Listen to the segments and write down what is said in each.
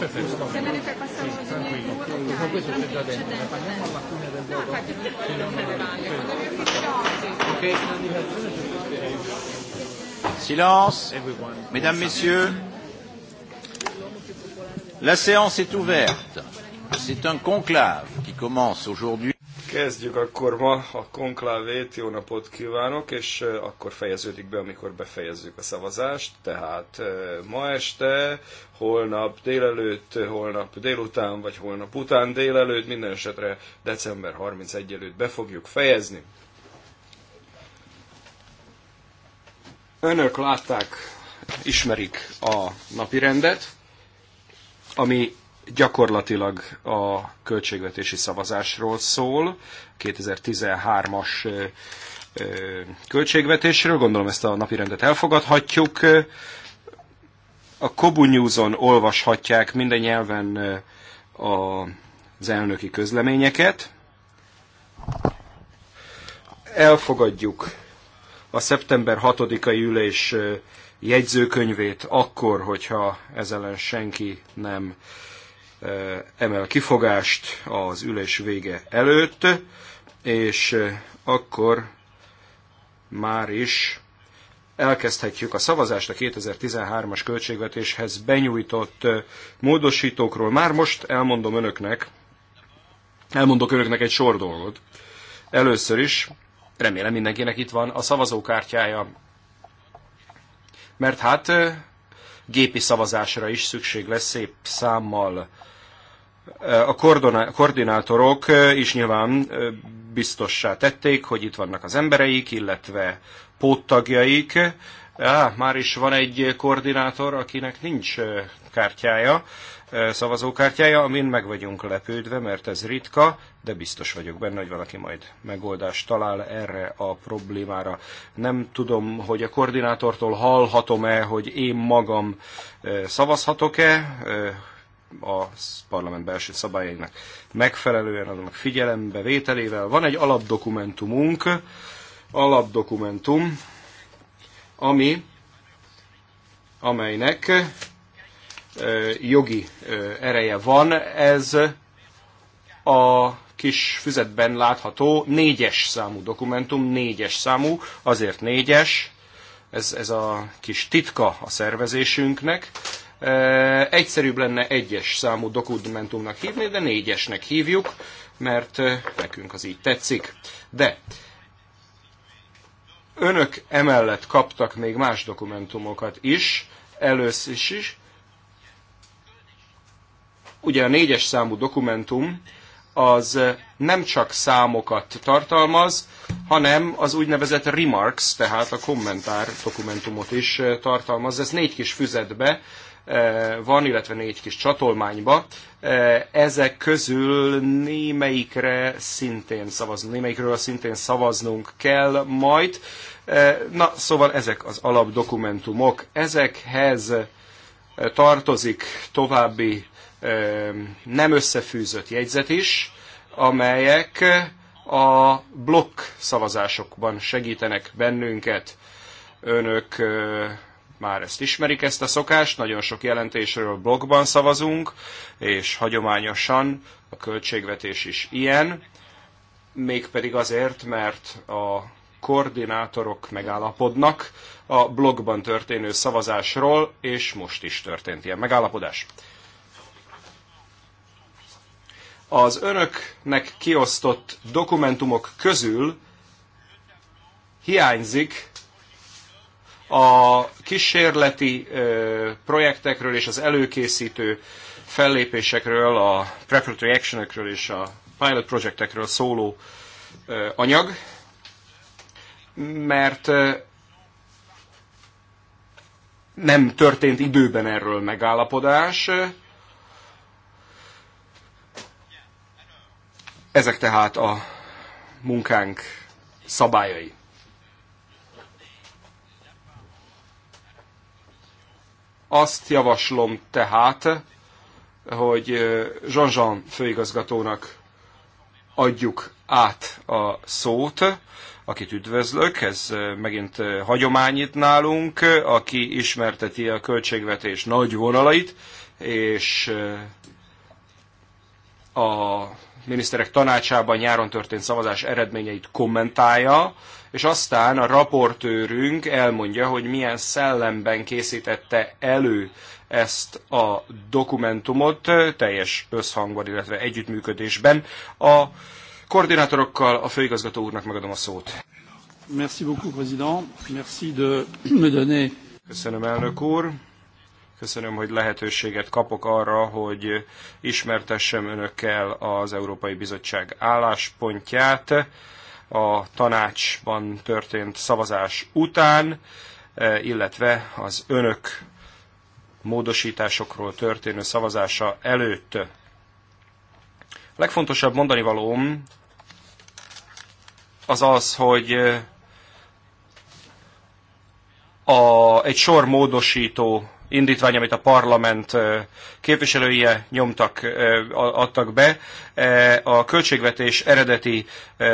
Se ne passare di questo c'è già dentro, ne parliamo alla fine del voto. No, Ok, Silence, mesdames, messieurs, la séance est ouverte. C'est un conclave qui commence aujourd'hui. Kezdjük akkor ma a konklávét, jó napot kívánok, és akkor fejeződik be, amikor befejezzük a szavazást. Tehát ma este, holnap délelőtt, holnap délután, vagy holnap után délelőtt, minden esetre december 31 előtt be fogjuk fejezni. Önök látták, ismerik a napirendet, ami gyakorlatilag a költségvetési szavazásról szól, 2013-as költségvetésről, gondolom ezt a napirendet elfogadhatjuk. A Kobu News-on olvashatják minden nyelven az elnöki közleményeket. Elfogadjuk a szeptember 6-ai ülés jegyzőkönyvét akkor, hogyha ezzel senki nem emel kifogást az ülés vége előtt, és akkor már is elkezdhetjük a szavazást a 2013-as költségvetéshez benyújtott módosítókról. Már most elmondom önöknek, elmondok önöknek egy sor dolgot. Először is, remélem mindenkinek itt van a szavazókártyája, mert hát gépi szavazásra is szükség lesz szép számmal a koordinátorok is nyilván biztossá tették, hogy itt vannak az embereik, illetve póttagjaik. Á, már is van egy koordinátor, akinek nincs kártyája, szavazókártyája, amin meg vagyunk lepődve, mert ez ritka, de biztos vagyok benne, hogy valaki majd megoldást talál erre a problémára. Nem tudom, hogy a koordinátortól hallhatom-e, hogy én magam szavazhatok-e, a parlament belső szabályainak megfelelően, annak figyelembe vételével. Van egy alapdokumentumunk, alapdokumentum, ami, amelynek jogi ereje van. Ez a kis füzetben látható négyes számú dokumentum, négyes számú, azért négyes, ez, ez a kis titka a szervezésünknek, Egyszerűbb lenne egyes számú dokumentumnak hívni, de négyesnek hívjuk, mert nekünk az így tetszik. De önök emellett kaptak még más dokumentumokat is, először is, is. Ugye a négyes számú dokumentum az nem csak számokat tartalmaz, hanem az úgynevezett remarks, tehát a kommentár dokumentumot is tartalmaz. Ez négy kis füzetbe Eh, van, illetve négy kis csatolmányba. Eh, ezek közül némelyikre szintén szavaznunk, némelyikről szintén szavaznunk kell majd. Eh, na, szóval ezek az alapdokumentumok. Ezekhez tartozik további nem összefűzött jegyzet is, amelyek a blokk szavazásokban segítenek bennünket. Önök már ezt ismerik, ezt a szokást, nagyon sok jelentésről blogban szavazunk, és hagyományosan a költségvetés is ilyen, mégpedig azért, mert a koordinátorok megállapodnak a blogban történő szavazásról, és most is történt ilyen megállapodás. Az önöknek kiosztott dokumentumok közül hiányzik a kísérleti projektekről és az előkészítő fellépésekről, a preparatory actionekről és a pilot projektekről szóló anyag, mert nem történt időben erről megállapodás. Ezek tehát a munkánk szabályai. Azt javaslom tehát, hogy Jean-Jean főigazgatónak adjuk át a szót, akit üdvözlök, ez megint hagyomány itt nálunk, aki ismerteti a költségvetés nagy vonalait, és a miniszterek tanácsában nyáron történt szavazás eredményeit kommentálja, és aztán a raportőrünk elmondja, hogy milyen szellemben készítette elő ezt a dokumentumot teljes összhangban, illetve együttműködésben. A koordinátorokkal a főigazgató úrnak megadom a szót. Merci beaucoup, président. Merci de me donner. Köszönöm, elnök úr. Köszönöm, hogy lehetőséget kapok arra, hogy ismertessem önökkel az Európai Bizottság álláspontját a tanácsban történt szavazás után, e, illetve az önök módosításokról történő szavazása előtt. A legfontosabb mondani valóm az az, hogy e, a, egy sor módosító indítvány, amit a parlament képviselője nyomtak, adtak be, a költségvetés eredeti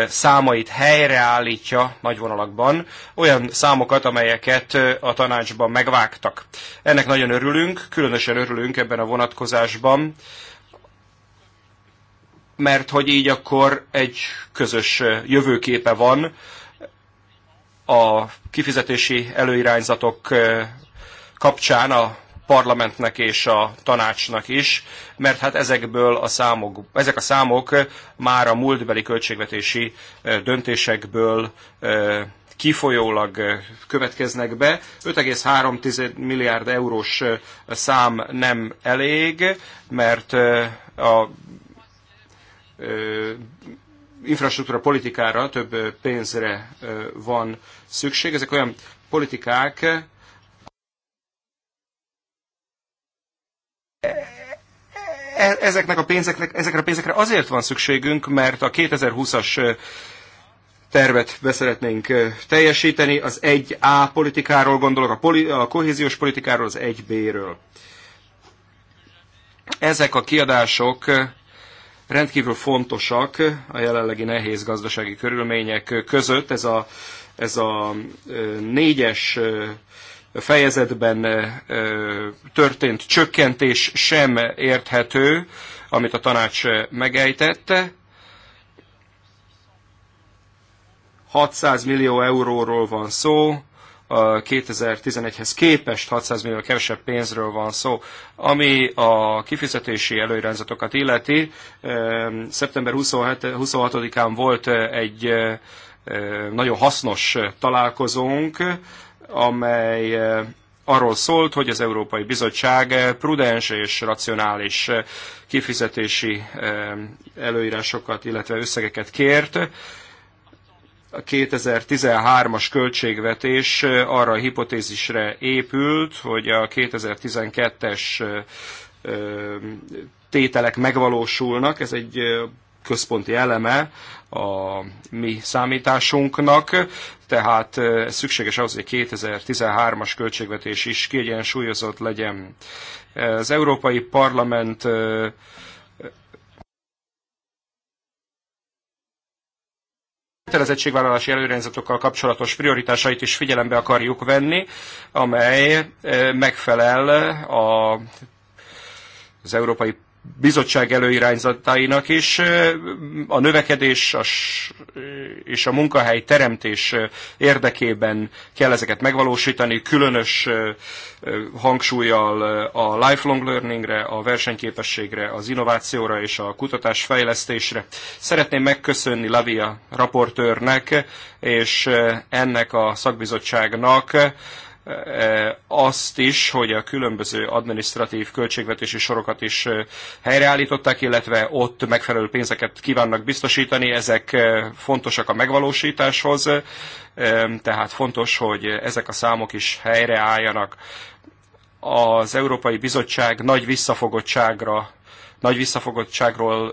számait helyreállítja nagy vonalakban, olyan számokat, amelyeket a tanácsban megvágtak. Ennek nagyon örülünk, különösen örülünk ebben a vonatkozásban, mert hogy így akkor egy közös jövőképe van a kifizetési előirányzatok kapcsán a parlamentnek és a tanácsnak is, mert hát ezekből a számok, ezek a számok már a múltbeli költségvetési döntésekből kifolyólag következnek be. 5,3 milliárd eurós szám nem elég, mert a infrastruktúra politikára több pénzre van szükség. Ezek olyan politikák, E, e, ezeknek a pénzeknek, ezekre a pénzekre azért van szükségünk, mert a 2020-as tervet beszeretnénk teljesíteni, az 1A politikáról gondolok, a, poli, a kohéziós politikáról, az 1B-ről. Ezek a kiadások rendkívül fontosak a jelenlegi nehéz gazdasági körülmények között. Ez a, ez a négyes fejezetben történt csökkentés sem érthető, amit a tanács megejtette. 600 millió euróról van szó, 2011-hez képest 600 millió kevesebb pénzről van szó. Ami a kifizetési előirányzatokat illeti, szeptember 26-án volt egy nagyon hasznos találkozónk, amely eh, arról szólt, hogy az Európai Bizottság eh, prudens és racionális eh, kifizetési előírásokat, illetve összegeket kért. A 2013-as költségvetés arra a hipotézisre épült, hogy a 2012-es tételek megvalósulnak. Ez egy központi eleme a mi számításunknak, tehát ez eh, szükséges ahhoz, hogy 2013-as költségvetés is kiegyensúlyozott legyen. Eh, az Európai Parlament eh, kötelezettségvállalási előrendzetokkal kapcsolatos prioritásait is figyelembe akarjuk venni, amely megfelel a, az Európai bizottság előirányzatainak is. A növekedés a, és a munkahely teremtés érdekében kell ezeket megvalósítani, különös hangsúlyjal a lifelong learningre, a versenyképességre, az innovációra és a kutatásfejlesztésre. Szeretném megköszönni Lavia raportőrnek és ennek a szakbizottságnak, Eh, azt is, hogy a különböző adminisztratív költségvetési sorokat is eh, helyreállították, illetve ott megfelelő pénzeket kívánnak biztosítani, ezek eh, fontosak a megvalósításhoz, tehát fontos, hogy ezek a számok is helyreálljanak. Az Európai Bizottság nagy visszafogottságra, nagy visszafogottságról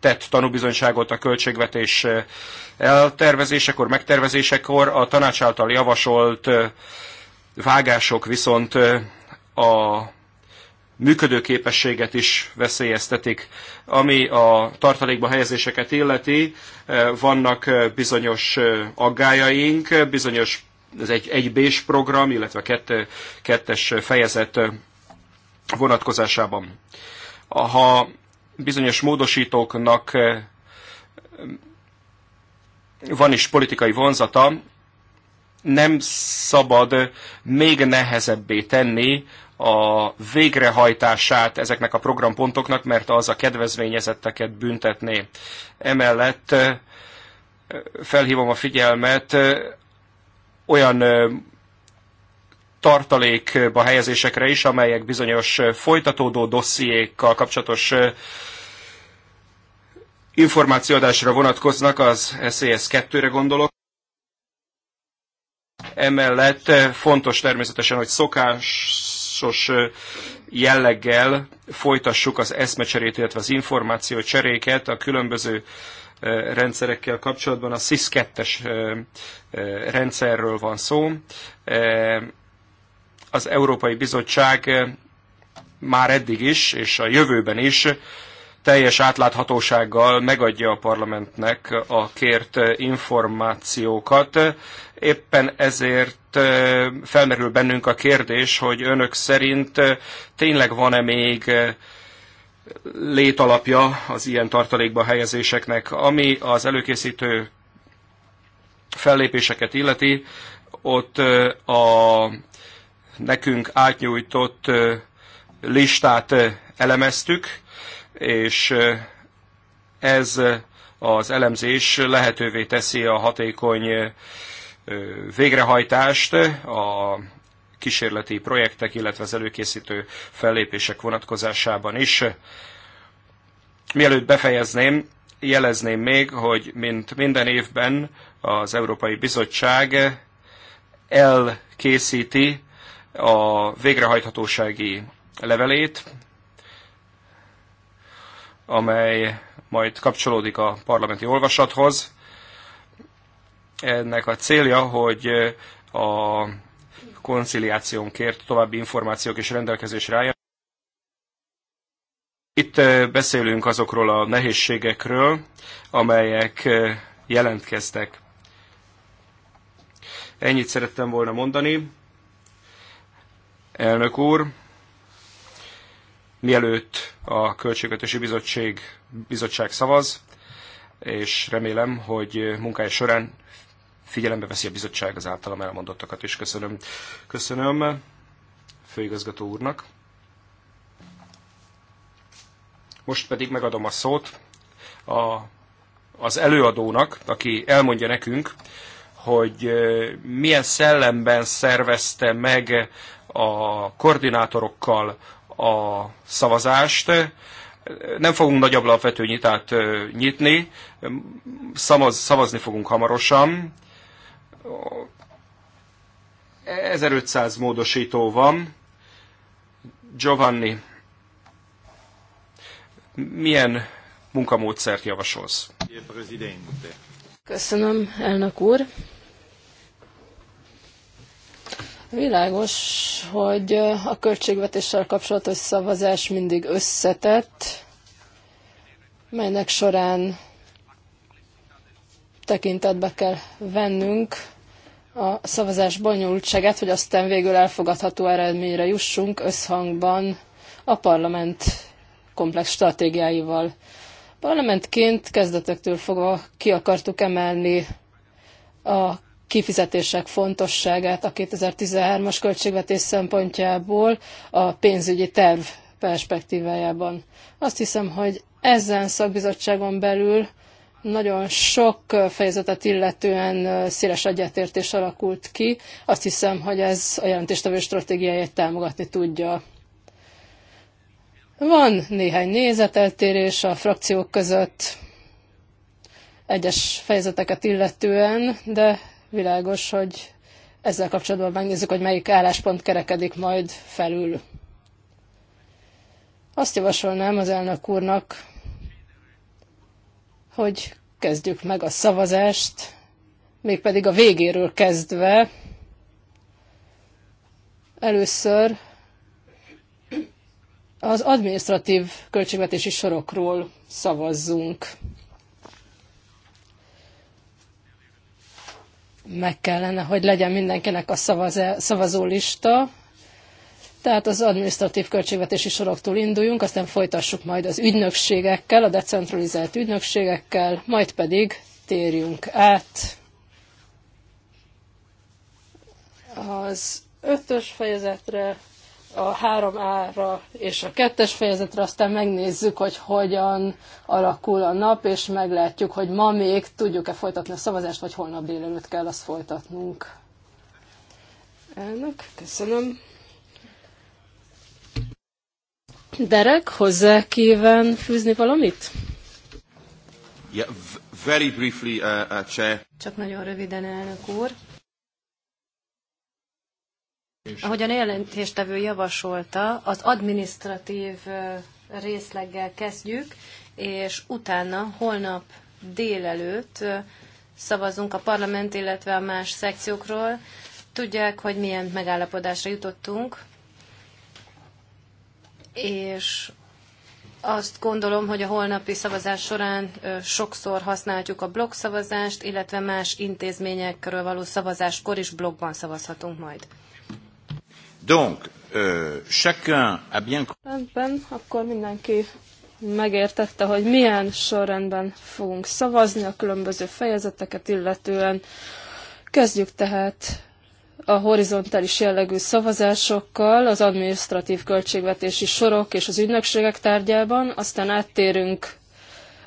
tett tanúbizonyságot a költségvetés eltervezésekor, megtervezésekor a tanács által javasolt vágások viszont a működőképességet is veszélyeztetik. Ami a tartalékba helyezéseket illeti, vannak bizonyos aggájaink, bizonyos ez egy 1 b program, illetve kett, kettes fejezet vonatkozásában. Ha bizonyos módosítóknak van is politikai vonzata, nem szabad még nehezebbé tenni a végrehajtását ezeknek a programpontoknak, mert az a kedvezményezetteket büntetné. Emellett felhívom a figyelmet olyan tartalékba helyezésekre is, amelyek bizonyos folytatódó dossziékkal kapcsolatos információadásra vonatkoznak, az SES 2-re e gondolok. Emellett eh, fontos természetesen, hogy szokásos eh, jelleggel folytassuk az eszmecserét, illetve az információ cseréket a különböző eh, rendszerekkel kapcsolatban. A SIS-2-es rendszerről van szó. Az Európai Bizottság már eddig is, és a jövőben is teljes átláthatósággal megadja a parlamentnek a kért információkat, Éppen ezért felmerül bennünk a kérdés, hogy önök szerint tényleg van-e még létalapja az ilyen tartalékba helyezéseknek, ami az előkészítő fellépéseket illeti, ott a nekünk átnyújtott listát elemeztük, és ez az elemzés lehetővé teszi a hatékony végrehajtást a kísérleti projektek, illetve az előkészítő fellépések vonatkozásában is. Mielőtt befejezném, jelezném még, hogy mint minden évben az Európai Bizottság elkészíti a végrehajthatósági levelét, amely majd kapcsolódik a parlamenti olvasathoz. Ennek a célja, hogy a konciliációnkért további információk és rendelkezésre álljanak. Itt beszélünk azokról a nehézségekről, amelyek jelentkeztek. Ennyit szerettem volna mondani. Elnök úr, mielőtt a Költségvetési Bizottság, Bizottság szavaz, és remélem, hogy munkája során figyelembe veszi a bizottság az általam elmondottakat is. Köszönöm. Köszönöm főigazgató úrnak. Most pedig megadom a szót a, az előadónak, aki elmondja nekünk, hogy milyen szellemben szervezte meg a koordinátorokkal a szavazást. Nem fogunk nagyobb alapvető nyitát nyitni, szavazni fogunk hamarosan. 1500 módosító van. Giovanni, milyen munkamódszert javasolsz? Köszönöm, elnök úr. Világos, hogy a költségvetéssel kapcsolatos szavazás mindig összetett, melynek során tekintetbe kell vennünk a szavazás bonyolultságát, hogy aztán végül elfogadható eredményre jussunk összhangban a parlament komplex stratégiáival. Parlamentként kezdetektől fogva ki akartuk emelni a kifizetések fontosságát a 2013-as költségvetés szempontjából a pénzügyi terv perspektívájában. Azt hiszem, hogy ezen szakbizottságon belül nagyon sok fejezetet illetően széles egyetértés alakult ki. Azt hiszem, hogy ez a jelentéstevő stratégiáját támogatni tudja. Van néhány nézeteltérés a frakciók között egyes fejezeteket illetően, de világos, hogy ezzel kapcsolatban megnézzük, hogy melyik álláspont kerekedik majd felül. Azt javasolnám az elnök úrnak, hogy kezdjük meg a szavazást, mégpedig a végéről kezdve. Először az administratív költségvetési sorokról szavazzunk. Meg kellene, hogy legyen mindenkinek a szavazólista. lista, tehát az administratív költségvetési soroktól induljunk, aztán folytassuk majd az ügynökségekkel, a decentralizált ügynökségekkel, majd pedig térjünk át az ötös fejezetre, a 3A-ra és a kettes fejezetre, aztán megnézzük, hogy hogyan alakul a nap, és meglátjuk, hogy ma még tudjuk-e folytatni a szavazást, vagy holnap délelőtt kell azt folytatnunk. Elnök, köszönöm. Derek, hozzá kíván fűzni valamit? Yeah, very briefly, uh, uh, chair. Csak nagyon röviden, elnök úr. Ahogyan a jelentéstevő javasolta, az administratív részleggel kezdjük, és utána holnap délelőtt szavazunk a parlament, illetve a más szekciókról. Tudják, hogy milyen megállapodásra jutottunk és azt gondolom, hogy a holnapi szavazás során sokszor használhatjuk a blogszavazást, illetve más intézményekről való szavazáskor is blogban szavazhatunk majd. Donc, euh, chacun a bien... Rendben, akkor mindenki megértette, hogy milyen sorrendben fogunk szavazni a különböző fejezeteket, illetően kezdjük tehát a horizontális jellegű szavazásokkal, az administratív költségvetési sorok és az ügynökségek tárgyában, aztán áttérünk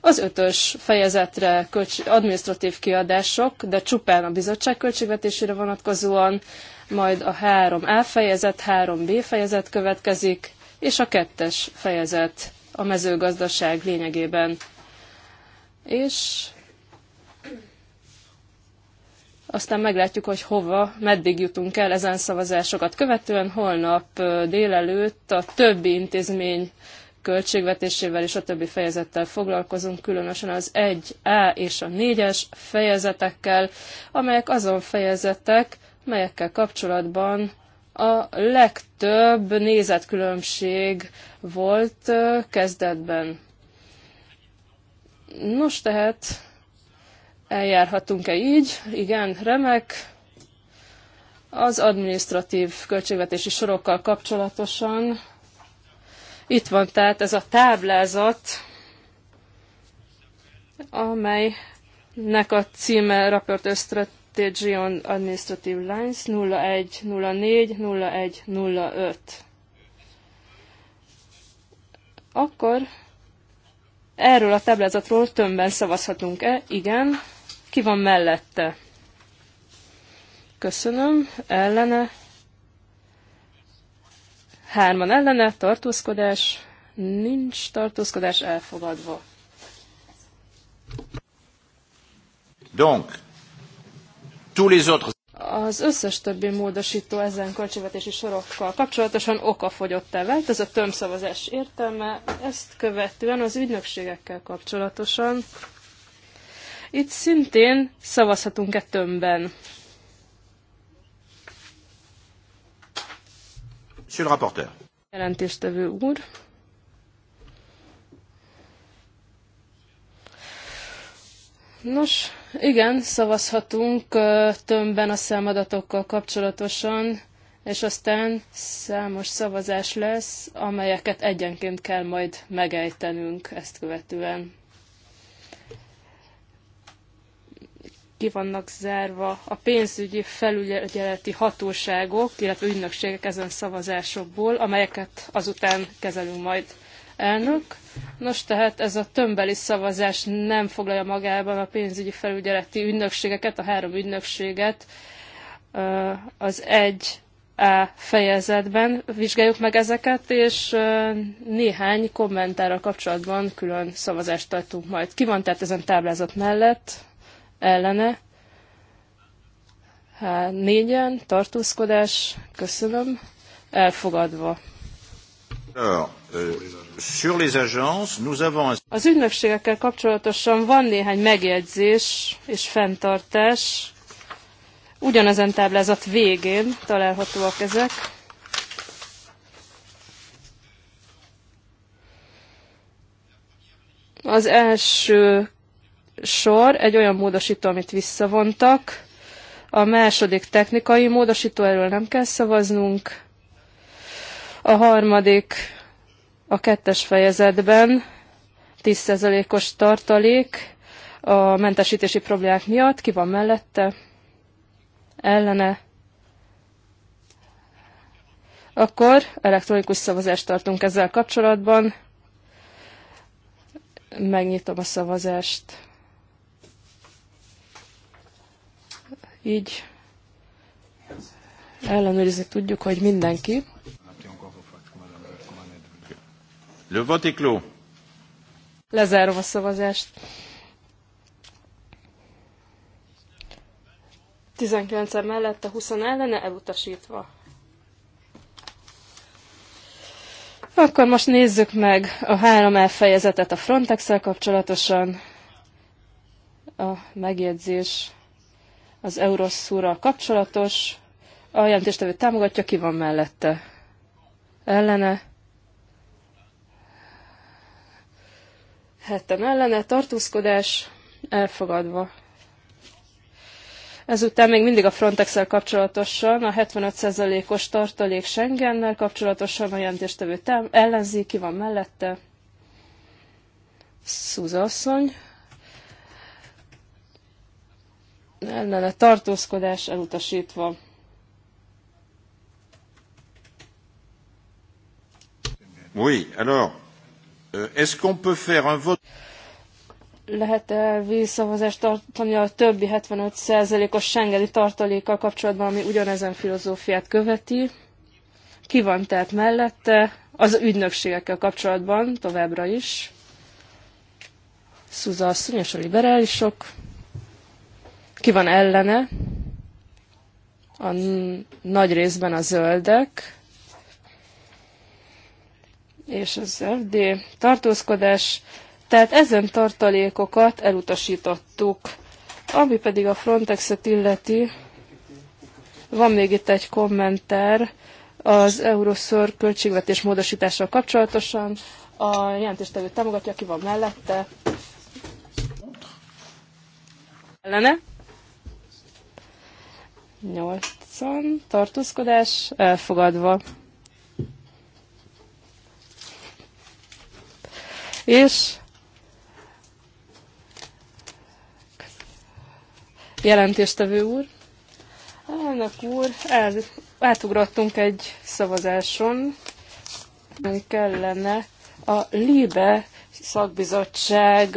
az ötös fejezetre administratív kiadások, de csupán a bizottság költségvetésére vonatkozóan, majd a 3A fejezet, 3B fejezet következik, és a kettes fejezet a mezőgazdaság lényegében. És aztán meglátjuk, hogy hova, meddig jutunk el ezen szavazásokat követően. Holnap délelőtt a többi intézmény költségvetésével és a többi fejezettel foglalkozunk, különösen az 1A és a 4-es fejezetekkel, amelyek azon fejezetek, melyekkel kapcsolatban a legtöbb nézetkülönbség volt kezdetben. Nos, tehát Eljárhatunk-e így? Igen, remek. Az administratív költségvetési sorokkal kapcsolatosan itt van tehát ez a táblázat, amelynek a címe Rapporteur Strategy on Administrative Lines 0104-0105. Akkor erről a táblázatról tömbben szavazhatunk-e? Igen. Ki van mellette? Köszönöm. Ellene. Hárman ellene. Tartózkodás. Nincs tartózkodás elfogadva. Donc, tous les autres... Az összes többi módosító ezen költségvetési sorokkal kapcsolatosan okafogyottá vált, ez a tömszavazás értelme, ezt követően az ügynökségekkel kapcsolatosan itt szintén szavazhatunk-e tömbben. Monsieur le rapporteur. Jelentéstevő úr. Nos, igen, szavazhatunk tömbben a számadatokkal kapcsolatosan, és aztán számos szavazás lesz, amelyeket egyenként kell majd megejtenünk ezt követően. ki vannak zárva a pénzügyi felügyeleti hatóságok, illetve ügynökségek ezen szavazásokból, amelyeket azután kezelünk majd elnök. Nos, tehát ez a tömbeli szavazás nem foglalja magában a pénzügyi felügyeleti ügynökségeket, a három ügynökséget az egy a fejezetben vizsgáljuk meg ezeket, és néhány kommentárral kapcsolatban külön szavazást tartunk majd. Ki van tehát ezen táblázat mellett? ellene, hát négyen, tartózkodás, köszönöm, elfogadva. Euh, Az ügynökségekkel kapcsolatosan van néhány megjegyzés és fenntartás. Ugyanezen táblázat végén találhatóak ezek. Az első sor, egy olyan módosító, amit visszavontak. A második technikai módosító, erről nem kell szavaznunk. A harmadik a kettes fejezetben 10%-os tartalék a mentesítési problémák miatt. Ki van mellette? Ellene? Akkor elektronikus szavazást tartunk ezzel kapcsolatban. Megnyitom a szavazást. Így ellenőrizni tudjuk, hogy mindenki. Le vote est clos. Lezárom a szavazást. 19 mellett a 20 ellene elutasítva. Akkor most nézzük meg a három elfejezetet a frontex kapcsolatosan. A megjegyzés az Euroszúra kapcsolatos. A jelentéstevő támogatja, ki van mellette? Ellene? Hetten ellene, tartózkodás elfogadva. Ezután még mindig a frontex kapcsolatosan, a 75%-os tartalék Schengennel kapcsolatosan a jelentéstevő ellenzi, ki van mellette? Szúza asszony. ellene tartózkodás elutasítva. Oui, alors, euh, est-ce qu'on peut faire un vote lehet-e vízszavazást tartani a többi 75%-os sengeli tartalékkal kapcsolatban, ami ugyanezen filozófiát követi? Ki van tehát mellette? Az ügynökségekkel kapcsolatban továbbra is. Szuza asszony és a liberálisok. Ki van ellene? A nagy részben a zöldek. És az FD tartózkodás. Tehát ezen tartalékokat elutasítottuk. Ami pedig a Frontexet illeti, van még itt egy kommentár az Euroszor költségvetés módosítással kapcsolatosan. A jelentéstevő támogatja, ki van mellette. Ellene? Nyolcan. Tartózkodás elfogadva. És jelentéstevő úr. Elnök úr, el, átugrottunk egy szavazáson, ami kellene a LIBE szakbizottság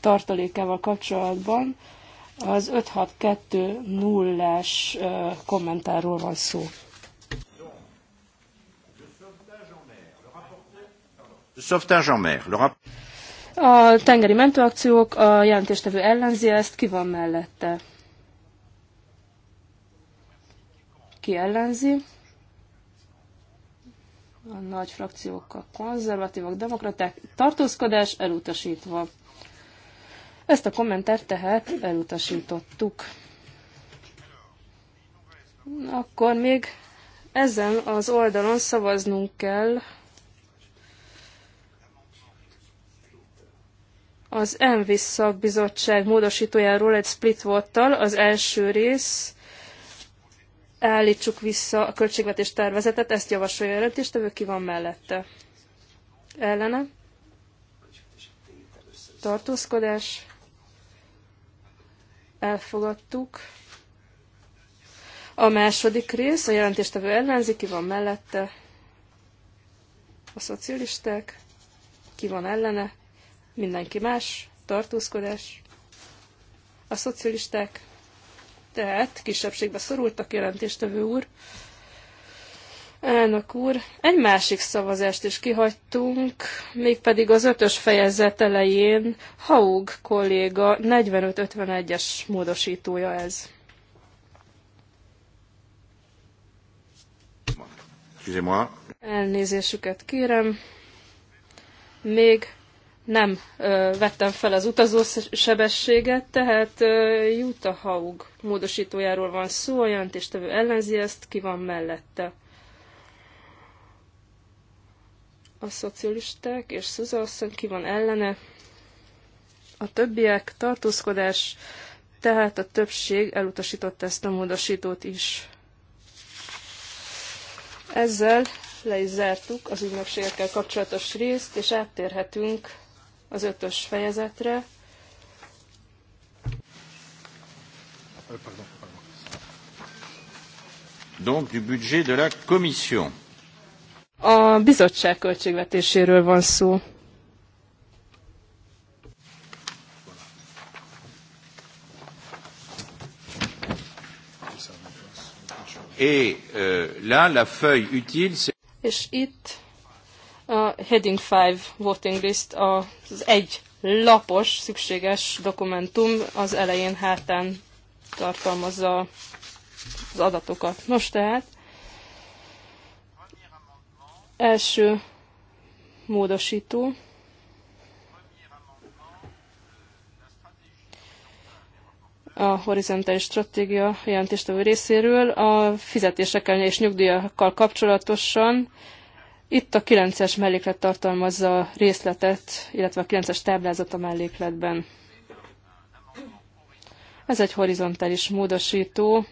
tartalékával kapcsolatban, az 5620-es kommentárról van szó. A tengeri mentőakciók, a jelentéstevő ellenzi ezt, ki van mellette? Ki ellenzi? A nagy frakciók, a konzervatívok, demokraták, tartózkodás elutasítva. Ezt a kommentert tehát elutasítottuk. Akkor még ezen az oldalon szavaznunk kell az ENVIS szakbizottság módosítójáról egy split voltal, Az első rész állítsuk vissza a költségvetés tervezetet, ezt javasolja a jelentéstevő, ki van mellette. Ellene? Tartózkodás? elfogadtuk. A második rész, a jelentéstevő ellenzi, ki van mellette, a szocialisták, ki van ellene, mindenki más, tartózkodás, a szocialisták, tehát kisebbségbe szorultak jelentéstevő úr, Elnök úr, egy másik szavazást is kihagytunk, mégpedig az ötös fejezet elején Haug kolléga 4551 es módosítója ez. Elnézésüket kérem. Még nem ö, vettem fel az utazósebességet, tehát ö, Jutta Haug módosítójáról van szó, a jelentéstevő ellenzi ezt, ki van mellette. a szocialisták és Szuza asszony ki van ellene. A többiek tartózkodás, tehát a többség elutasította ezt a módosítót is. Ezzel le is zártuk az ügynökségekkel kapcsolatos részt, és áttérhetünk az ötös fejezetre. Donc du budget de la Commission. A bizottság költségvetéséről van szó. Et euh, là, la feuille utile, c'est... És itt a Heading 5 Voting List az egy lapos, szükséges dokumentum az elején hátán tartalmazza az adatokat. Nos tehát, Első módosító. a horizontális stratégia jelentéstevő részéről a fizetésekkel és nyugdíjakkal kapcsolatosan. Itt a 9-es melléklet tartalmazza a részletet, illetve a 9-es táblázat a mellékletben. Ez egy horizontális módosító,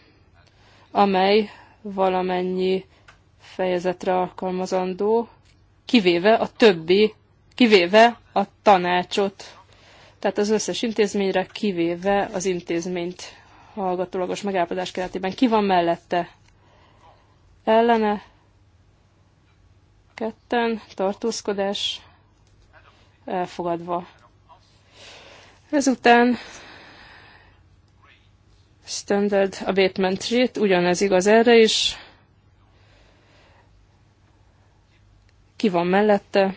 amely valamennyi fejezetre alkalmazandó, kivéve a többi, kivéve a tanácsot. Tehát az összes intézményre, kivéve az intézményt hallgatólagos megállapodás keretében. Ki van mellette? Ellene? Ketten? Tartózkodás? Elfogadva. Ezután Standard Abatement rate, ugyanez igaz erre is ki van mellette,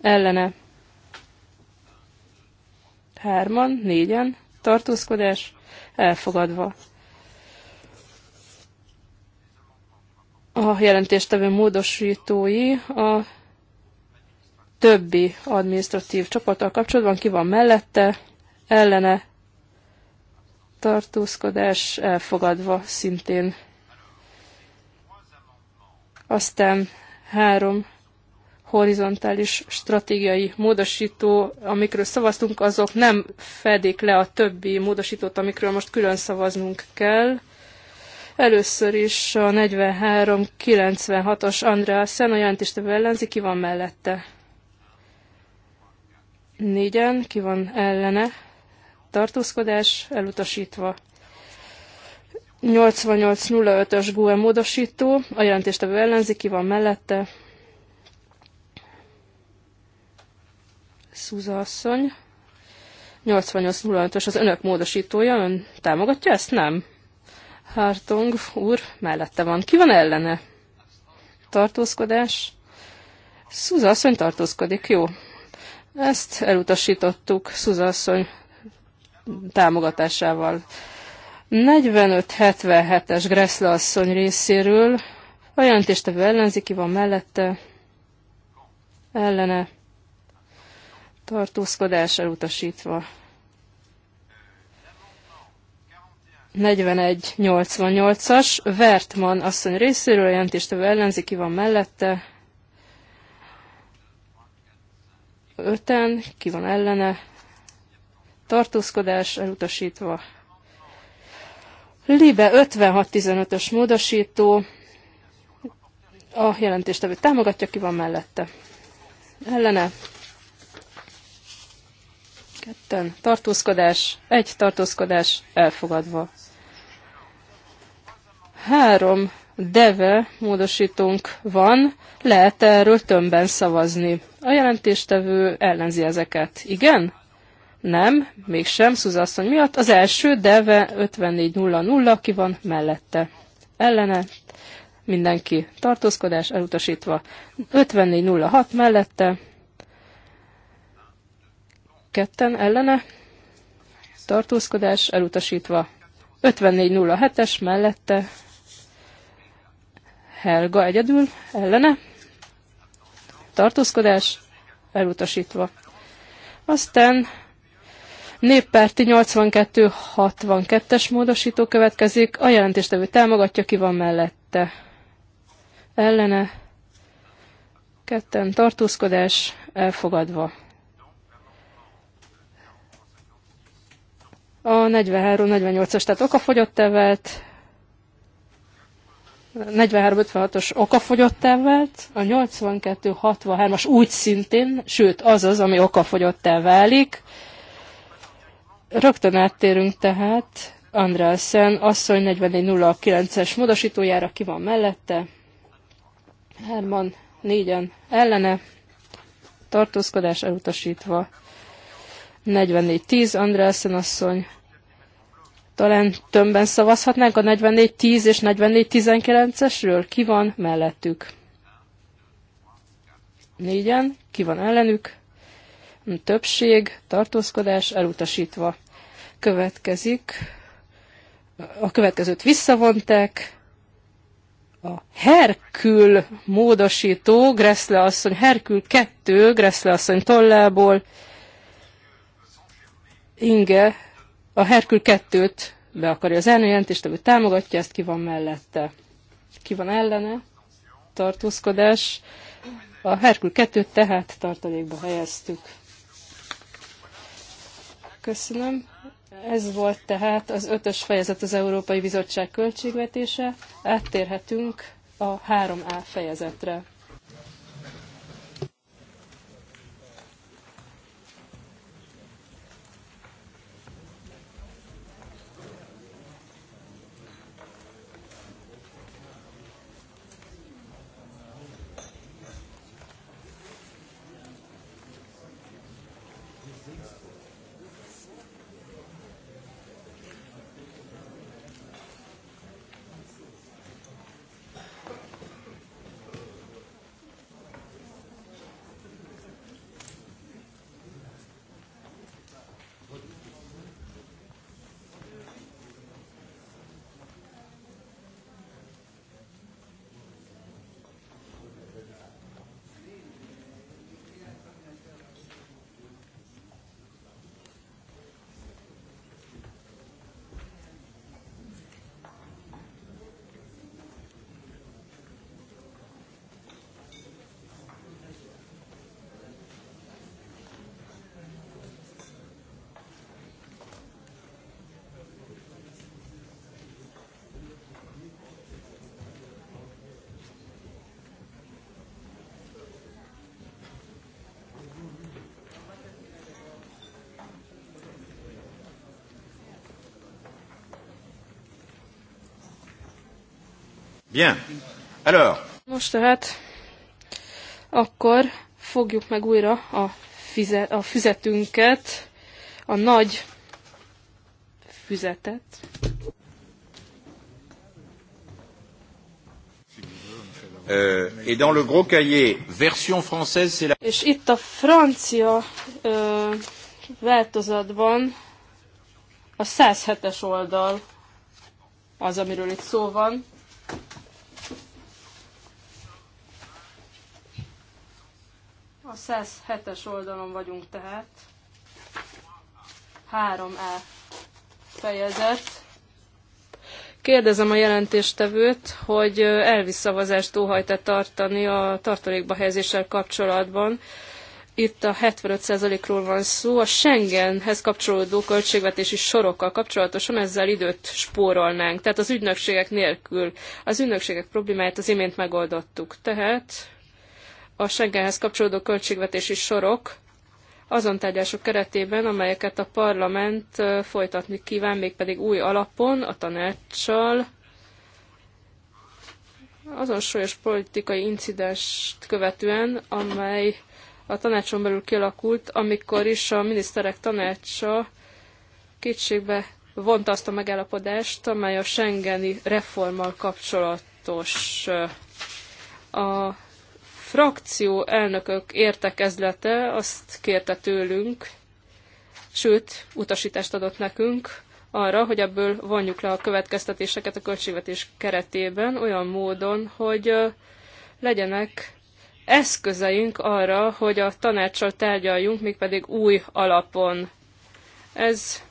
ellene, hárman, négyen, tartózkodás, elfogadva. A jelentéstevő módosítói a többi adminisztratív csapattal kapcsolatban ki van mellette, ellene, tartózkodás, elfogadva szintén. Aztán Három horizontális stratégiai módosító, amikről szavaztunk, azok nem fedik le a többi módosítót, amikről most külön szavaznunk kell. Először is a 43-96-os Andreasen, a jelentéstevő ellenzi, ki van mellette? Négyen, ki van ellene? Tartózkodás elutasítva. 8805-ös GUE módosító, a jelentéstevő ellenzi, van mellette? Szúza asszony. 8805-ös az önök módosítója, ön támogatja ezt? Nem. Hartong úr mellette van. Ki van ellene? Tartózkodás. Szúza asszony tartózkodik, jó. Ezt elutasítottuk Szúza asszony támogatásával. 45-77-es Gressle asszony részéről. A jelentéstevő ellenzéki van mellette. Ellene. Tartózkodás elutasítva. 41-88-as Vertman asszony részéről, a jelentéstevő ellenzéki van mellette. Öten, ki van ellene. Tartózkodás elutasítva. Libe 56 ös módosító, a jelentéstevő támogatja, ki van mellette. Ellene. Ketten. Tartózkodás. Egy tartózkodás elfogadva. Három deve módosítónk van, lehet erről tömbben szavazni. A jelentéstevő ellenzi ezeket. Igen? Nem, mégsem, Szuzasszony miatt. Az első, Deve 5400, ki van mellette. Ellene, mindenki tartózkodás elutasítva. 5406 mellette, ketten ellene, tartózkodás elutasítva. 5407-es mellette, Helga egyedül, ellene, tartózkodás elutasítva. Aztán Néppárti 82-62-es módosító következik. A jelentéstevő támogatja, ki van mellette. Ellene. Ketten tartózkodás elfogadva. A 43-48-as, tehát okafogyott tevelt. 43-56-os okafogyott vált, a 82-63-as úgy szintén, sőt az az, ami okafogyott válik. Rögtön áttérünk tehát Andrásen asszony 4409-es módosítójára ki van mellette. Hárman, négyen ellene. Tartózkodás elutasítva. 4410 Andrásen asszony. Talán többen szavazhatnánk a 4410 és 4419-esről. Ki van mellettük? Négyen. Ki van ellenük? többség, tartózkodás elutasítva. Következik, a következőt visszavonták, a Herkül módosító, Greszle asszony, Herkül 2, Greszle asszony tollából, Inge a Herkül 2-t be akarja az elnőjelentést, ő támogatja, ezt ki van mellette. Ki van ellene? Tartózkodás. A Herkül 2-t tehát tartalékba helyeztük. Köszönöm. Ez volt tehát az ötös fejezet az Európai Bizottság költségvetése. Áttérhetünk a 3A fejezetre. Bien. Alors. Most tehát akkor fogjuk meg újra a, füze, a füzetünket, a nagy füzetet. Euh, et dans le gros cahier, version française, c'est la... És itt a francia euh, változatban a 107-es oldal az, amiről itt szó van. 107-es oldalon vagyunk tehát. 3E fejezet. Kérdezem a jelentéstevőt, hogy elvi szavazást óhajt-e tartani a tartalékba helyezéssel kapcsolatban. Itt a 75%-ról van szó, a Schengenhez kapcsolódó költségvetési sorokkal kapcsolatosan ezzel időt spórolnánk, tehát az ügynökségek nélkül. Az ügynökségek problémáját az imént megoldottuk, tehát a Schengenhez kapcsolódó költségvetési sorok azon tárgyások keretében, amelyeket a parlament folytatni kíván, mégpedig új alapon, a tanácssal, azon súlyos politikai incidenst követően, amely a tanácson belül kialakult, amikor is a miniszterek tanácsa kétségbe vonta azt a megállapodást, amely a Schengeni reformmal kapcsolatos. A frakció elnökök értekezlete azt kérte tőlünk, sőt, utasítást adott nekünk arra, hogy ebből vonjuk le a következtetéseket a költségvetés keretében olyan módon, hogy legyenek eszközeink arra, hogy a tanácssal tárgyaljunk, mégpedig új alapon. Ez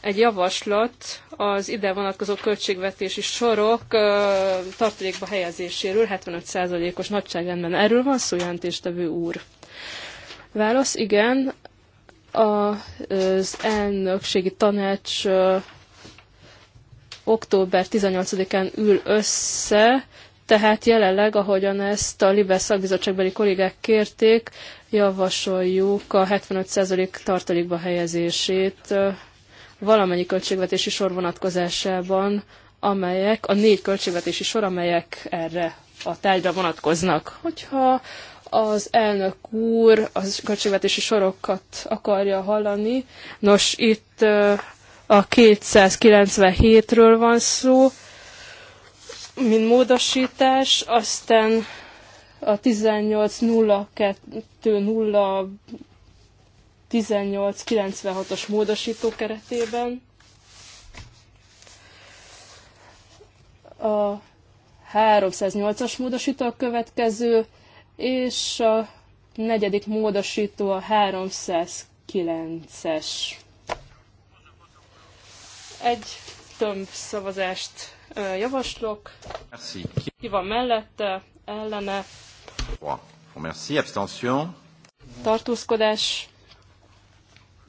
egy javaslat az ide vonatkozó költségvetési sorok tartalékba helyezéséről 75%-os nagyságrendben. Erről van szó, jelentéstevő úr? Válasz, igen. A, az elnökségi tanács október 18-án ül össze, tehát jelenleg, ahogyan ezt a Libes szakbizottságbeli kollégák kérték, javasoljuk a 75% tartalékba helyezését valamennyi költségvetési sor vonatkozásában, amelyek a négy költségvetési sor, amelyek erre a tárgyra vonatkoznak. Hogyha az elnök úr az költségvetési sorokat akarja hallani, nos itt a 297-ről van szó, mint módosítás, aztán a 18.02.0 1896-os módosító keretében. A 308-as módosító a következő, és a negyedik módosító a 309-es. Egy tömb szavazást javaslok. Merci. Ki van mellette, ellene? Merci, abstention. Tartózkodás.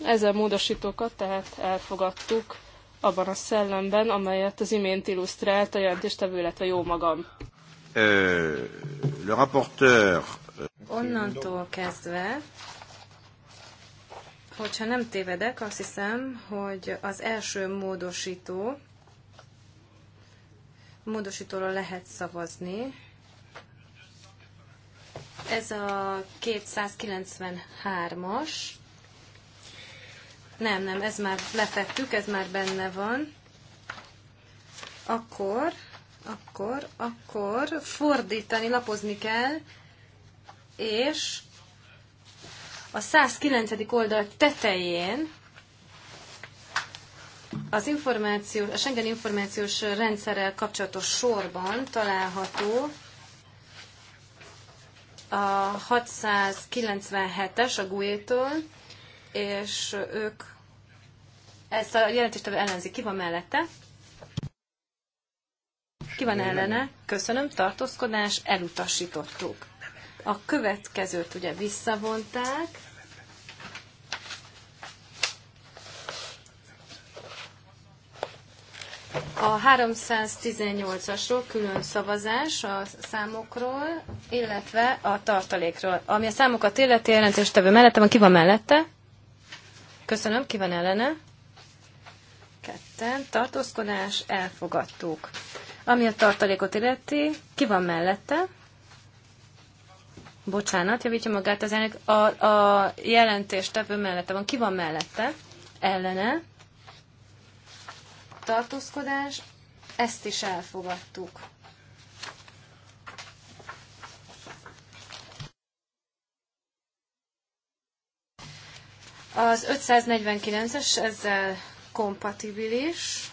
Ezen módosítókat tehát elfogadtuk abban a szellemben, amelyet az imént illusztrált a jelentéstevő, illetve jó magam. le rapporteur. Onnantól kezdve, hogyha nem tévedek, azt hiszem, hogy az első módosító, módosítóról lehet szavazni. Ez a 293-as, nem, nem, ez már lefettük, ez már benne van. Akkor, akkor, akkor fordítani, lapozni kell, és a 109. oldal tetején az információ, a Schengen információs rendszerrel kapcsolatos sorban található a 697-es a GUE-tól, és ők ezt a jelentést ellenzik. Ki van mellette? Ki van ellene? Köszönöm, tartózkodás, elutasítottuk. A következőt ugye visszavonták. A 318-asról külön szavazás a számokról, illetve a tartalékról. Ami a számokat illeti jelentéstevő mellette van, ki van mellette? Köszönöm, ki van ellene? Ketten. Tartózkodás, elfogadtuk. Ami a tartalékot illeti, ki van mellette? Bocsánat, javítja magát az elnök. A, a tevő mellette van. Ki van mellette? Ellene. Tartózkodás, ezt is elfogadtuk. Az 549-es ezzel kompatibilis,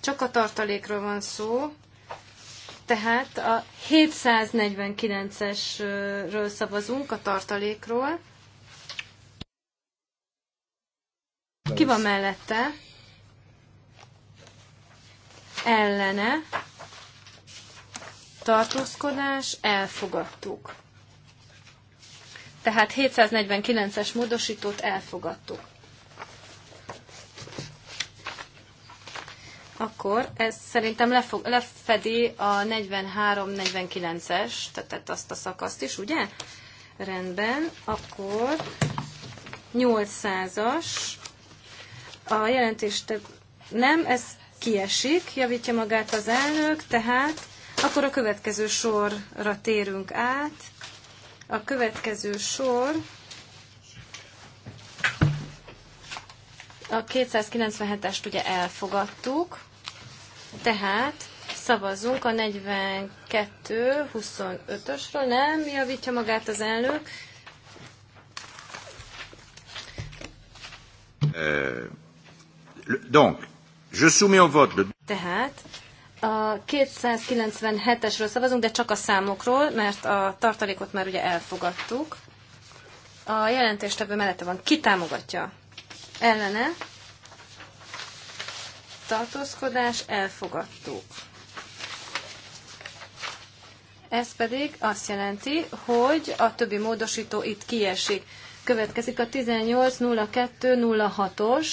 csak a tartalékról van szó, tehát a 749-esről szavazunk, a tartalékról. Ki van mellette? Ellene. Tartózkodás, elfogadtuk. Tehát 749-es módosítót elfogadtuk. Akkor ez szerintem lefog, lefedi a 43-49-es, tehát azt a szakaszt is, ugye? Rendben, akkor 800-as. A jelentést nem, ez kiesik, javítja magát az elnök, tehát akkor a következő sorra térünk át. A következő sor a 297-est ugye elfogadtuk, tehát szavazunk a 42-25-ösről, nem javítja magát az elnök. Euh, donc, je soumets au vote le... Tehát a 297-esről szavazunk, de csak a számokról, mert a tartalékot már ugye elfogadtuk. A jelentéstevő mellette van. Ki támogatja? Ellene. Tartózkodás. Elfogadtuk. Ez pedig azt jelenti, hogy a többi módosító itt kiesik. Következik a 18.02.06-os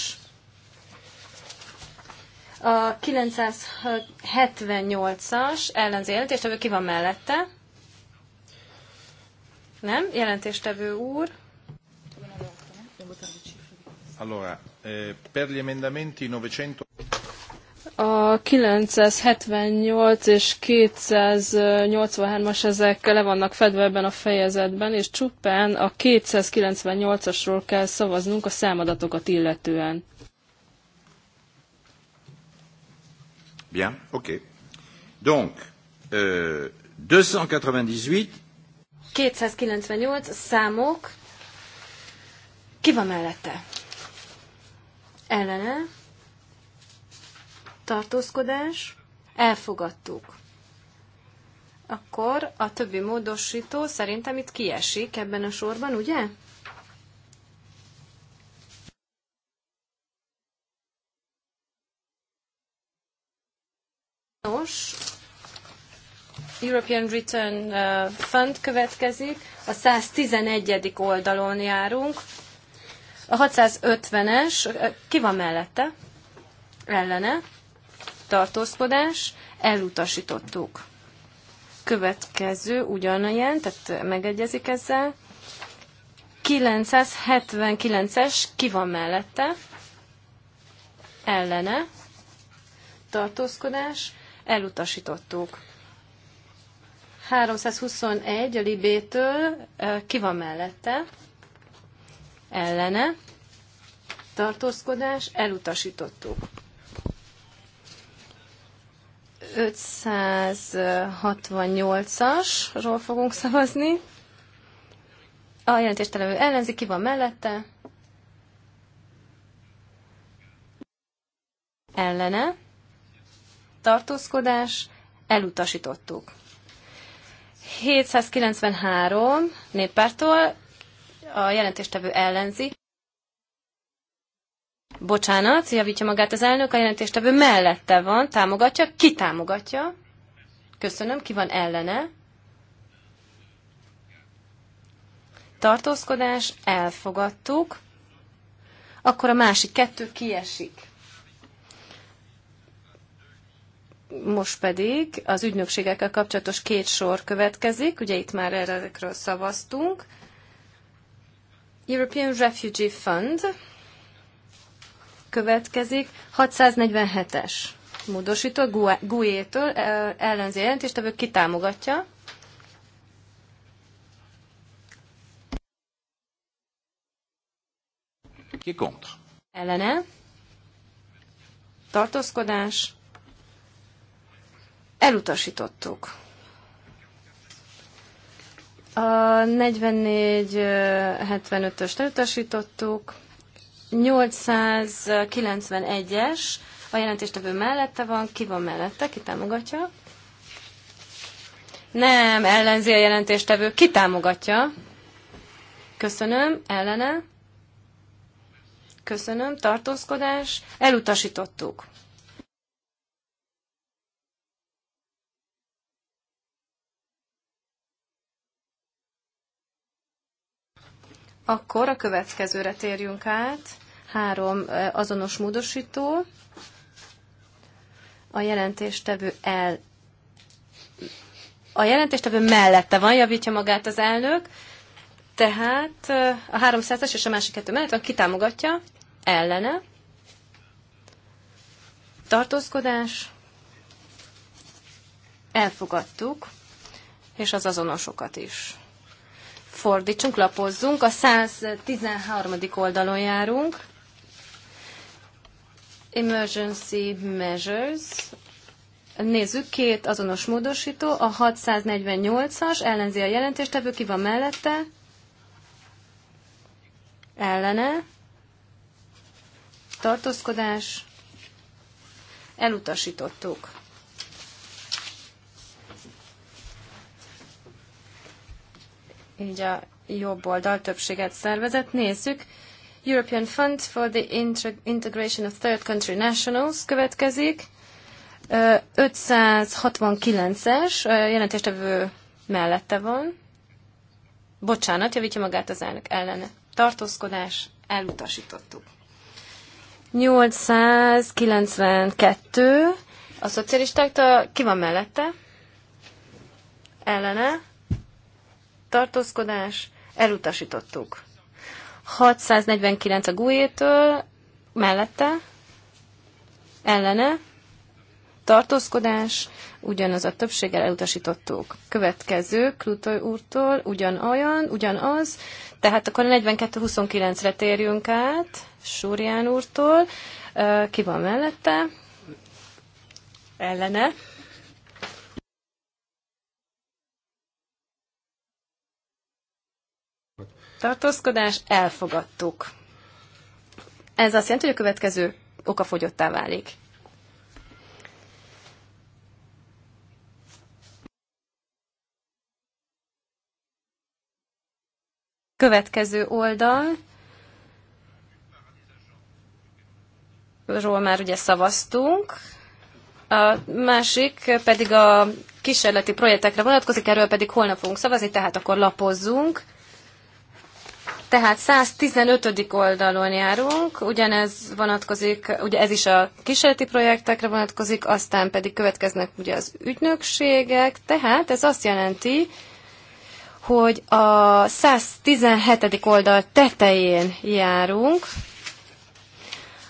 a 978-as ellenzi jelentéstevő ki van mellette? Nem? Jelentéstevő úr. Allora, eh, per gli emendamenti 900... A 978 és 283-as ezek le vannak fedve ebben a fejezetben, és csupán a 298-asról kell szavaznunk a számadatokat illetően. Bien, ok. Donc, euh, 298. 298 számok. Ki van mellette? Ellene. Tartózkodás. Elfogadtuk. Akkor a többi módosító szerintem itt kiesik ebben a sorban, ugye? Nos, European Return uh, Fund következik, a 111. oldalon járunk. A 650-es, uh, ki van mellette? Ellene. Tartózkodás. Elutasítottuk. Következő ugyanolyan, tehát megegyezik ezzel. 979-es, ki van mellette? Ellene. Tartózkodás elutasítottuk. 321 a libétől ki van mellette, ellene, tartózkodás, elutasítottuk. 568-asról fogunk szavazni. A jelentéstelen ellenzi, ki van mellette? Ellene tartózkodás, elutasítottuk. 793 néppártól a jelentéstevő ellenzi. Bocsánat, javítja magát az elnök, a jelentéstevő mellette van, támogatja, ki támogatja? Köszönöm, ki van ellene? Tartózkodás, elfogadtuk. Akkor a másik kettő kiesik. Most pedig az ügynökségekkel kapcsolatos két sor következik, ugye itt már ezekről szavaztunk. European Refugee Fund következik, 647-es módosító, GUE-től e, ellenzi jelentést, ebből kitámogatja. Ki contre? Ellene. Tartózkodás. Elutasítottuk. A 44-75-öst elutasítottuk. 891-es, a jelentéstevő mellette van, ki van mellette, ki támogatja? Nem, ellenzi a jelentéstevő, ki támogatja? Köszönöm, ellene? Köszönöm, tartózkodás, elutasítottuk. Akkor a következőre térjünk át. Három azonos módosító. A jelentéstevő el... A jelentéstevő mellette van, javítja magát az elnök. Tehát a 300-as és a másik kettő mellett van, kitámogatja, ellene. Tartózkodás. Elfogadtuk, és az azonosokat is fordítsunk, lapozzunk. A 113. oldalon járunk. Emergency measures. Nézzük, két azonos módosító. A 648-as ellenzi a jelentéstevő, ki van mellette? Ellene. Tartózkodás. Elutasítottuk. így a jobb oldal többséget szervezett. Nézzük. European Fund for the Integration of Third Country Nationals következik. 569-es jelentéstevő mellette van. Bocsánat, javítja magát az elnök ellene. Tartózkodás, elutasítottuk. 892. A szocialistáktól ki van mellette? Ellene tartózkodás, elutasítottuk. 649 a Gújétől, től mellette, ellene, tartózkodás, ugyanaz a többséggel elutasítottuk. Következő, Klutoj úrtól ugyanolyan, ugyanaz, tehát akkor 42-29-re térjünk át, Súrián úrtól, ki van mellette, ellene, tartózkodás, elfogadtuk. Ez azt jelenti, hogy a következő okafogyottá válik. Következő oldal, ról már ugye szavaztunk, a másik pedig a kísérleti projektekre vonatkozik, erről pedig holnap fogunk szavazni, tehát akkor lapozzunk. Tehát 115. oldalon járunk, ugyanez vonatkozik, ugye ez is a kísérleti projektekre vonatkozik, aztán pedig következnek ugye az ügynökségek, tehát ez azt jelenti, hogy a 117. oldal tetején járunk,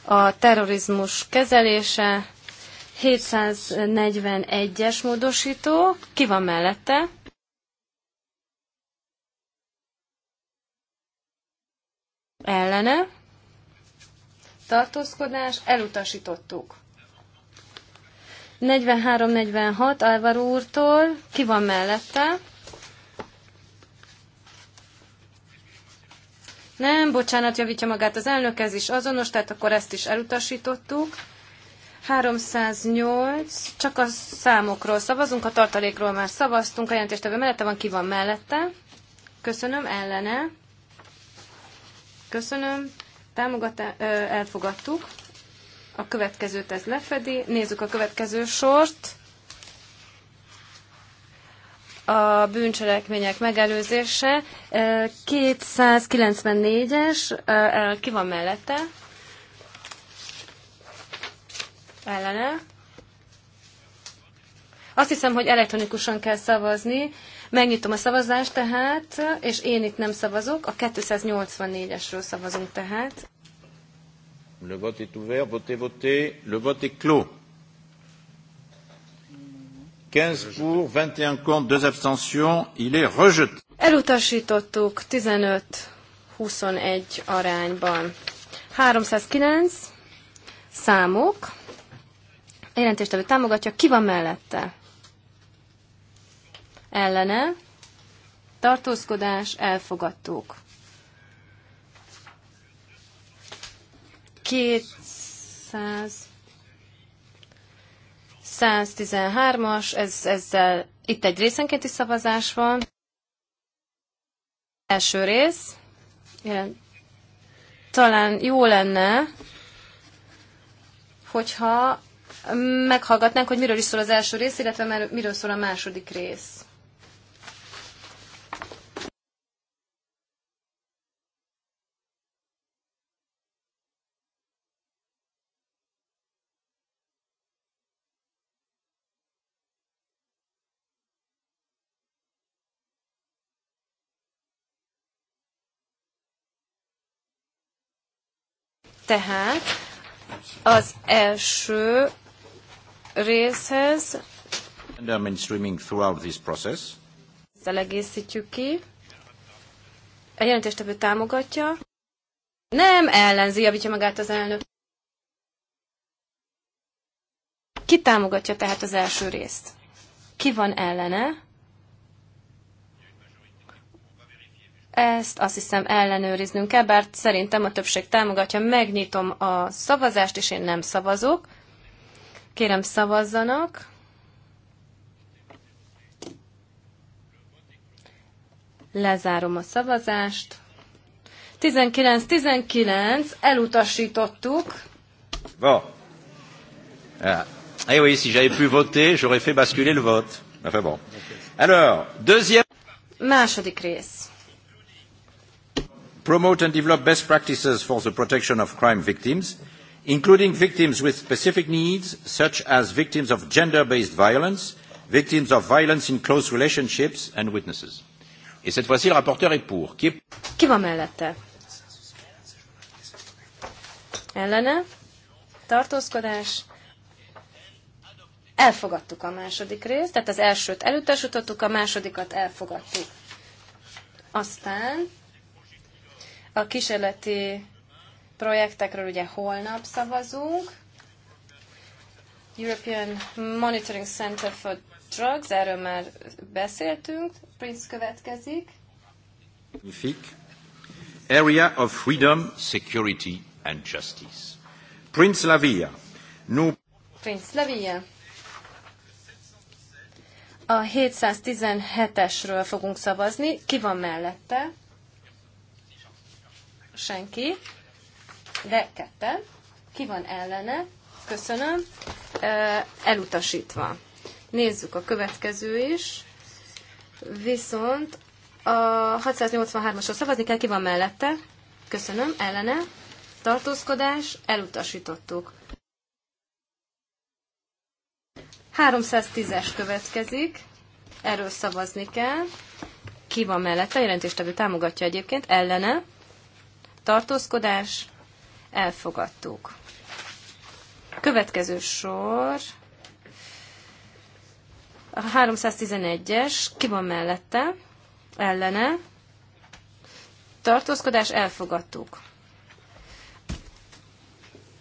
a terrorizmus kezelése, 741-es módosító, ki van mellette? ellene, tartózkodás, elutasítottuk. 43-46 Álvaro úrtól, ki van mellette? Nem, bocsánat, javítja magát az elnök, ez is azonos, tehát akkor ezt is elutasítottuk. 308, csak a számokról szavazunk, a tartalékról már szavaztunk, a jelentéstevő mellette van, ki van mellette. Köszönöm, ellene. Köszönöm. Támogatá- elfogadtuk. A következőt ez lefedi. Nézzük a következő sort. A bűncselekmények megelőzése. 294-es. Ki van mellette? Ellene. Azt hiszem, hogy elektronikusan kell szavazni. Megnyitom a szavazást tehát, és én itt nem szavazok, a 284-esről szavazunk tehát. Le vote est ouvert, votez, votez. Le vote est clos. 15 pour, 21 contre, 2 abstentions. Il est rejeté. Elutasítottuk 15-21 arányban. 309 számok. Jelentéstevő támogatja. Ki van mellette? ellene, tartózkodás, elfogadtuk. száz 113-as, ez, ezzel itt egy részenkénti szavazás van. Első rész. Talán jó lenne, hogyha meghallgatnánk, hogy miről is szól az első rész, illetve miről szól a második rész. Tehát az első részhez mainstreaming throughout this process. Ezzel egészítjük ki. A jelentéstevő támogatja. Nem ellenzi, javítja magát az elnök. Ki támogatja tehát az első részt? Ki van ellene? Ezt azt hiszem ellenőriznünk kell, bár szerintem a többség támogatja. Megnyitom a szavazást, és én nem szavazok. Kérem szavazzanak. Lezárom a szavazást. 19-19, elutasítottuk. Bon. Ah. Eh oui, si j'avais pu voter, j'aurais fait basculer le vote. Enfin bon. Alors, deuxième... Második rész promote and develop best practices for the protection of crime victims, including victims with specific needs, such as victims of gender-based violence, victims of violence in close relationships and witnesses. Et cette fois-ci, le rapporteur est pour. Ki, est... Ki van mellette? Ellene? Tartózkodás? Elfogadtuk a második részt, tehát az elsőt elutasítottuk, a másodikat elfogadtuk. Aztán a kísérleti projektekről ugye holnap szavazunk. European Monitoring Center for Drugs, erről már beszéltünk. Prince következik. Area of Freedom, Security and Justice. Prince Lavia. No... Prince Lavia. A 717-esről fogunk szavazni. Ki van mellette? senki, de ketten. Ki van ellene? Köszönöm. Elutasítva. Nézzük a következő is. Viszont a 683 asra szavazni kell, ki van mellette. Köszönöm, ellene. Tartózkodás, elutasítottuk. 310-es következik, erről szavazni kell. Ki van mellette, jelentéstevő támogatja egyébként, ellene, tartózkodás, elfogadtuk. Következő sor, a 311-es, ki van mellette, ellene, tartózkodás, elfogadtuk.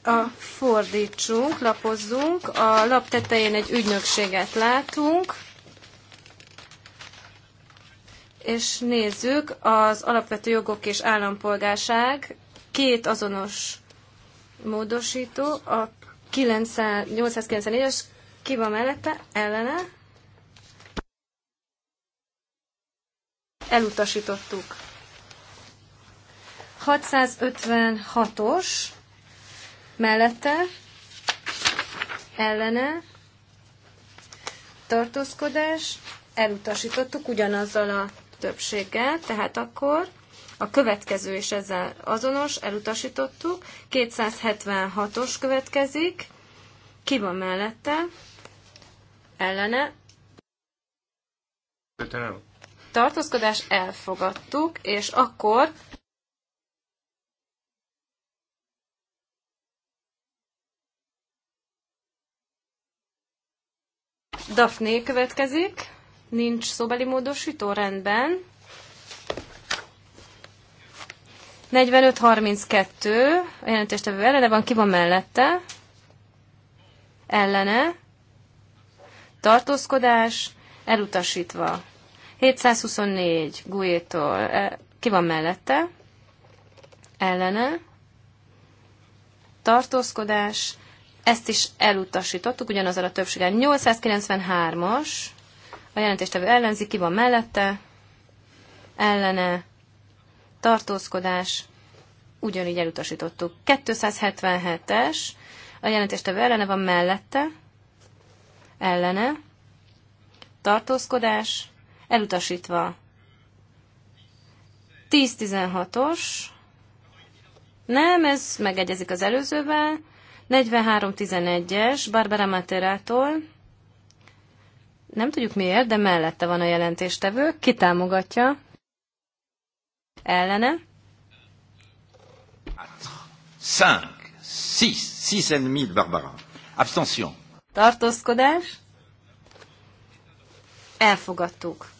A fordítsunk, lapozzunk, a lap tetején egy ügynökséget látunk, és nézzük, az alapvető jogok és állampolgárság két azonos módosító, a 894-es ki van mellette, ellene. Elutasítottuk. 656-os mellette, ellene, tartózkodás, elutasítottuk ugyanazzal a többséggel, tehát akkor a következő is ezzel azonos, elutasítottuk. 276-os következik. Ki van mellette? Ellene. Tartózkodás elfogadtuk, és akkor Daphné következik. Nincs szóbeli módosító? Rendben. 45-32, a jelentéstevő ellene van, ki van mellette? Ellene. Tartózkodás, elutasítva. 724 Gujétól, e, ki van mellette? Ellene. Tartózkodás, ezt is elutasítottuk, ugyanazzal a többséggel. 893-as, a jelentéstevő ellenzi, ki van mellette, ellene, tartózkodás, ugyanígy elutasítottuk. 277-es, a jelentéstevő ellene van mellette, ellene, tartózkodás, elutasítva. 10-16-os, nem, ez megegyezik az előzővel, 43-11-es, Barbara Materától, nem tudjuk miért, de mellette van a jelentéstevő. Ki támogatja? Ellene? 5, 6, 6 et demi Barbara. Abstention. Tartózkodás? Elfogadtuk.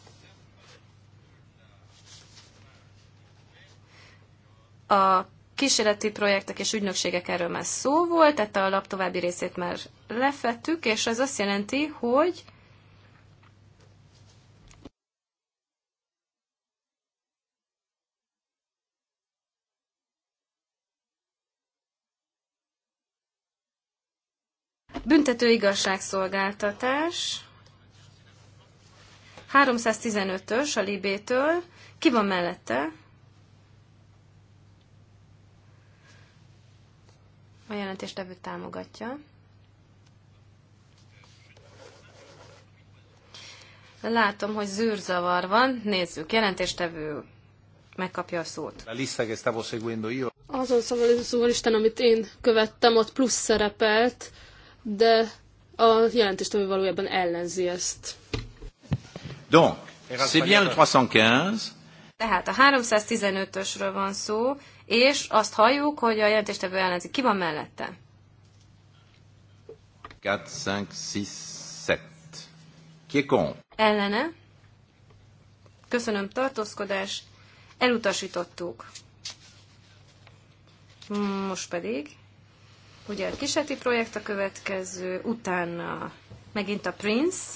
A kísérleti projektek és ügynökségek erről már szó volt, tehát a lap további részét már lefettük, és ez azt jelenti, hogy Büntető igazságszolgáltatás. 315-ös a Libétől. Ki van mellette? A jelentéstevő támogatja. Látom, hogy zűrzavar van. Nézzük, jelentéstevő megkapja a szót. A lista che stavo seguendo io. Azon szavazólistán, szóval amit én követtem, ott plusz szerepelt de a jelentéstevő valójában ellenzi ezt. Donc, c'est bien le 315. Tehát a 315-ösről van szó, és azt halljuk, hogy a jelentéstevő ellenzi. Ki van mellette? 4, 5, 6, 7. Qui est Ellene. Köszönöm, tartózkodás. Elutasítottuk. Most pedig Ugye a kiseti projekt a következő, utána megint a Prince,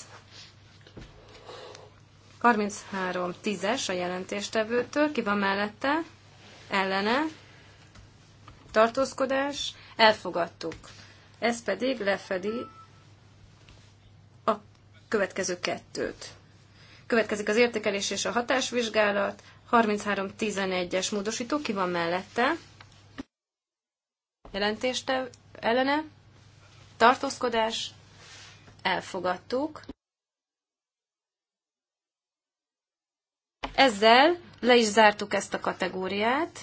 33 tízes a jelentéstevőtől, ki van mellette, ellene, tartózkodás, elfogadtuk. Ez pedig lefedi a következő kettőt. Következik az értékelés és a hatásvizsgálat, 33 es módosító, ki van mellette, jelentéstevő, ellene, tartózkodás, elfogadtuk. Ezzel le is zártuk ezt a kategóriát.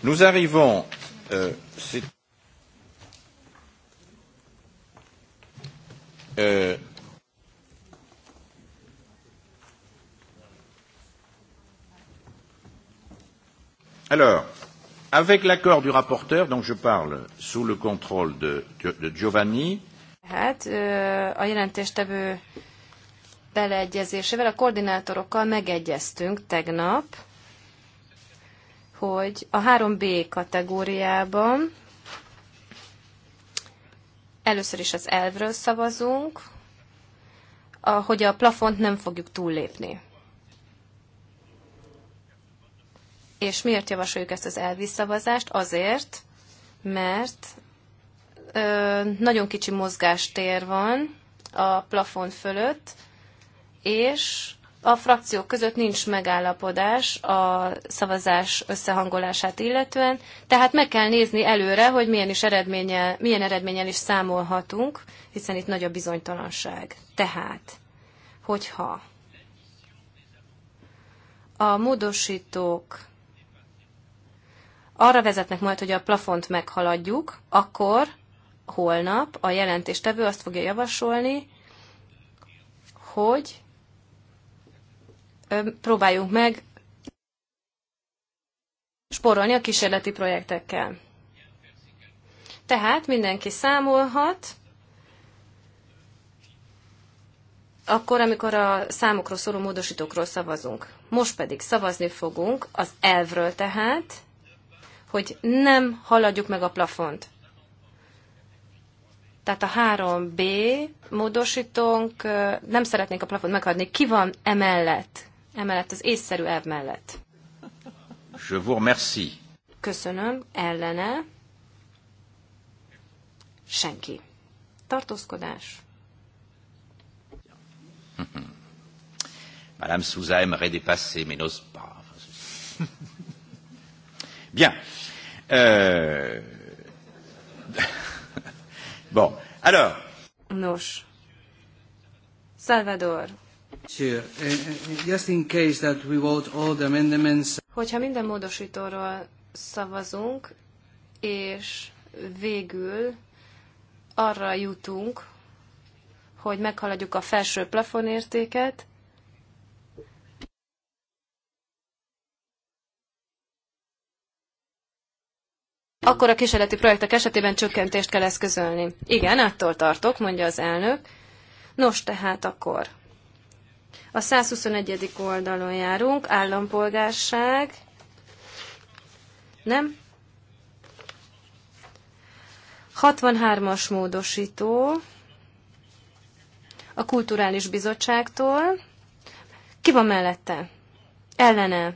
Nous arrivons, euh, euh, alors, Avec l'accord du rapporteur, donc je parle sous le contrôle de, de Giovanni. Hát a jelentéstevő beleegyezésével a koordinátorokkal megegyeztünk tegnap, hogy a 3B kategóriában először is az elvről szavazunk, hogy a plafont nem fogjuk túllépni. És miért javasoljuk ezt az elvisszavazást? Azért, mert ö, nagyon kicsi mozgástér van a plafon fölött, és a frakciók között nincs megállapodás a szavazás összehangolását illetően, tehát meg kell nézni előre, hogy milyen, is eredménnyel, milyen eredménnyel is számolhatunk, hiszen itt nagy a bizonytalanság. Tehát, hogyha a módosítók arra vezetnek majd, hogy a plafont meghaladjuk, akkor holnap a jelentéstevő azt fogja javasolni, hogy próbáljunk meg sporolni a kísérleti projektekkel. Tehát mindenki számolhat, akkor, amikor a számokról szóló módosítókról szavazunk. Most pedig szavazni fogunk az elvről tehát, hogy nem haladjuk meg a plafont. Tehát a 3B módosítónk, nem szeretnénk a plafont meghaladni. Ki van emellett? Emellett az észszerű elv mellett. Je vous remercie. Köszönöm. Ellene? Senki. Tartózkodás? Madame Souza aimerait dépasser, mais n'ose pas. Bien. Euh... bon. Alors. Nos. Salvador. Sure. Uh, uh, just in case that we vote all the amendments. Hogyha minden módosítóról szavazunk, és végül arra jutunk, hogy meghaladjuk a felső plafonértéket, akkor a kísérleti projektek esetében csökkentést kell eszközölni. Igen, attól tartok, mondja az elnök. Nos, tehát akkor. A 121. oldalon járunk, állampolgárság. Nem? 63-as módosító a Kulturális Bizottságtól. Ki van mellette? Ellene.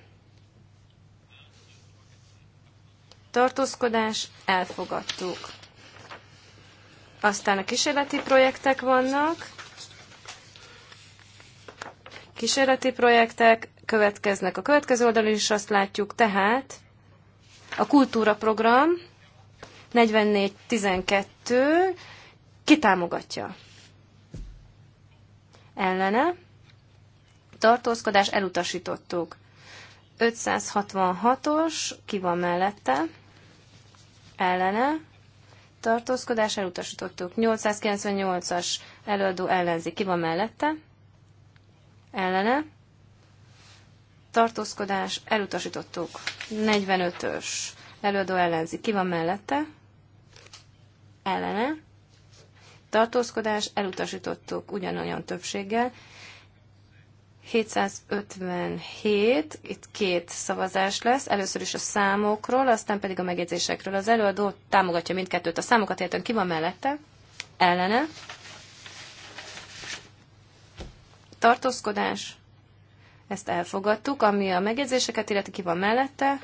tartózkodás, elfogadtuk. Aztán a kísérleti projektek vannak. Kísérleti projektek következnek a következő oldalon is, azt látjuk tehát a kultúraprogram 4412 kitámogatja. Ellene tartózkodás elutasítottuk. 566-os, ki van mellette? ellene, tartózkodás elutasítottuk. 898-as előadó ellenzi. Ki van mellette? Ellene. Tartózkodás elutasítottuk. 45-ös előadó ellenzi. Ki van mellette? Ellene. Tartózkodás elutasítottuk ugyanolyan többséggel. 757, itt két szavazás lesz, először is a számokról, aztán pedig a megjegyzésekről. Az előadó támogatja mindkettőt, a számokat értem ki van mellette, ellene, tartózkodás, ezt elfogadtuk, ami a megjegyzéseket illeti ki van mellette,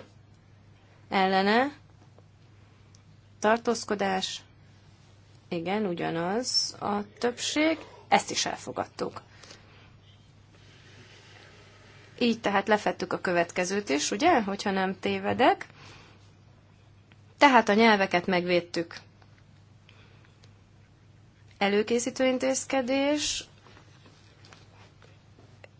ellene, tartózkodás, igen, ugyanaz a többség, ezt is elfogadtuk. Így tehát lefettük a következőt is, ugye, hogyha nem tévedek. Tehát a nyelveket megvédtük. Előkészítő intézkedés,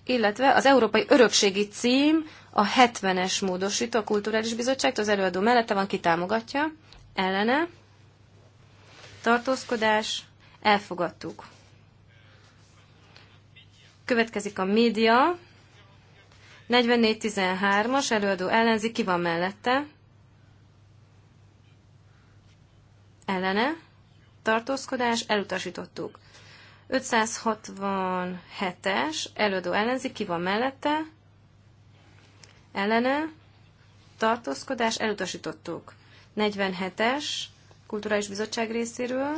illetve az Európai Örökségi Cím, a 70-es módosító a Kulturális Bizottság, az előadó mellette van, kitámogatja, ellene, tartózkodás, elfogadtuk. Következik a média, 44-13-as előadó ellenzi, ki van mellette? Ellene. Tartózkodás, elutasítottuk. 567-es előadó ellenzi, ki van mellette? Ellene. Tartózkodás, elutasítottuk. 47-es Kulturális Bizottság részéről.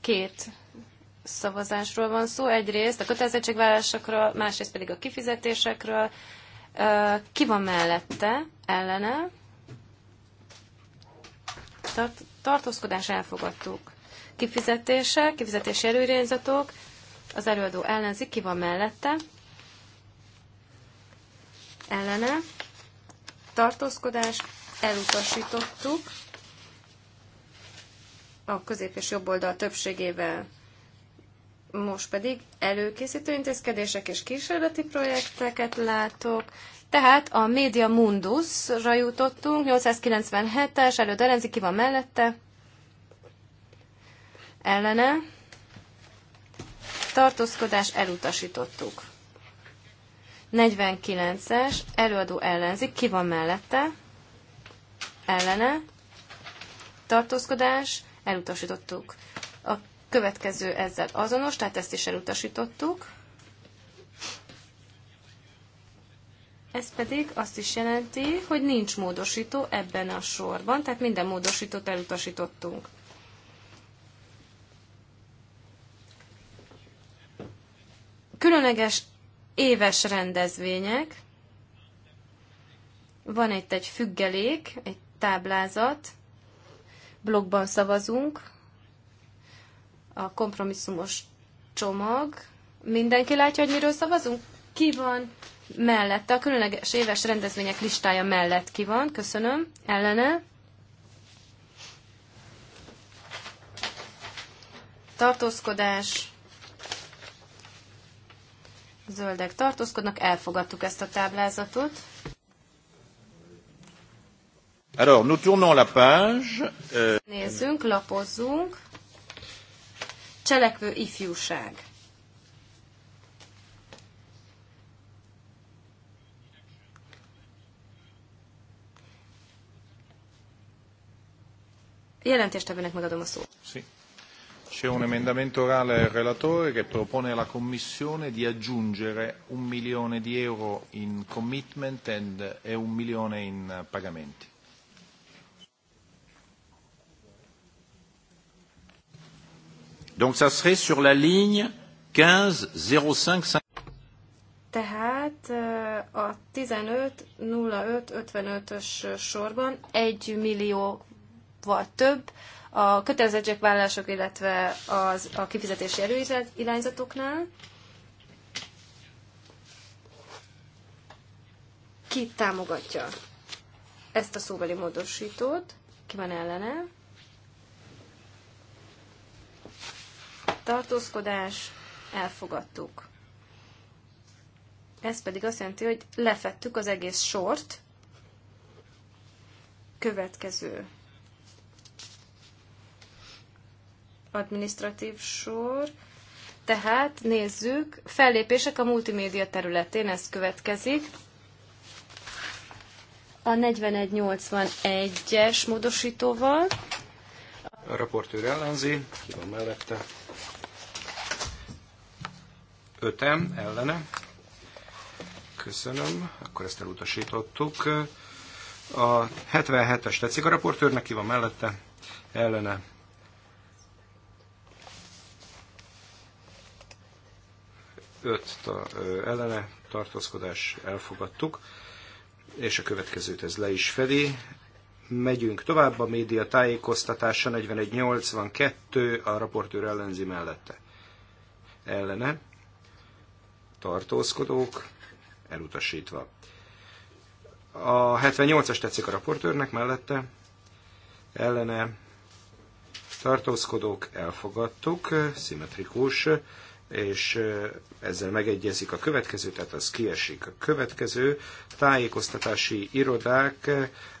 Két szavazásról van szó. Egyrészt a kötelezettségvállásokról, másrészt pedig a kifizetésekről. Ki van mellette, ellene? Tart, tartózkodás elfogadtuk. Kifizetése, kifizetési előirányzatok, az előadó ellenzik, ki van mellette? Ellene. Tartózkodás, elutasítottuk a közép és jobb oldal többségével most pedig előkészítő intézkedések és kísérleti projekteket látok. Tehát a Media Mundusra jutottunk, 897-es, előd ellenzi, ki van mellette? Ellene. Tartózkodás elutasítottuk. 49-es, előadó ellenzik, ki van mellette? Ellene. Tartózkodás elutasítottuk következő ezzel azonos, tehát ezt is elutasítottuk. Ez pedig azt is jelenti, hogy nincs módosító ebben a sorban, tehát minden módosítót elutasítottunk. Különleges éves rendezvények. Van itt egy függelék, egy táblázat. Blogban szavazunk, a kompromisszumos csomag. Mindenki látja, hogy miről szavazunk? Ki van mellette? A különleges éves rendezvények listája mellett ki van? Köszönöm. Ellene? Tartózkodás. Zöldek tartózkodnak. Elfogadtuk ezt a táblázatot. Alors, nous tournons la page. Euh... Nézzünk, lapozzunk cselekvő ifjúság. Jelentéstevőnek megadom a szót. Sí. C'è un emendamento orale al relatore che propone alla Commissione di aggiungere un milione di euro in commitment e un milione in pagamenti. Donc ça serait sur la ligne Tehát a 15.05.55-ös sorban 1 vagy több a kötelezettségvállalások, illetve az, a kifizetési előirányzatoknál. Ki támogatja ezt a szóbeli módosítót? Ki van ellene? mellett tartózkodás, elfogadtuk. Ez pedig azt jelenti, hogy lefettük az egész sort. Következő administratív sor. Tehát nézzük, fellépések a multimédia területén, ez következik. A 4181-es módosítóval. A raportőr ellenzi, ki van mellette, ötem ellene. Köszönöm, akkor ezt elutasítottuk. A 77-es tetszik a raportőrnek, ki van mellette, ellene. Öt ta, ö, ellene tartózkodás elfogadtuk, és a következőt ez le is fedi. Megyünk tovább, a média tájékoztatása 4182, a raportőr ellenzi mellette. Ellene tartózkodók, elutasítva. A 78-as tetszik a raportőrnek mellette, ellene tartózkodók elfogadtuk, szimmetrikus, és ezzel megegyezik a következő, tehát az kiesik a következő. Tájékoztatási irodák,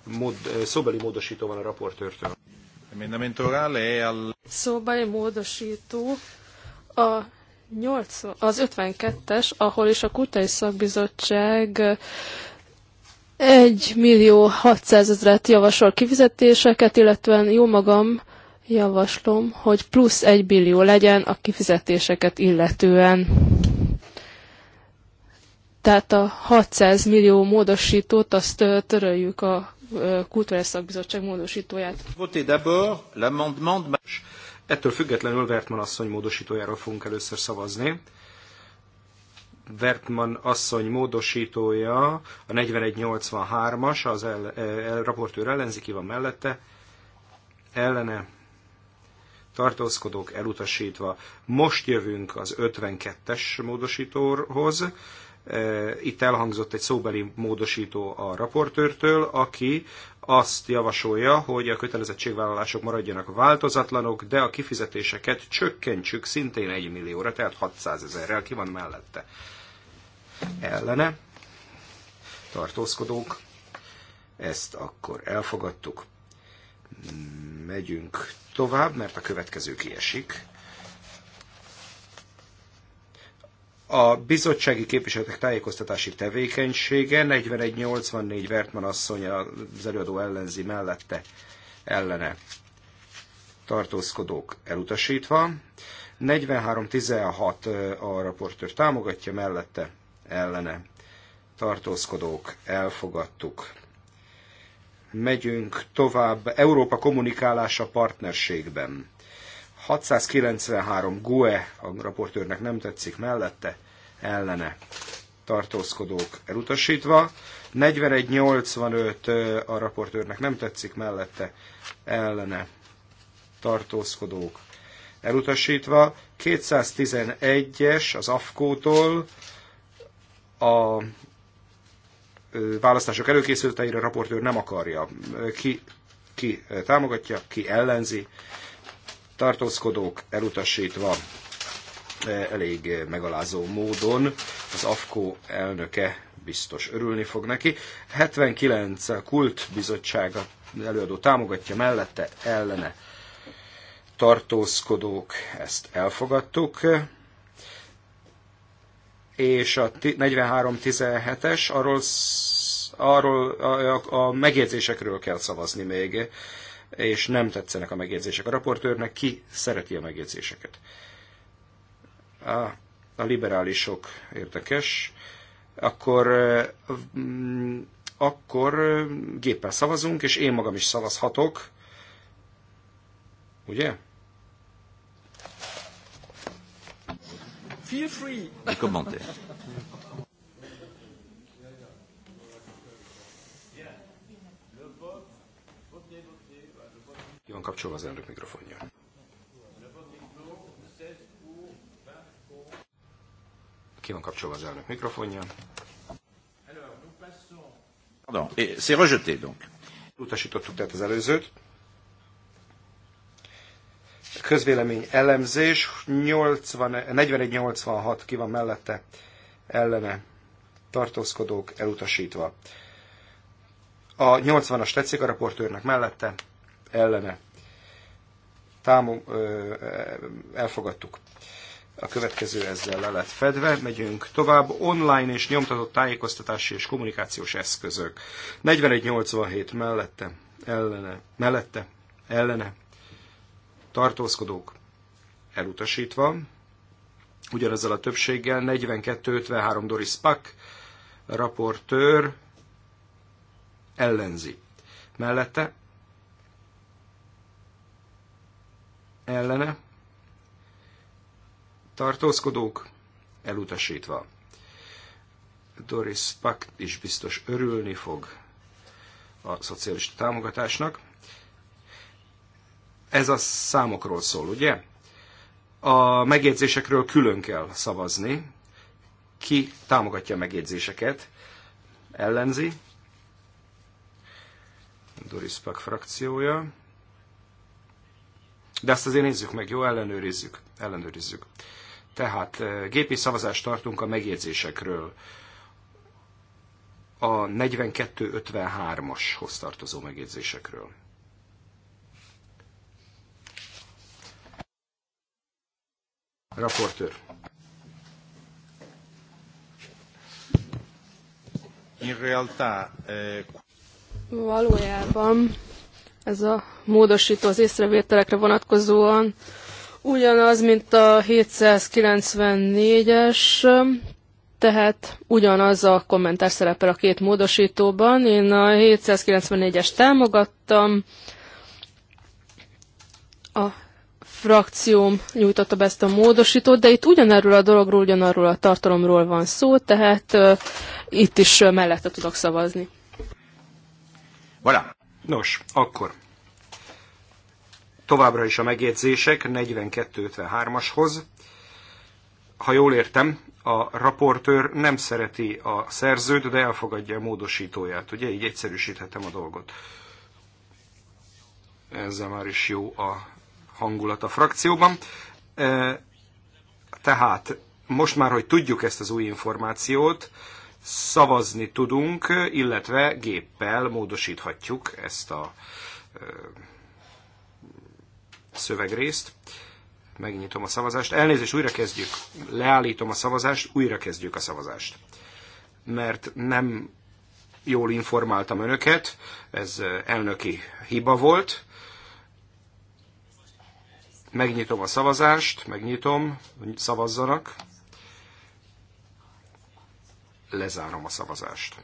mód, szóbeli módosító van a raportőrtől. Szóbeli módosító a 8 az 52-es, ahol is a Kutai Szakbizottság 1 millió 600 ezeret javasol kifizetéseket, illetve jó magam javaslom, hogy plusz 1 billió legyen a kifizetéseket illetően. Tehát a 600 millió módosítót, azt töröljük a Kulturális Szakbizottság módosítóját. Voté d'abord l'amendement Ettől függetlenül Vertman asszony módosítójáról fogunk először szavazni. Vertman asszony módosítója, a 4183-as, az el, e, el, raportőr ellenzéki van mellette, ellene tartózkodók elutasítva. Most jövünk az 52-es módosítóhoz, Eh, itt elhangzott egy szóbeli módosító a raportőrtől, aki azt javasolja, hogy a kötelezettségvállalások maradjanak változatlanok, de a kifizetéseket csökkentsük szintén 1 millióra, tehát 600 ezerrel. Ki van mellette? Ellene tartózkodók. Ezt akkor elfogadtuk. Megyünk tovább, mert a következő kiesik. a bizottsági képviseletek tájékoztatási tevékenysége 4184 Vertman asszony az előadó ellenzi mellette ellene tartózkodók elutasítva. 4316 a raportőr támogatja mellette ellene tartózkodók elfogadtuk. Megyünk tovább Európa kommunikálása partnerségben. 693 GUE, a raportőrnek nem tetszik mellette, ellene tartózkodók elutasítva. 4185 a raportőrnek nem tetszik mellette, ellene tartózkodók elutasítva. 211-es az AFKÓ-tól a választások előkészülteire a raportőr nem akarja. Ki, ki támogatja, ki ellenzi, tartózkodók elutasítva e, elég megalázó módon. Az AFKO elnöke biztos örülni fog neki. 79 Kult Bizottsága előadó támogatja mellette, ellene tartózkodók, ezt elfogadtuk. És a 43-17-es, arról, arról a, a, a megjegyzésekről kell szavazni még és nem tetszenek a megjegyzések a raportőrnek, ki szereti a megjegyzéseket. A, a liberálisok érdekes, akkor, mm, akkor mm, géppel szavazunk, és én magam is szavazhatok, ugye? Feel free. Commentaire. Ki van kapcsolva az elnök mikrofonja? Ki van kapcsolva az elnök mikrofonja? Pardon, c'est rejeté donc. Utasítottuk tehát az előzőt. Közvélemény elemzés, 41-86 ki van mellette, ellene tartózkodók elutasítva. A 80-as tetszik a raportőrnek mellette, ellene támom, ö, elfogadtuk. A következő ezzel le lett fedve, megyünk tovább. Online és nyomtatott tájékoztatási és kommunikációs eszközök. 4187 mellette, ellene, mellette, ellene, tartózkodók elutasítva. Ugyanezzel a többséggel 42-53 Doris Pak, raportőr ellenzi. Mellette ellene tartózkodók elutasítva. Doris Pack is biztos örülni fog a szocialista támogatásnak. Ez a számokról szól, ugye? A megjegyzésekről külön kell szavazni. Ki támogatja a megjegyzéseket? Ellenzi? Doris Pack frakciója. De ezt azért nézzük meg, jó, ellenőrizzük. Ellenőrizzük. Tehát eh, gépi szavazást tartunk a megjegyzésekről. A 42 53 ashoz tartozó megjegyzésekről. Raportőr. In realtà, eh... Valójában ez a módosító az észrevételekre vonatkozóan ugyanaz, mint a 794-es, tehát ugyanaz a kommentár szerepel a két módosítóban. Én a 794-es támogattam, a frakcióm nyújtotta be ezt a módosítót, de itt ugyanerről a dologról, ugyanarról a tartalomról van szó, tehát uh, itt is uh, mellette tudok szavazni. Voilà. Nos, akkor továbbra is a megjegyzések 42-53-ashoz. Ha jól értem, a raportőr nem szereti a szerzőt, de elfogadja a módosítóját. Ugye így egyszerűsíthetem a dolgot. Ezzel már is jó a hangulat a frakcióban. E, tehát most már, hogy tudjuk ezt az új információt, szavazni tudunk, illetve géppel módosíthatjuk ezt a szövegrészt. Megnyitom a szavazást. Elnézést, újra kezdjük. Leállítom a szavazást, újra kezdjük a szavazást. Mert nem jól informáltam önöket, ez elnöki hiba volt. Megnyitom a szavazást, megnyitom, szavazzanak. Lezárom a szavazást.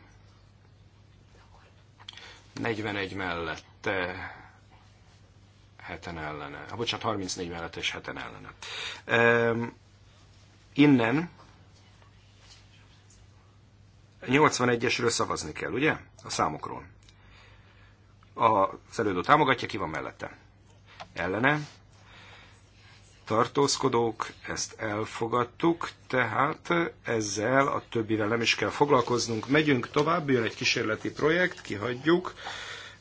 41 mellette, 7 ellene. Ah, bocsánat, 34 mellette és 7 ellene. Um, innen 81-esről szavazni kell, ugye? A számokról. A előadó támogatja, ki van mellette? Ellene, tartózkodók, ezt elfogadtuk, tehát ezzel a többivel nem is kell foglalkoznunk. Megyünk tovább, jön egy kísérleti projekt, kihagyjuk.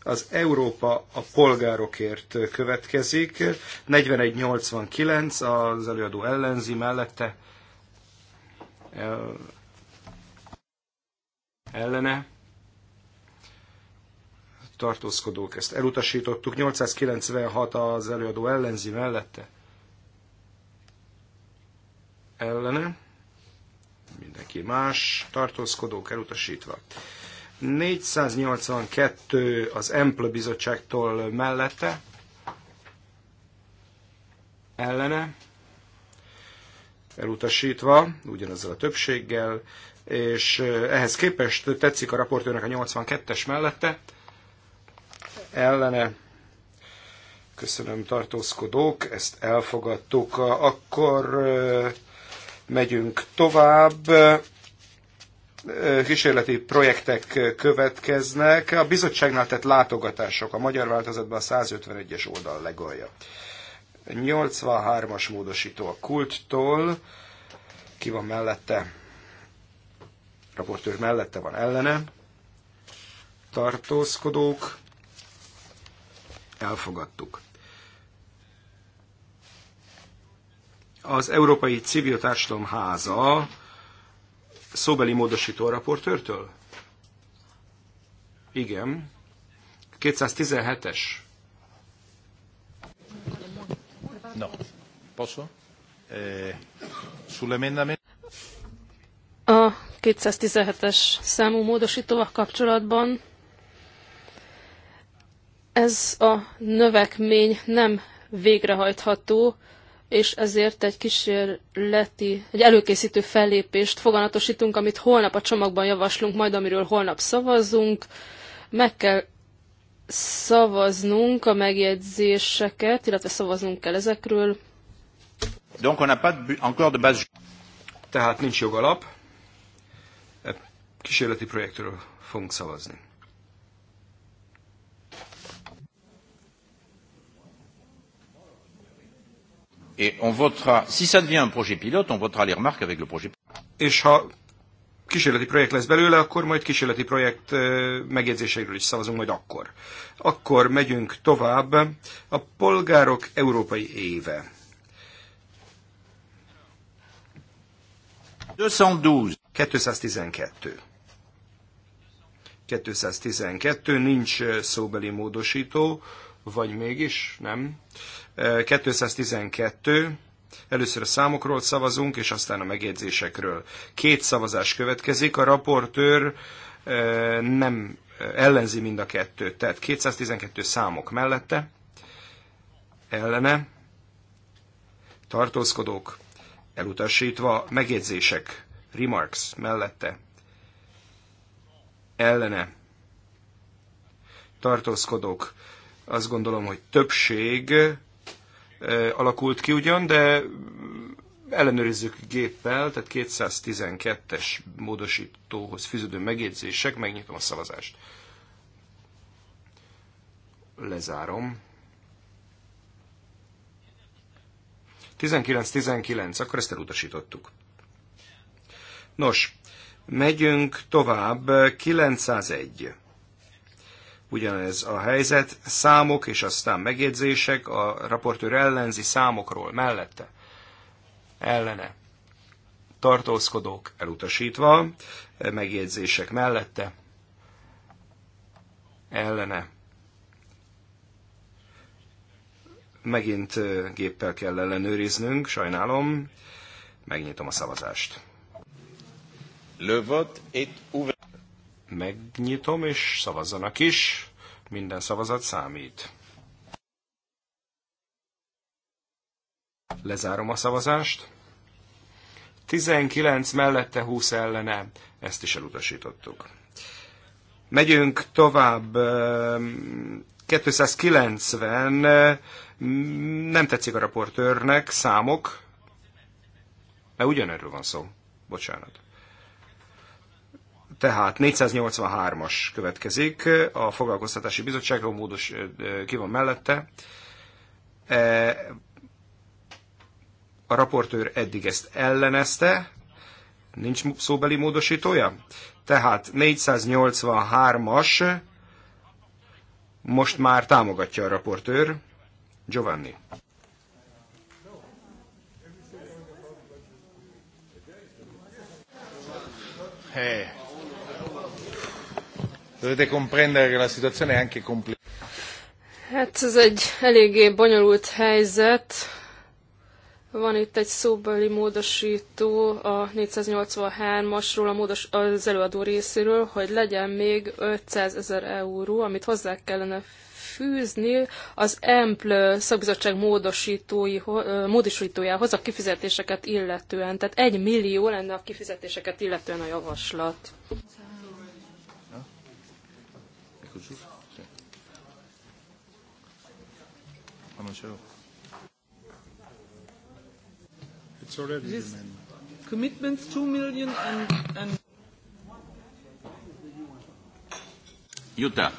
Az Európa a polgárokért következik. 4189, az előadó ellenzi mellette. El... Ellene tartózkodók. Ezt elutasítottuk. 896 az előadó ellenzi mellette ellene, mindenki más, tartózkodók elutasítva. 482 az Emple bizottságtól mellette, ellene, elutasítva, ugyanazzal a többséggel, és eh, ehhez képest tetszik a raportőrnek a 82-es mellette, ellene, köszönöm tartózkodók, ezt elfogadtuk, akkor eh, Megyünk tovább. Kísérleti projektek következnek. A bizottságnál tett látogatások. A magyar változatban a 151-es oldal legalja. 83-as módosító a kulttól. Ki van mellette? Raportőr mellette van ellene. Tartózkodók. Elfogadtuk. az Európai Civil Társadalom Háza szóbeli módosító raportőrtől? Igen. 217-es. No. Posso? Eh, A 217-es számú módosítóval kapcsolatban ez a növekmény nem végrehajtható, és ezért egy kísérleti, egy előkészítő fellépést foganatosítunk, amit holnap a csomagban javaslunk, majd amiről holnap szavazunk. Meg kell szavaznunk a megjegyzéseket, illetve szavaznunk kell ezekről. Donc on a pas de, encore de base... Tehát nincs jogalap, e, kísérleti projektről fogunk szavazni. Et on votera, si ça devient un projet pilote, on votera les remarques avec le projet. És ha kísérleti projekt lesz belőle, akkor majd kísérleti projekt megjegyzéseiről is szavazunk majd akkor. Akkor megyünk tovább. A polgárok európai éve. 212. 212. 212, nincs szóbeli módosító, vagy mégis, nem? 212, először a számokról szavazunk, és aztán a megjegyzésekről. Két szavazás következik, a raportőr e, nem e, ellenzi mind a kettőt, tehát 212 számok mellette, ellene, tartózkodók, elutasítva, megjegyzések, remarks mellette, ellene, tartózkodók, azt gondolom, hogy többség alakult ki ugyan, de ellenőrizzük géppel, tehát 212-es módosítóhoz fűződő megjegyzések, megnyitom a szavazást. Lezárom. 19-19, akkor ezt elutasítottuk. Nos, megyünk tovább, 901 ugyanez a helyzet. Számok és aztán megjegyzések, a raportőr ellenzi számokról, mellette, ellene. Tartózkodók elutasítva, megjegyzések mellette, ellene. Megint géppel kell ellenőriznünk, sajnálom. Megnyitom a szavazást. Le vote est ouvert megnyitom, és szavazzanak is. Minden szavazat számít. Lezárom a szavazást. 19 mellette 20 ellene, ezt is elutasítottuk. Megyünk tovább, 290, ehm, ehm, nem tetszik a raportőrnek, számok, mert ugyanerről van szó, bocsánat. Tehát 483-as következik, a foglalkoztatási bizottságról módos ki van mellette. E, a raportőr eddig ezt ellenezte, nincs szóbeli módosítója? Tehát 483-as most már támogatja a raportőr, Giovanni. Hey comprendere che la situazione è anche complessa. Hát ez egy eléggé bonyolult helyzet. Van itt egy szóbeli módosító a 483-asról, a módos, az előadó részéről, hogy legyen még 500 ezer euró, amit hozzá kellene fűzni az EMPL szakbizottság módosítójához a kifizetéseket illetően. Tehát egy millió lenne a kifizetéseket illetően a javaslat. conoscevo. It's already This amendment. commitments two million and, and Jutta.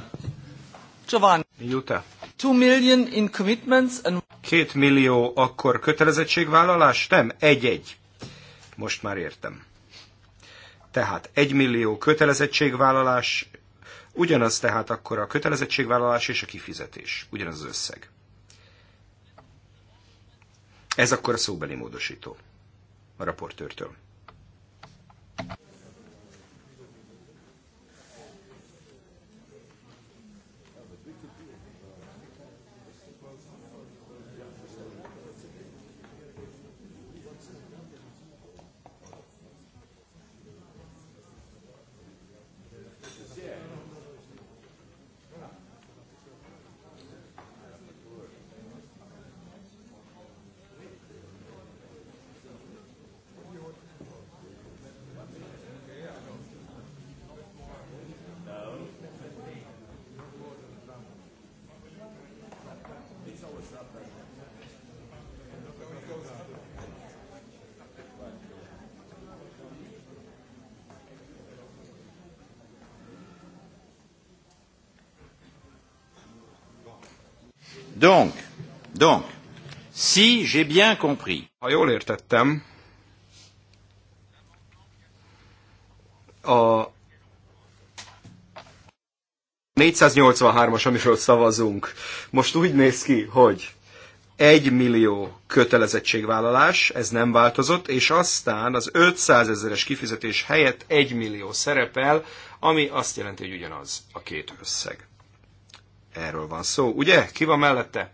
Giovanni. Jutta. two million in commitments and Két millió akkor kötelezettségvállalás? Nem, egy-egy. Most már értem. Tehát egy millió kötelezettségvállalás, ugyanaz tehát akkor a kötelezettségvállalás és a kifizetés. Ugyanaz az összeg. Ez akkor a szóbeli módosító a raportőrtől. Donc, donc, si j'ai bien compris. Ha jól értettem, a 483-as, amiről szavazunk, most úgy néz ki, hogy 1 millió kötelezettségvállalás, ez nem változott, és aztán az 500 ezeres kifizetés helyett 1 millió szerepel, ami azt jelenti, hogy ugyanaz a két összeg. Erről van szó, ugye? Ki van mellette?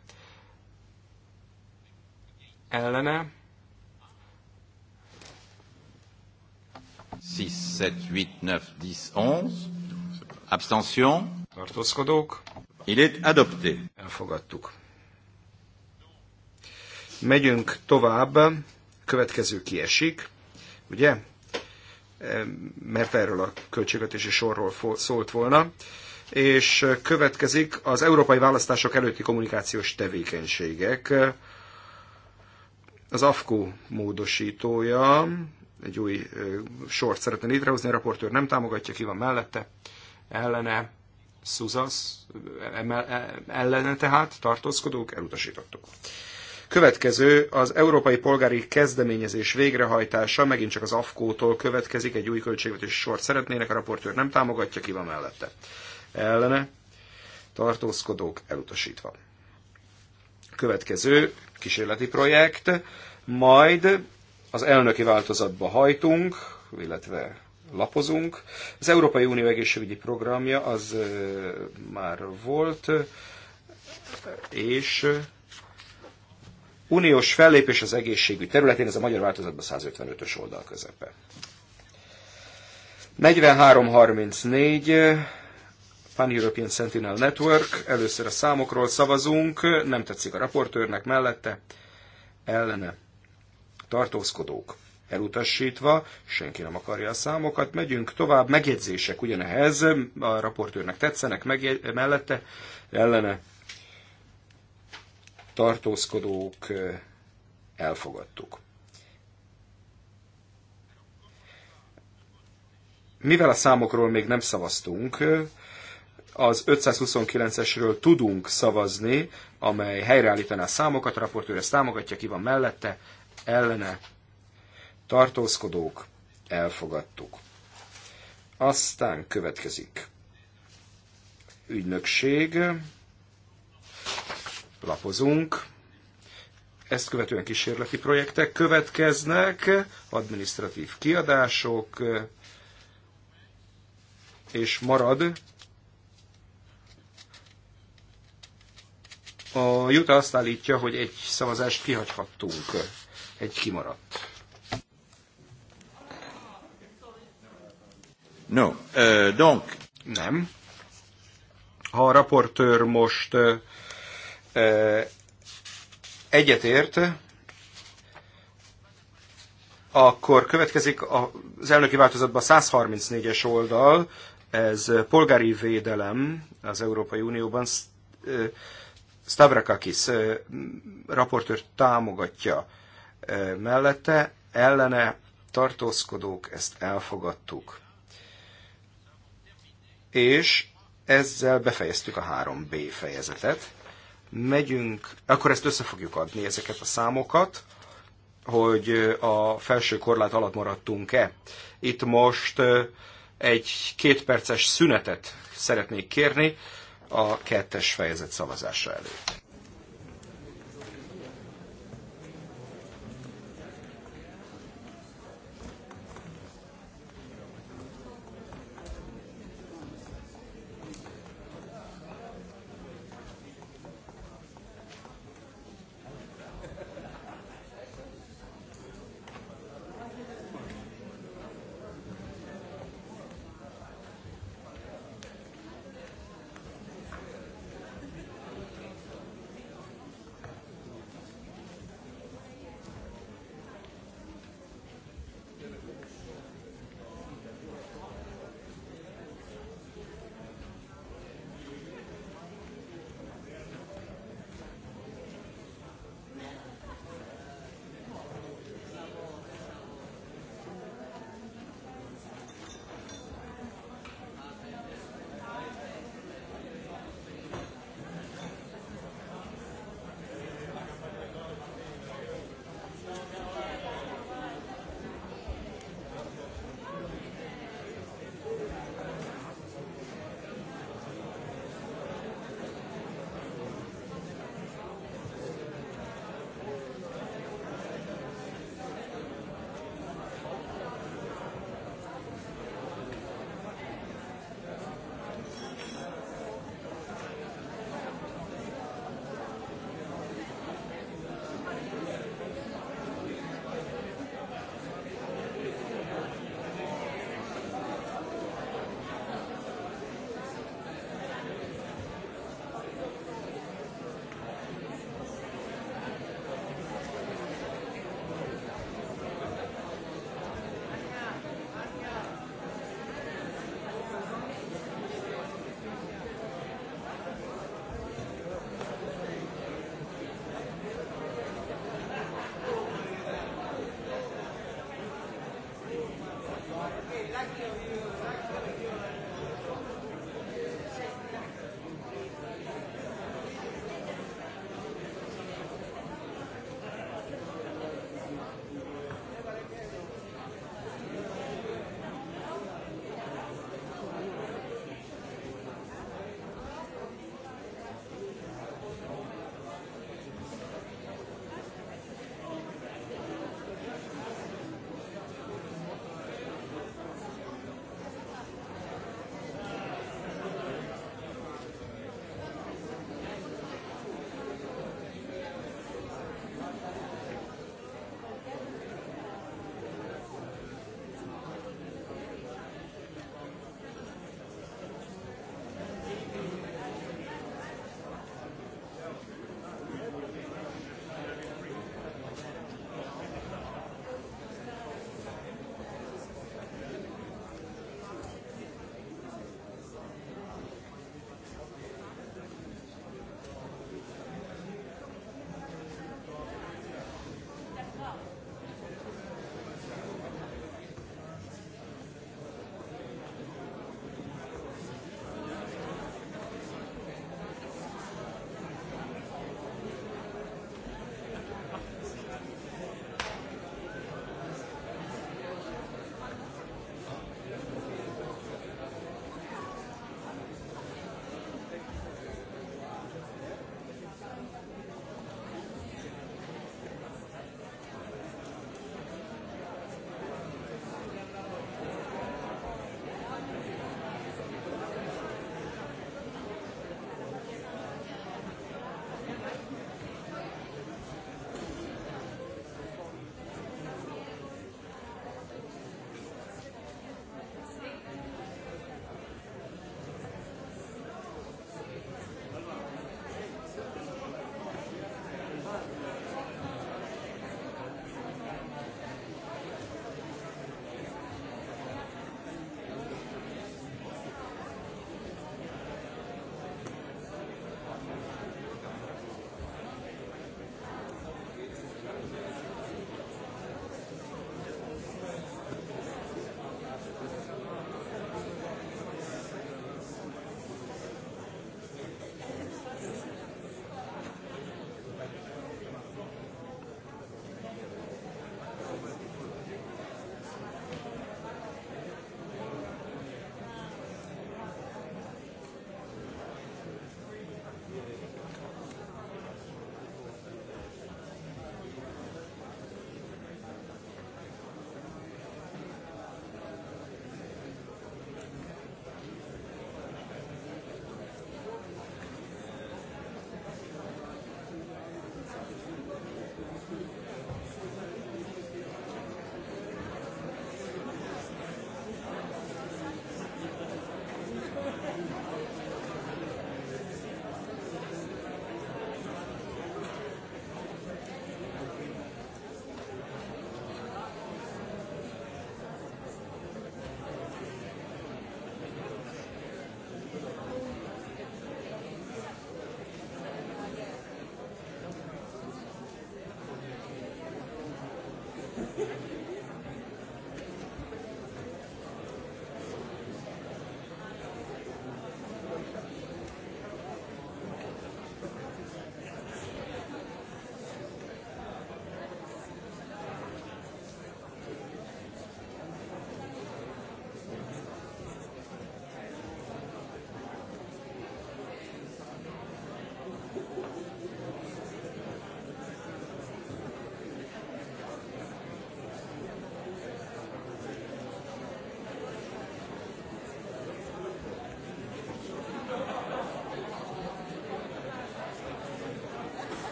Ellene. 6, 7, 8, 9, 10, 11. Abstention. Tartózkodók. Il est adopté. Elfogadtuk. Megyünk tovább. Következő kiesik, ugye? Mert erről a költségvetési sorról szólt volna és következik az európai választások előtti kommunikációs tevékenységek, az AFKO módosítója, egy új sort szeretne létrehozni, a raportőr nem támogatja, ki van mellette, ellene, Szuzasz, e, ellene tehát, tartózkodók, elutasítottuk. Következő az Európai Polgári Kezdeményezés végrehajtása, megint csak az AFKÓ-tól következik, egy új költségvetési sort szeretnének, a raportőr nem támogatja, ki van mellette ellene tartózkodók elutasítva. Következő kísérleti projekt, majd az elnöki változatba hajtunk, illetve lapozunk. Az Európai Unió egészségügyi programja az már volt, és uniós fellépés az egészségügy területén, ez a magyar változatban 155-ös oldal közepe. 34. Pan-European Sentinel Network, először a számokról szavazunk, nem tetszik a raportőrnek mellette, ellene tartózkodók elutasítva, senki nem akarja a számokat, megyünk tovább, megjegyzések ugyanehez, a raportőrnek tetszenek, megjegy, mellette ellene tartózkodók elfogadtuk. Mivel a számokról még nem szavaztunk, az 529-esről tudunk szavazni, amely helyreállítaná a számokat, a raportőr ezt támogatja, ki van mellette, ellene, tartózkodók, elfogadtuk. Aztán következik ügynökség, lapozunk, ezt követően kísérleti projektek következnek, administratív kiadások, és marad A Juta azt állítja, hogy egy szavazást kihagyhattunk, egy kimaradt. No, uh, donc... Nem. Ha a raportőr most uh, uh, egyetért, akkor következik az elnöki változatban 134-es oldal, ez polgári védelem az Európai Unióban Stavrakakis raportőr támogatja mellette, ellene tartózkodók, ezt elfogadtuk. És ezzel befejeztük a 3B fejezetet. Megyünk, akkor ezt össze fogjuk adni, ezeket a számokat, hogy a felső korlát alatt maradtunk-e. Itt most egy kétperces szünetet szeretnék kérni, a kettes fejezet szavazása előtt.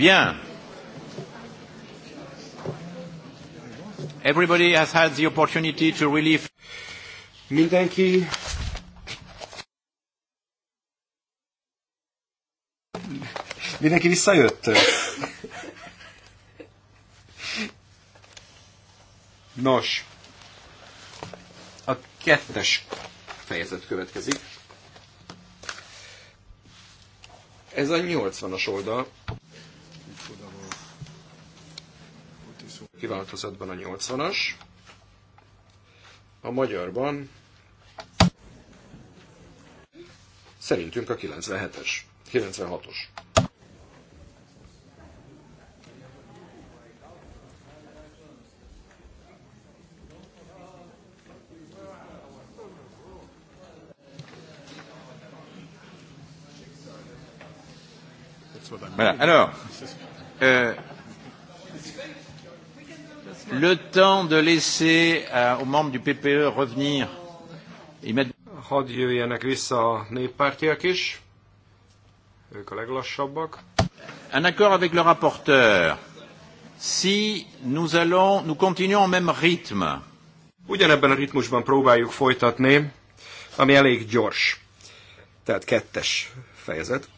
Bien. Everybody has had the opportunity to relieve. Mindenki Mindenki visszajött? Nos, a kettes fejezet következik. Ez a 80-as oldal. változatban a 80-as, a magyarban szerintünk a 97-es, 96-os. Voilà. Alors, de laisser euh, aux membres du PPE revenir Hadd jöjjenek vissza a néppártiak is. Ők a leglassabbak. Un accord avec le rapporteur. Si nous allons, nous continuons au même rythme. Ugyanebben a ritmusban próbáljuk folytatni, ami elég gyors. Tehát kettes fejezet.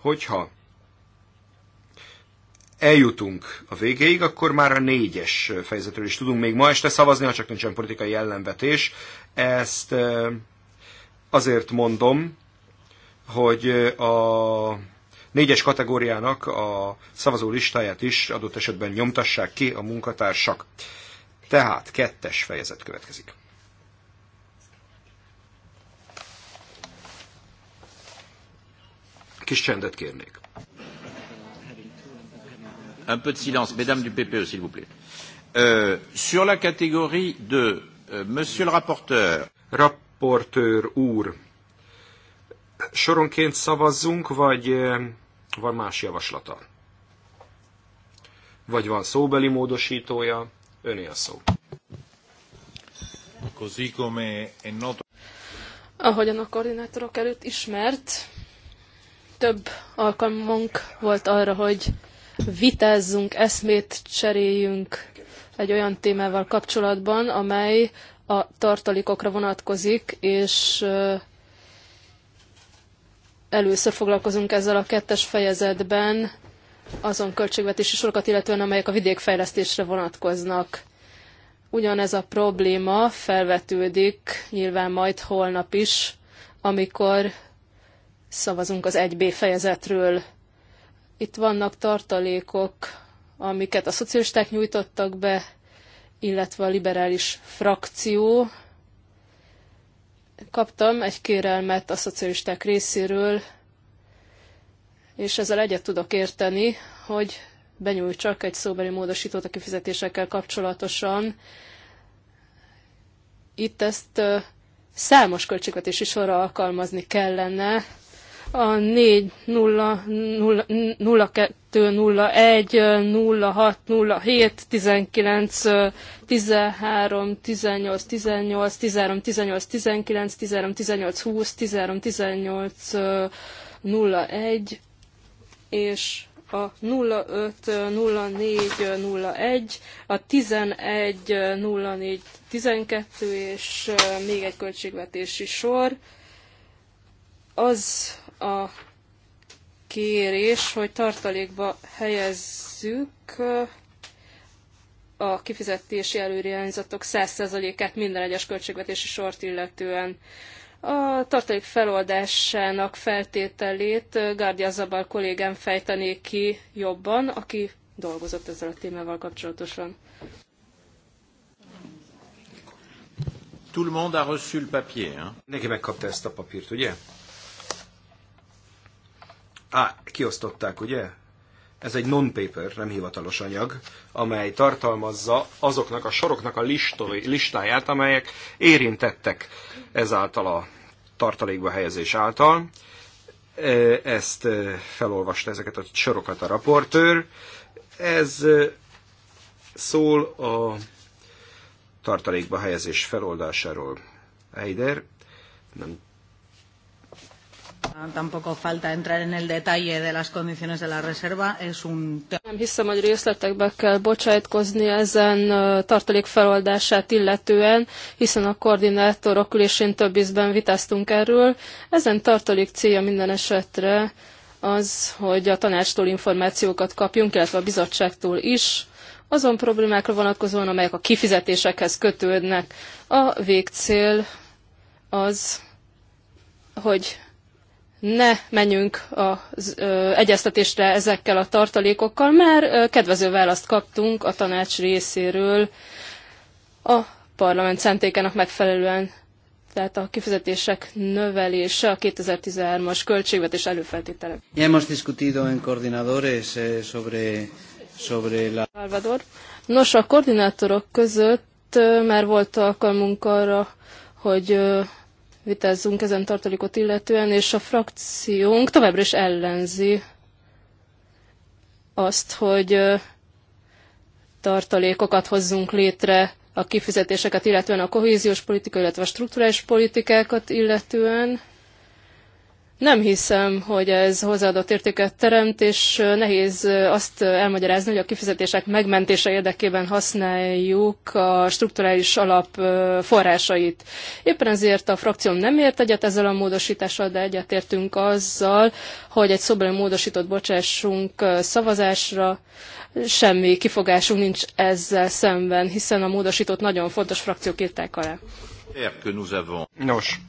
Hogyha eljutunk a végéig, akkor már a négyes fejezetről is tudunk még ma este szavazni, ha csak nincsen politikai ellenvetés. Ezt azért mondom, hogy a négyes kategóriának a szavazó listáját is adott esetben nyomtassák ki a munkatársak. Tehát kettes fejezet következik. Kis csendet kérnék. Un peu de silence, mesdames du PPE, s'il vous plaît. Euh, sur la catégorie euh, monsieur le rapporteur. Rapporteur soronként szavazzunk, vagy van más javaslata? Vagy van szóbeli módosítója? Öné a szó. Ahogyan a koordinátorok előtt ismert, több alkalmunk volt arra, hogy vitázzunk, eszmét cseréljünk egy olyan témával kapcsolatban, amely a tartalékokra vonatkozik, és először foglalkozunk ezzel a kettes fejezetben azon költségvetési sorokat, illetően amelyek a vidékfejlesztésre vonatkoznak. Ugyanez a probléma felvetődik nyilván majd holnap is, amikor szavazunk az 1B fejezetről. Itt vannak tartalékok, amiket a szocialisták nyújtottak be, illetve a liberális frakció. Kaptam egy kérelmet a szocialisták részéről, és ezzel egyet tudok érteni, hogy benyújtsak egy szóbeli módosítót a kifizetésekkel kapcsolatosan. Itt ezt számos költségvetési sorra alkalmazni kellene, a 4 0 1 0 6 0 7 19 13 18 18 13 18 19 13 18 20 13 18 01 és a 05-04-01, a 11-04-12 és még egy költségvetési sor, az a kérés, hogy tartalékba helyezzük a kifizetési előirányzatok 100%-át minden egyes költségvetési sort illetően. A tartalék feloldásának feltételét Gárdia Zabal kollégám fejtené ki jobban, aki dolgozott ezzel a témával kapcsolatosan. Tout le monde a reçu le papier, hein? Mindenki megkapta ezt a papírt, ugye? Á, kiosztották, ugye? Ez egy non-paper, nem hivatalos anyag, amely tartalmazza azoknak a soroknak a listói, listáját, amelyek érintettek ezáltal a tartalékba helyezés által. Ezt felolvasta ezeket a sorokat a raportőr. Ez szól a tartalékba helyezés feloldásáról. Eider, nem Tampoco falta entrar en el detalle de las condiciones de la reserva. Es un... Nem hiszem, hogy részletekbe kell bocsájtkozni ezen tartalék feloldását illetően, hiszen a koordinátorok ülésén több ízben vitáztunk erről. Ezen tartalék célja minden esetre az, hogy a tanácstól információkat kapjunk, illetve a bizottságtól is, azon problémákra vonatkozóan, amelyek a kifizetésekhez kötődnek. A végcél az, hogy ne menjünk az ö, egyeztetésre ezekkel a tartalékokkal, mert ö, kedvező választ kaptunk a tanács részéről a parlament szentékenek megfelelően. Tehát a kifizetések növelése a 2013-as költségvetés előfeltétele. Ya hemos discutido en coordinadores eh, sobre, sobre la... Salvador. Nos, a koordinátorok között már volt alkalmunk arra, hogy vitázzunk ezen tartalékot illetően, és a frakciónk továbbra is ellenzi azt, hogy tartalékokat hozzunk létre a kifizetéseket, illetően a kohéziós politika, illetve a strukturális politikákat illetően, nem hiszem, hogy ez hozzáadott értéket teremt, és nehéz azt elmagyarázni, hogy a kifizetések megmentése érdekében használjuk a strukturális alap forrásait. Éppen ezért a frakcióm nem ért egyet ezzel a módosítással, de egyetértünk azzal, hogy egy szobeli módosított bocsássunk szavazásra. Semmi kifogásunk nincs ezzel szemben, hiszen a módosított nagyon fontos frakciók írták alá. Nos,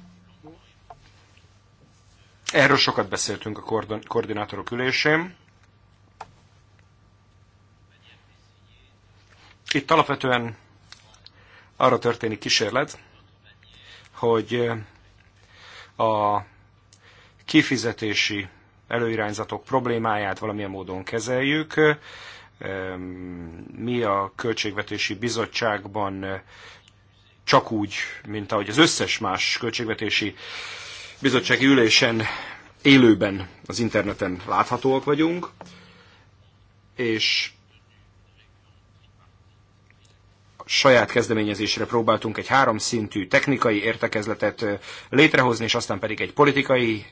Erről sokat beszéltünk a koordinátorok ülésén. Itt alapvetően arra történik kísérlet, hogy a kifizetési előirányzatok problémáját valamilyen módon kezeljük. Mi a Költségvetési Bizottságban csak úgy, mint ahogy az összes más költségvetési bizottsági ülésen élőben az interneten láthatóak vagyunk, és saját kezdeményezésre próbáltunk egy háromszintű technikai értekezletet létrehozni, és aztán pedig egy politikai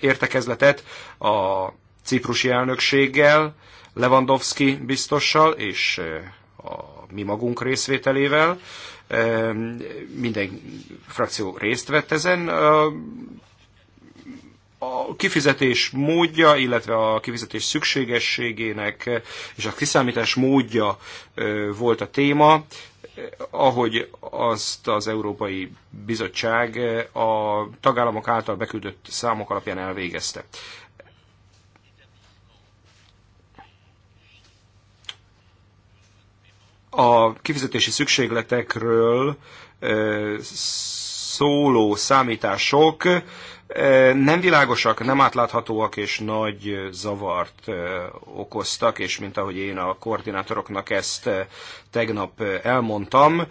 értekezletet a ciprusi elnökséggel, Lewandowski biztossal és a mi magunk részvételével. Minden frakció részt vett ezen. A kifizetés módja, illetve a kifizetés szükségességének és a kiszámítás módja volt a téma ahogy azt az Európai Bizottság a tagállamok által beküldött számok alapján elvégezte. a kifizetési szükségletekről e, szóló számítások e, nem világosak, nem átláthatóak és nagy zavart e, okoztak, és mint ahogy én a koordinátoroknak ezt tegnap elmondtam,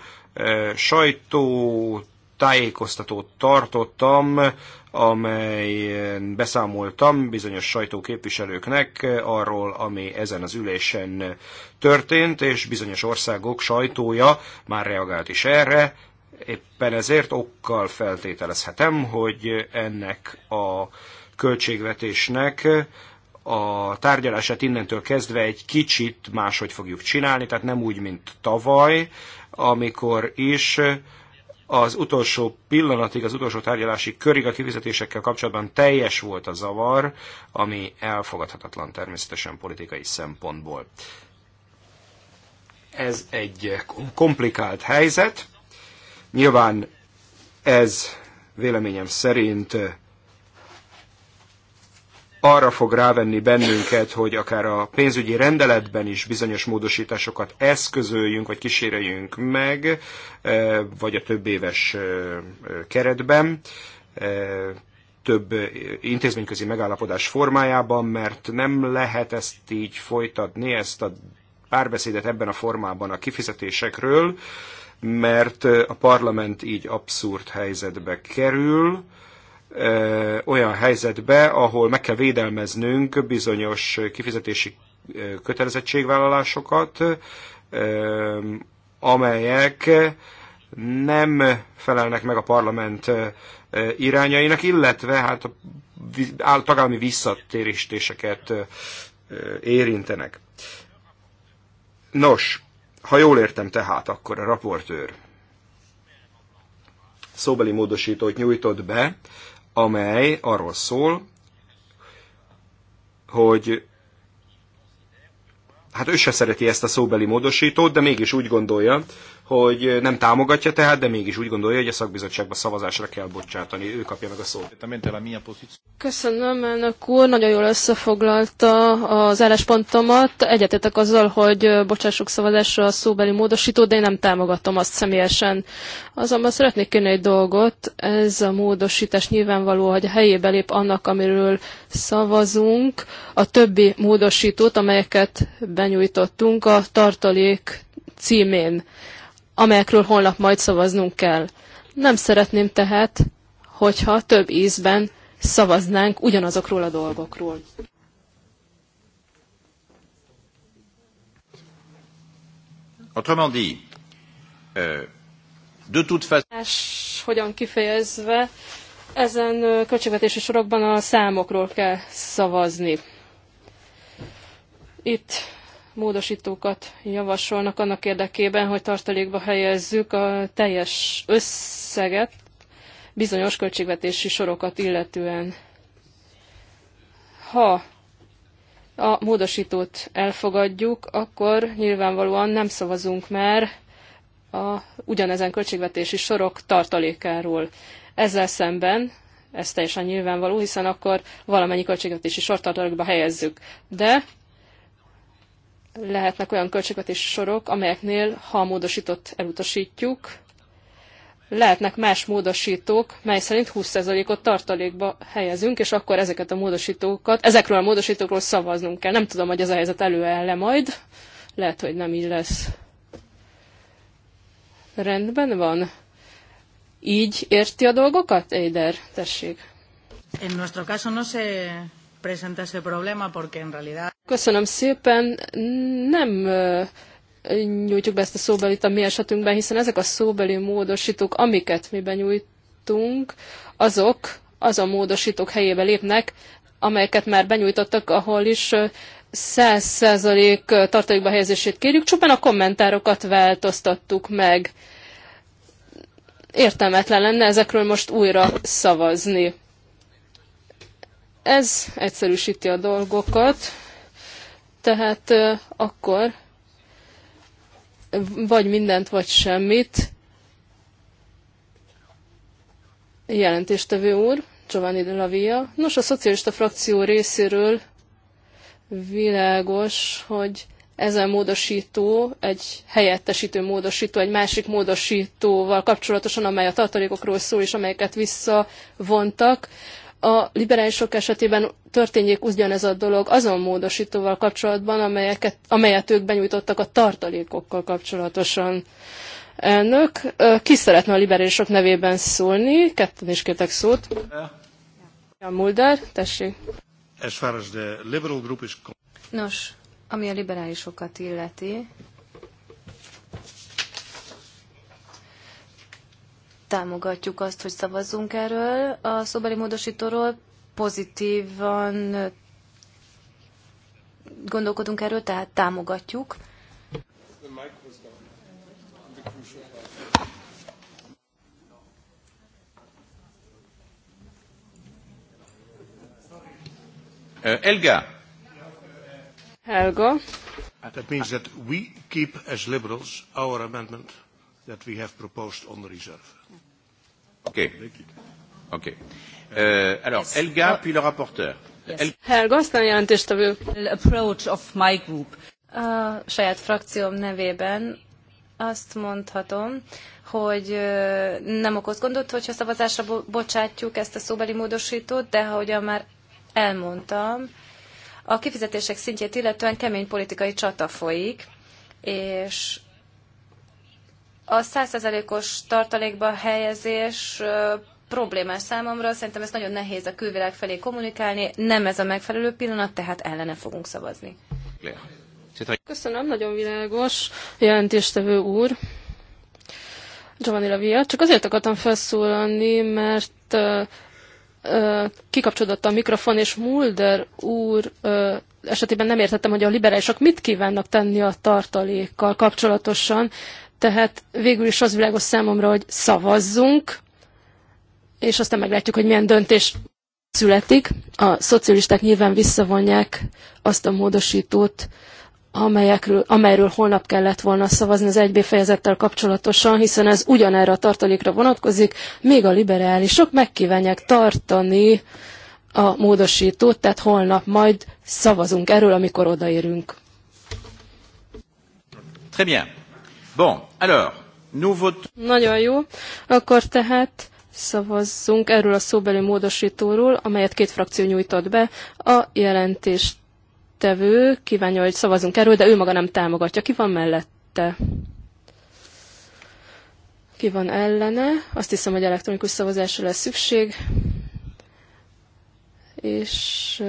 sajtót tájékoztatót tartottam, amelyen beszámoltam bizonyos sajtóképviselőknek arról, ami ezen az ülésen történt, és bizonyos országok sajtója már reagált is erre. Éppen ezért okkal feltételezhetem, hogy ennek a költségvetésnek a tárgyalását innentől kezdve egy kicsit máshogy fogjuk csinálni, tehát nem úgy, mint tavaly, amikor is az utolsó pillanatig, az utolsó tárgyalási körig a kifizetésekkel kapcsolatban teljes volt a zavar, ami elfogadhatatlan természetesen politikai szempontból. Ez egy komplikált helyzet. Nyilván ez véleményem szerint arra fog rávenni bennünket, hogy akár a pénzügyi rendeletben is bizonyos módosításokat eszközöljünk, vagy kíséreljünk meg, e, vagy a több éves e, e, keretben, több intézményközi megállapodás formájában, mert nem lehet ezt így folytatni, ezt a párbeszédet ebben a formában a kifizetésekről, mert a parlament így abszurd helyzetbe kerül, olyan helyzetbe, ahol meg kell védelmeznünk bizonyos kifizetési kötelezettségvállalásokat, amelyek nem felelnek meg a parlament irányainak, illetve hát a tagállami visszatérítéseket érintenek. Nos, ha jól értem tehát, akkor a raportőr szóbeli módosítót nyújtott be amely arról szól, hogy hát ő se szereti ezt a szóbeli módosítót, de mégis úgy gondolja, hogy nem támogatja tehát, de mégis úgy gondolja, hogy a szakbizottságba szavazásra kell bocsátani. Ő kapja meg a szót. Köszönöm, elnök úr, nagyon jól összefoglalta az álláspontomat. Egyetetek azzal, hogy bocsássuk szavazásra a szóbeli módosító, de én nem támogatom azt személyesen. Azonban szeretnék kérni egy dolgot. Ez a módosítás nyilvánvaló, hogy a helyébe lép annak, amiről szavazunk. A többi módosítót, amelyeket benyújtottunk a tartalék címén amelyekről holnap majd szavaznunk kell. Nem szeretném tehát, hogyha több ízben szavaznánk ugyanazokról a dolgokról. Autrement dit, euh, de toute façon... Hogyan kifejezve, ezen költségvetési sorokban a számokról kell szavazni. Itt módosítókat javasolnak annak érdekében, hogy tartalékba helyezzük a teljes összeget bizonyos költségvetési sorokat illetően. Ha a módosítót elfogadjuk, akkor nyilvánvalóan nem szavazunk már a ugyanezen költségvetési sorok tartalékáról. Ezzel szemben, ez teljesen nyilvánvaló, hiszen akkor valamennyi költségvetési sort tartalékba helyezzük. De lehetnek olyan költségvetési sorok, amelyeknél, ha a módosított elutasítjuk, lehetnek más módosítók, mely szerint 20%-ot tartalékba helyezünk, és akkor ezeket a módosítókat, ezekről a módosítókról szavaznunk kell. Nem tudom, hogy ez a helyzet elő e majd. Lehet, hogy nem így lesz. Rendben van. Így érti a dolgokat, Eider? Tessék. En nuestro caso no se, presenta ese problema porque en realidad... Köszönöm szépen. Nem nyújtjuk be ezt a szóbelit a mi esetünkben, hiszen ezek a szóbeli módosítók, amiket mi benyújtunk, azok az a módosítók helyébe lépnek, amelyeket már benyújtottak, ahol is 100% tartalékba helyezését kérjük, csupán a kommentárokat változtattuk meg. Értelmetlen lenne ezekről most újra szavazni. Ez egyszerűsíti a dolgokat, tehát akkor vagy mindent, vagy semmit. Jelentéstevő úr, Giovanni de Lavia. Nos, a szocialista frakció részéről világos, hogy ezen módosító, egy helyettesítő módosító, egy másik módosítóval kapcsolatosan, amely a tartalékokról szól, és amelyeket visszavontak a liberálisok esetében történjék ugyanez a dolog azon módosítóval kapcsolatban, amelyeket, amelyet ők benyújtottak a tartalékokkal kapcsolatosan. Elnök, ki szeretne a liberálisok nevében szólni? Ketten is kértek szót. Jan Mulder, tessék. liberal group is... Nos, ami a liberálisokat illeti, támogatjuk azt, hogy szavazzunk erről a szobeli módosítóról, pozitívan gondolkodunk erről, tehát támogatjuk. Elga. Helga. That means that we keep as liberals our amendment that we have proposed on the reserve. Ok. Ok. Oké. Euh, alors, Elga, ah. puis le rapporteur. Yes. Approach of my group. A saját frakcióm nevében azt mondhatom, hogy nem okoz gondot, hogyha szavazásra bocsátjuk ezt a szóbeli módosítót, de ahogyan már elmondtam, a kifizetések szintjét illetően kemény politikai csata folyik, és a százszerzelékos tartalékba helyezés problémás számomra, szerintem ez nagyon nehéz a külvilág felé kommunikálni, nem ez a megfelelő pillanat, tehát ellene fogunk szavazni. Köszönöm, nagyon világos jelentéstevő úr. Giovanni Lavia, csak azért akartam felszólalni, mert uh, uh, kikapcsolódott a mikrofon, és Mulder úr uh, esetében nem értettem, hogy a liberálisok mit kívánnak tenni a tartalékkal kapcsolatosan. Tehát végül is az világos számomra, hogy szavazzunk, és aztán meglátjuk, hogy milyen döntés születik. A szocialisták nyilván visszavonják azt a módosítót, amelyekről, amelyről holnap kellett volna szavazni az 1B fejezettel kapcsolatosan, hiszen ez ugyanerre a tartalékra vonatkozik, még a liberálisok megkívánják tartani a módosítót, tehát holnap majd szavazunk erről, amikor odaérünk. Très bien. Bon, alors, nous vot... Nagyon jó. Akkor tehát szavazzunk erről a szóbeli módosítóról, amelyet két frakció nyújtott be. A jelentést tevő kívánja, hogy szavazunk erről, de ő maga nem támogatja. Ki van mellette? Ki van ellene? Azt hiszem, hogy elektronikus szavazásra lesz szükség. És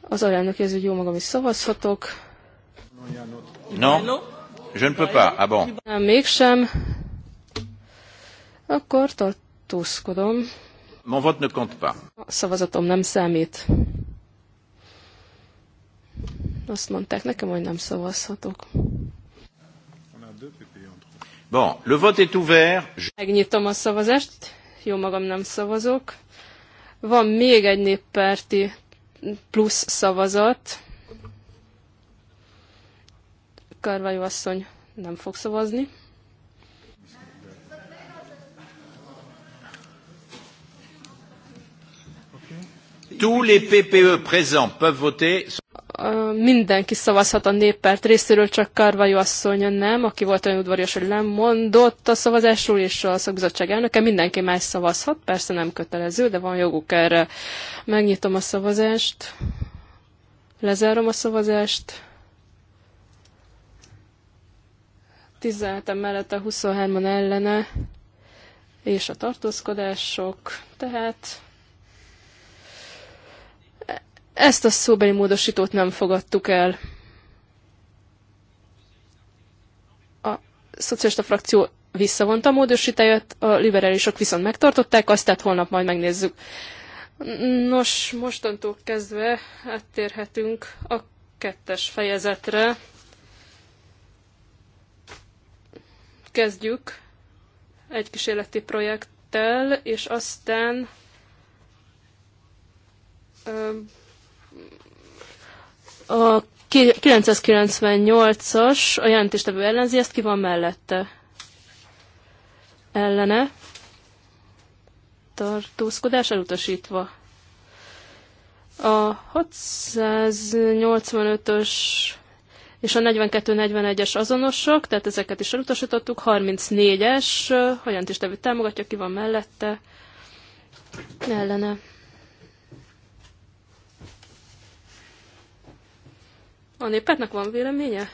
az alelnök jelző, hogy jó magam is szavazhatok. No. Je ne peux pas. Ah bon. Nem, mégsem. Akkor tartózkodom. Mon vote ne compte pas. A szavazatom nem számít. Azt mondták nekem, hogy nem szavazhatok. Bon, le vote est ouvert. Megnyitom a szavazást. Jó magam nem szavazok. Van még egy néppárti plusz szavazat. Karvajó asszony nem fog szavazni. Tous les PPE présents peuvent voter. Mindenki szavazhat a néppárt részéről, csak Karvajó asszony nem, aki volt olyan udvarias, hogy mondott a szavazásról, és a szakbizottság elnöke. Mindenki más szavazhat, persze nem kötelező, de van joguk erre. Megnyitom a szavazást, lezárom a szavazást. 17-en mellette, 23-an ellene, és a tartózkodások, tehát ezt a szóbeli módosítót nem fogadtuk el. A szocialista frakció visszavonta a módosítáját, a liberálisok viszont megtartották, azt tehát holnap majd megnézzük. Nos, mostantól kezdve áttérhetünk a kettes fejezetre. kezdjük egy kísérleti projekttel, és aztán a 998-as a jelentéstevő ellenzi, ezt ki van mellette? Ellene. Tartózkodás elutasítva. A 685-ös és a 42-41-es azonosok, tehát ezeket is elutasítottuk, 34-es, hogyan is tevő támogatja, ki van mellette, ellene. A népetnek van véleménye?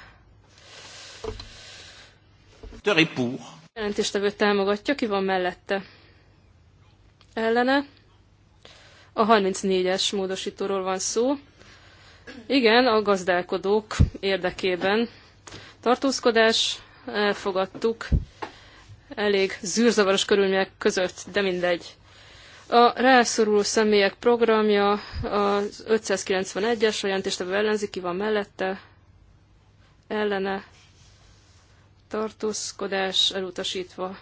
Töripúr. Jelentéstevő támogatja, ki van mellette? Ellene. A 34-es módosítóról van szó. Igen, a gazdálkodók érdekében tartózkodás, elfogadtuk elég zűrzavaros körülmények között, de mindegy. A rászoruló személyek programja az 591-es, a jelentéstevő ellenzéki van mellette, ellene, tartózkodás elutasítva.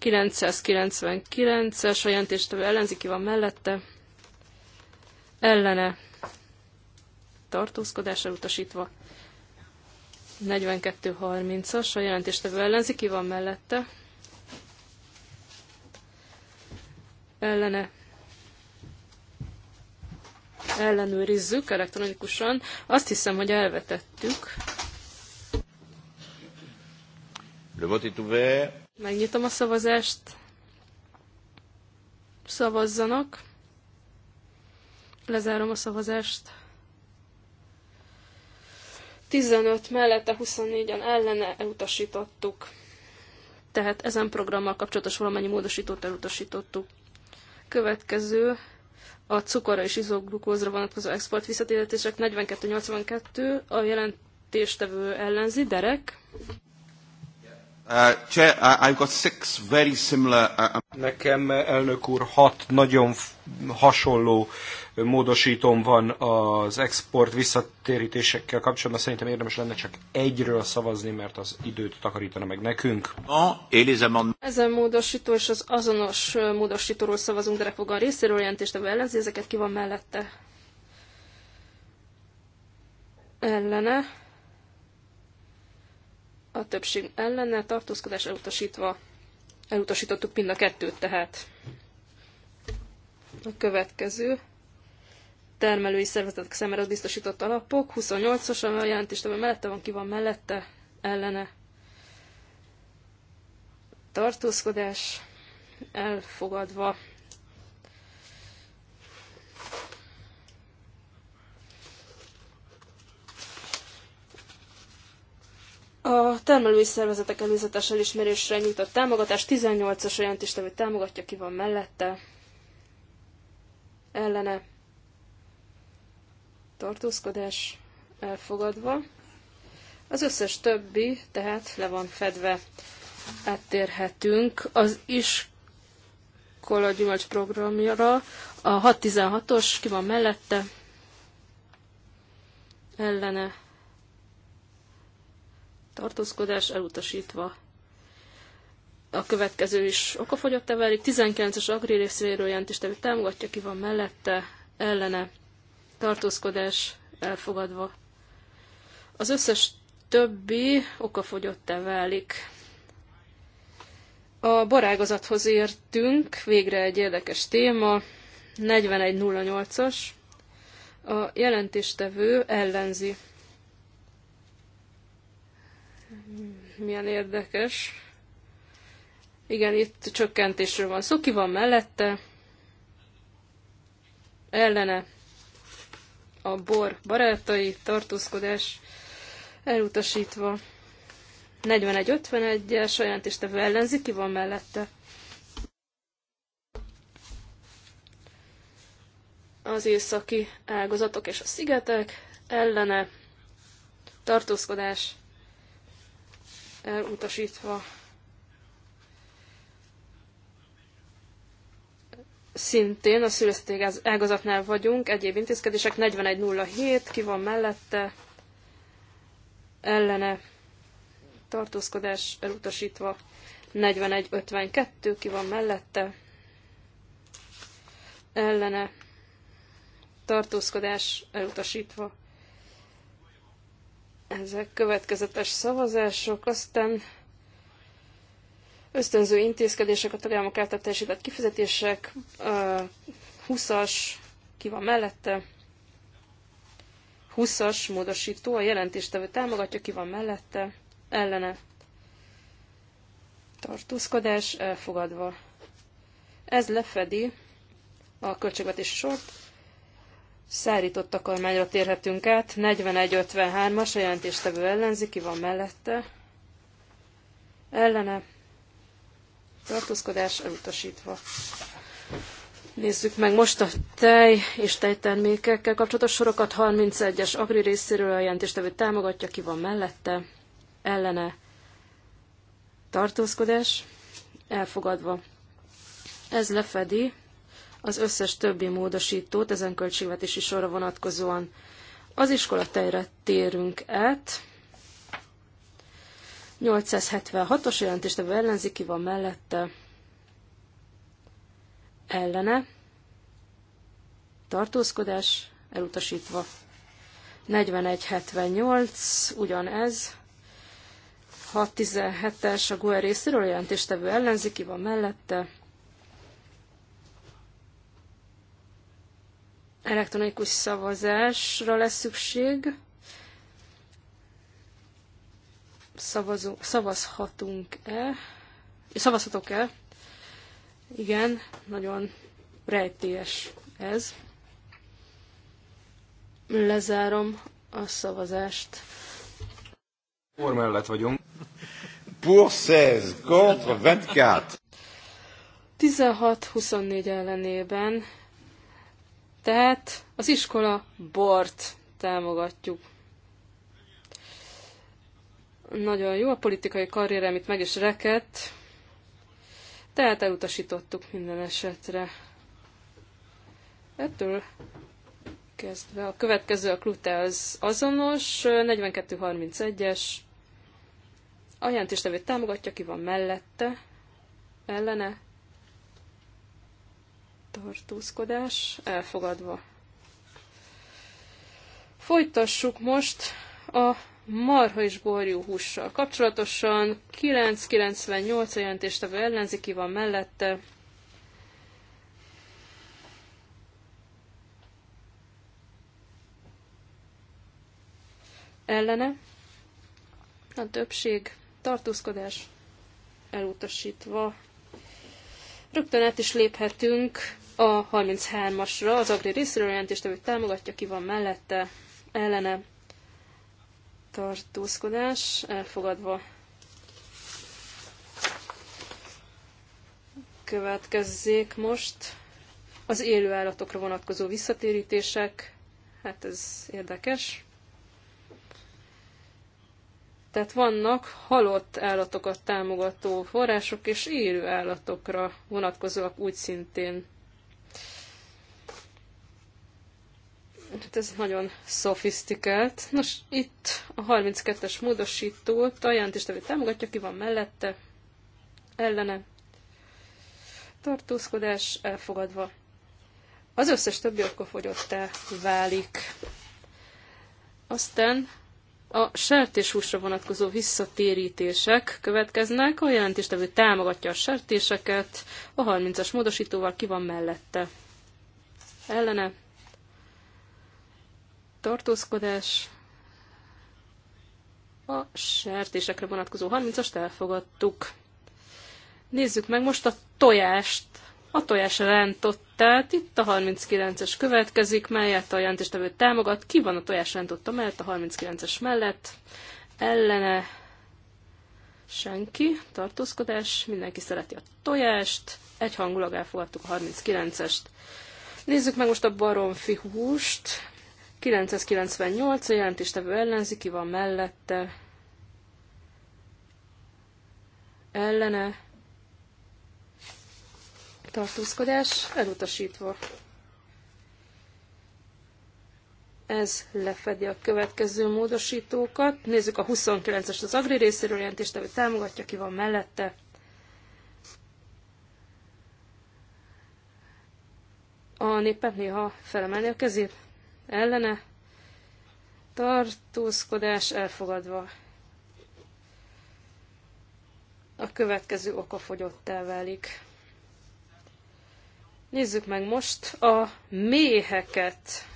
999-es, a jelentéstevő ellenzéki van mellette, ellene, tartózkodásra elutasítva. 42.30-as, a jelentéstevő ellenzi, ki van mellette? Ellene ellenőrizzük elektronikusan. Azt hiszem, hogy elvetettük. Le vote est ouvert. Megnyitom a szavazást. Szavazzanak. Lezárom a szavazást. 15 mellette 24-en ellene elutasítottuk. Tehát ezen programmal kapcsolatos valamennyi módosítót elutasítottuk. Következő a cukorra és izoglukózra vonatkozó export visszatérítések 42-82, a jelentéstevő ellenzi, Derek. Nekem, elnök úr, hat nagyon hasonló módosítom van az export visszatérítésekkel kapcsolatban. Szerintem érdemes lenne csak egyről szavazni, mert az időt takarítana meg nekünk. Ezen módosító és az azonos módosítóról szavazunk Derefogan részéről, jelentést de ezeket ki van mellette? Ellene a többség ellene, tartózkodás elutasítva, elutasítottuk mind a kettőt tehát. A következő termelői szervezetek az biztosított alapok, 28-os a jelentéstevő mellette van, ki van mellette, ellene. Tartózkodás elfogadva. A termelői szervezetek előzetes elismerésre nyújtott támogatás 18-as jelentéstevő támogatja, ki van mellette, ellene, tartózkodás elfogadva. Az összes többi, tehát le van fedve. Áttérhetünk az iskola gyümölcs programjára. A 616-os, ki van mellette? Ellene tartózkodás elutasítva. A következő is okafogyott válik. 19-es agri részvéről jelentéstevő támogatja, ki van mellette, ellene tartózkodás elfogadva. Az összes többi okafogyott válik. A barágazathoz értünk, végre egy érdekes téma, 4108-as. A jelentéstevő ellenzi Milyen érdekes. Igen, itt csökkentésről van szó. Ki van mellette? Ellene a bor barátai, tartózkodás elutasítva. 41-51-es ajánlástevő ellenzi, ki van mellette? Az északi ágazatok és a szigetek ellene tartózkodás elutasítva. Szintén a szülőszték ágazatnál vagyunk, egyéb intézkedések 4107, ki van mellette, ellene, tartózkodás elutasítva, 4152, ki van mellette, ellene, tartózkodás elutasítva, ezek következetes szavazások, aztán ösztönző intézkedések, a tagállamok által teljesített kifizetések, 20-as, ki van mellette, 20-as módosító, a jelentéstevő támogatja, ki van mellette, ellene, tartózkodás elfogadva. Ez lefedi a költségvetés sort, Szárított a térhetünk át. 41-53-as a jelentéstevő ellenzi, ki van mellette. Ellene. Tartózkodás elutasítva. Nézzük meg most a tej és tejtermékekkel kapcsolatos sorokat. 31-es agri részéről a jelentéstevő támogatja, ki van mellette. Ellene. Tartózkodás elfogadva. Ez lefedi az összes többi módosítót ezen költségvetési sorra vonatkozóan. Az tejre térünk át. 876-os jelentéstevő ellenzéki van mellette ellene, tartózkodás elutasítva. 4178, ugyanez. 617-es a GUE részéről jelentéstevő ellenzéki van mellette, elektronikus szavazásra lesz szükség. Szavazó, szavazhatunk-e? Szavazhatok-e? Igen, nagyon rejtélyes ez. Lezárom a szavazást. Por mellett vagyunk. Pour 16, contre 24. 16-24 ellenében tehát az iskola bort támogatjuk. Nagyon jó a politikai karrier, amit meg is rekedt, tehát elutasítottuk minden esetre. Ettől kezdve a következő a klute az azonos, 42-31-es. A jelentéstevét támogatja, ki van mellette, ellene, tartózkodás elfogadva. Folytassuk most a marha és borjú hússal kapcsolatosan. 998 a jelentéstevő ellenzéki van mellette. Ellene a többség tartózkodás elutasítva. Rögtön át is léphetünk a 33-asra, az agri részről jelentéstevő támogatja, ki van mellette, ellene tartózkodás, elfogadva. Következzék most az élő állatokra vonatkozó visszatérítések. Hát ez érdekes. Tehát vannak halott állatokat támogató források és élő állatokra vonatkozóak úgy szintén. Hát ez nagyon szofisztikált. Nos, itt a 32-es módosító a is támogatja, ki van mellette, ellene. Tartózkodás elfogadva. Az összes többi fogyott el válik. Aztán a sertéshúsra vonatkozó visszatérítések következnek. A jelentéstevő támogatja a sertéseket, a 30-as módosítóval ki van mellette. Ellene tartózkodás. A sertésekre vonatkozó 30-ast elfogadtuk. Nézzük meg most a tojást. A tojás rántottát, itt a 39-es következik, melyet a jelentéstevő támogat. Ki van a tojás rántotta mellett, a 39-es mellett? Ellene senki, tartózkodás, mindenki szereti a tojást, egyhangulag elfogadtuk a 39-est. Nézzük meg most a baromfi húst, 998, a jelentéstevő ellenzi, ki van mellette, ellene, tartózkodás, elutasítva. Ez lefedi a következő módosítókat. Nézzük a 29-es az agri részéről, jelentéstevő támogatja, ki van mellette. A népet néha felemelni a kezét ellene, tartózkodás elfogadva. A következő fogyott válik. Nézzük meg most a méheket,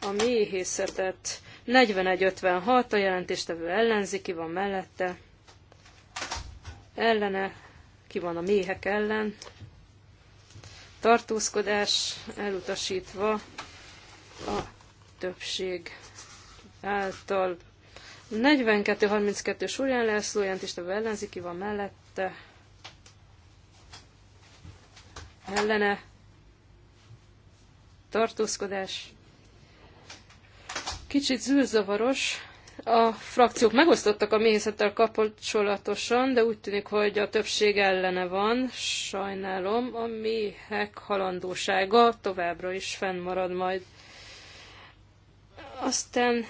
a méhészetet. 41-56, a jelentéstevő ellenzi, ki van mellette, ellene, ki van a méhek ellen, tartózkodás elutasítva, a többség által. 42-32 Súrján lesz, Jántis Tövő ellenzéki van mellette. Ellene. Tartózkodás. Kicsit zűrzavaros. A frakciók megosztottak a méhészettel kapcsolatosan, de úgy tűnik, hogy a többség ellene van. Sajnálom, a méhek halandósága továbbra is fennmarad majd. Aztán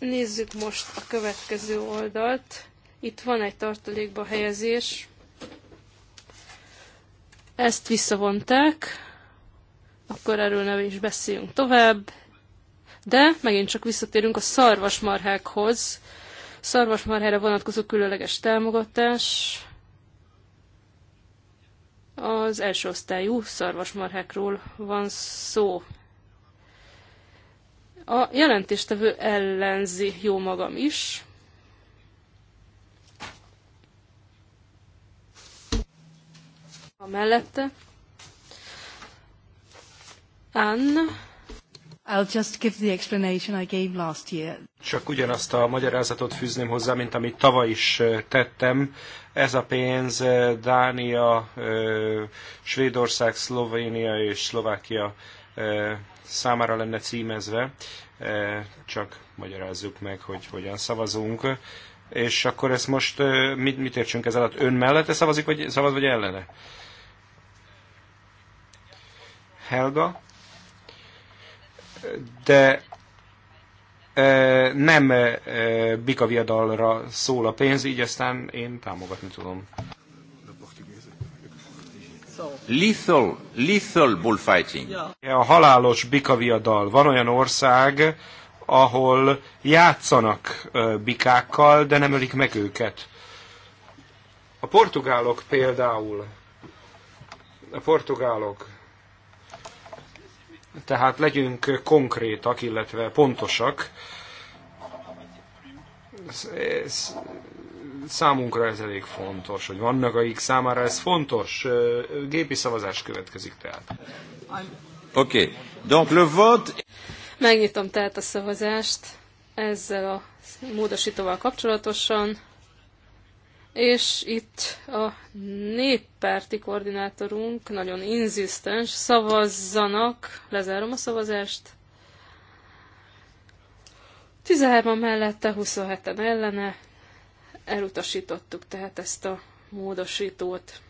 nézzük most a következő oldalt. Itt van egy tartalékba helyezés. Ezt visszavonták. Akkor erről nem is beszéljünk tovább. De megint csak visszatérünk a szarvasmarhákhoz. Szarvasmarhára vonatkozó különleges támogatás az első osztályú szarvasmarhákról van szó. A jelentéstevő ellenzi jó magam is. A mellette. Anne. I'll just give the explanation I gave last year. Csak ugyanazt a magyarázatot fűzném hozzá, mint amit tavaly is tettem. Ez a pénz Dánia, Svédország, Szlovénia és Szlovákia számára lenne címezve, e, csak magyarázzuk meg, hogy hogyan szavazunk. És akkor ezt most e, mit, mit értsünk ez alatt? Ön mellette szavazik, vagy szavaz, vagy ellene? Helga? De e, nem bikaviadalra szól a pénz, így aztán én támogatni tudom. Lethal, lethal bullfighting. A halálos bikaviadal. Van olyan ország, ahol játszanak bikákkal, de nem ölik meg őket. A portugálok például. A portugálok. Tehát legyünk konkrétak, illetve pontosak számunkra ez elég fontos, hogy vannak, akik számára ez fontos. Gépi szavazás következik tehát. Oké, okay. donc le vote... Megnyitom tehát a szavazást ezzel a módosítóval kapcsolatosan, és itt a néppárti koordinátorunk nagyon inzisztens, szavazzanak, lezárom a szavazást, 13 mellette, 27-en ellene, Elutasítottuk tehát ezt a módosítót.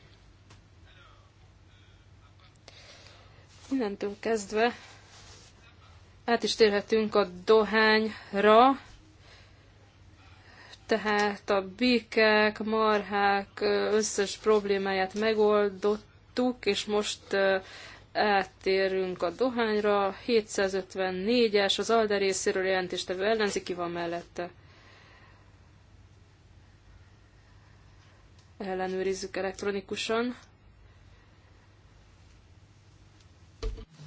Innentől kezdve át is térhetünk a dohányra, tehát a bikek, marhák összes problémáját megoldottuk, és most áttérünk a dohányra. 754-es, az Alde részéről jelentéstevő ellenzi, ki van mellette? ellenőrizzük elektronikusan.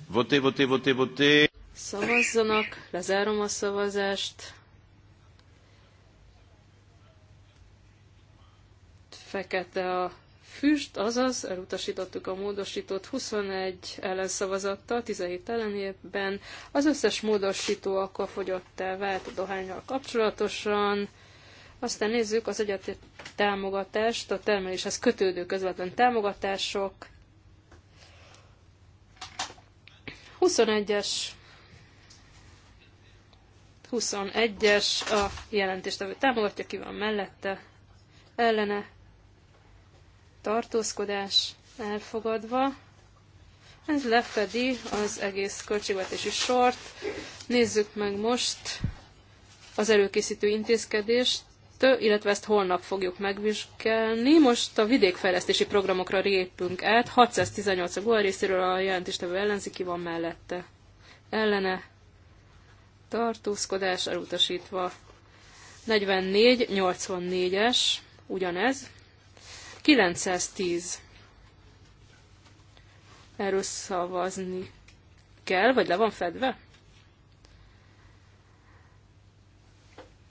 Voté, voté, voté, voté. Szavazzanak, lezárom a szavazást. Fekete a füst, azaz elutasítottuk a módosított 21 ellenszavazattal, 17 ellenében. Az összes módosító akkor el, vált a dohányjal kapcsolatosan. Aztán nézzük az egyetemi támogatást, a termeléshez kötődő közvetlen támogatások. 21-es 21-es a jelentéstevő támogatja, ki van mellette, ellene, tartózkodás elfogadva. Ez lefedi az egész költségvetési sort. Nézzük meg most az előkészítő intézkedést illetve ezt holnap fogjuk megvizsgálni. Most a vidékfejlesztési programokra répünk át. 618 a GUA részéről a jelentéstevő ellenzéki van mellette. Ellene tartózkodás elutasítva. 44, 84-es, ugyanez. 910. Erről szavazni kell, vagy le van fedve?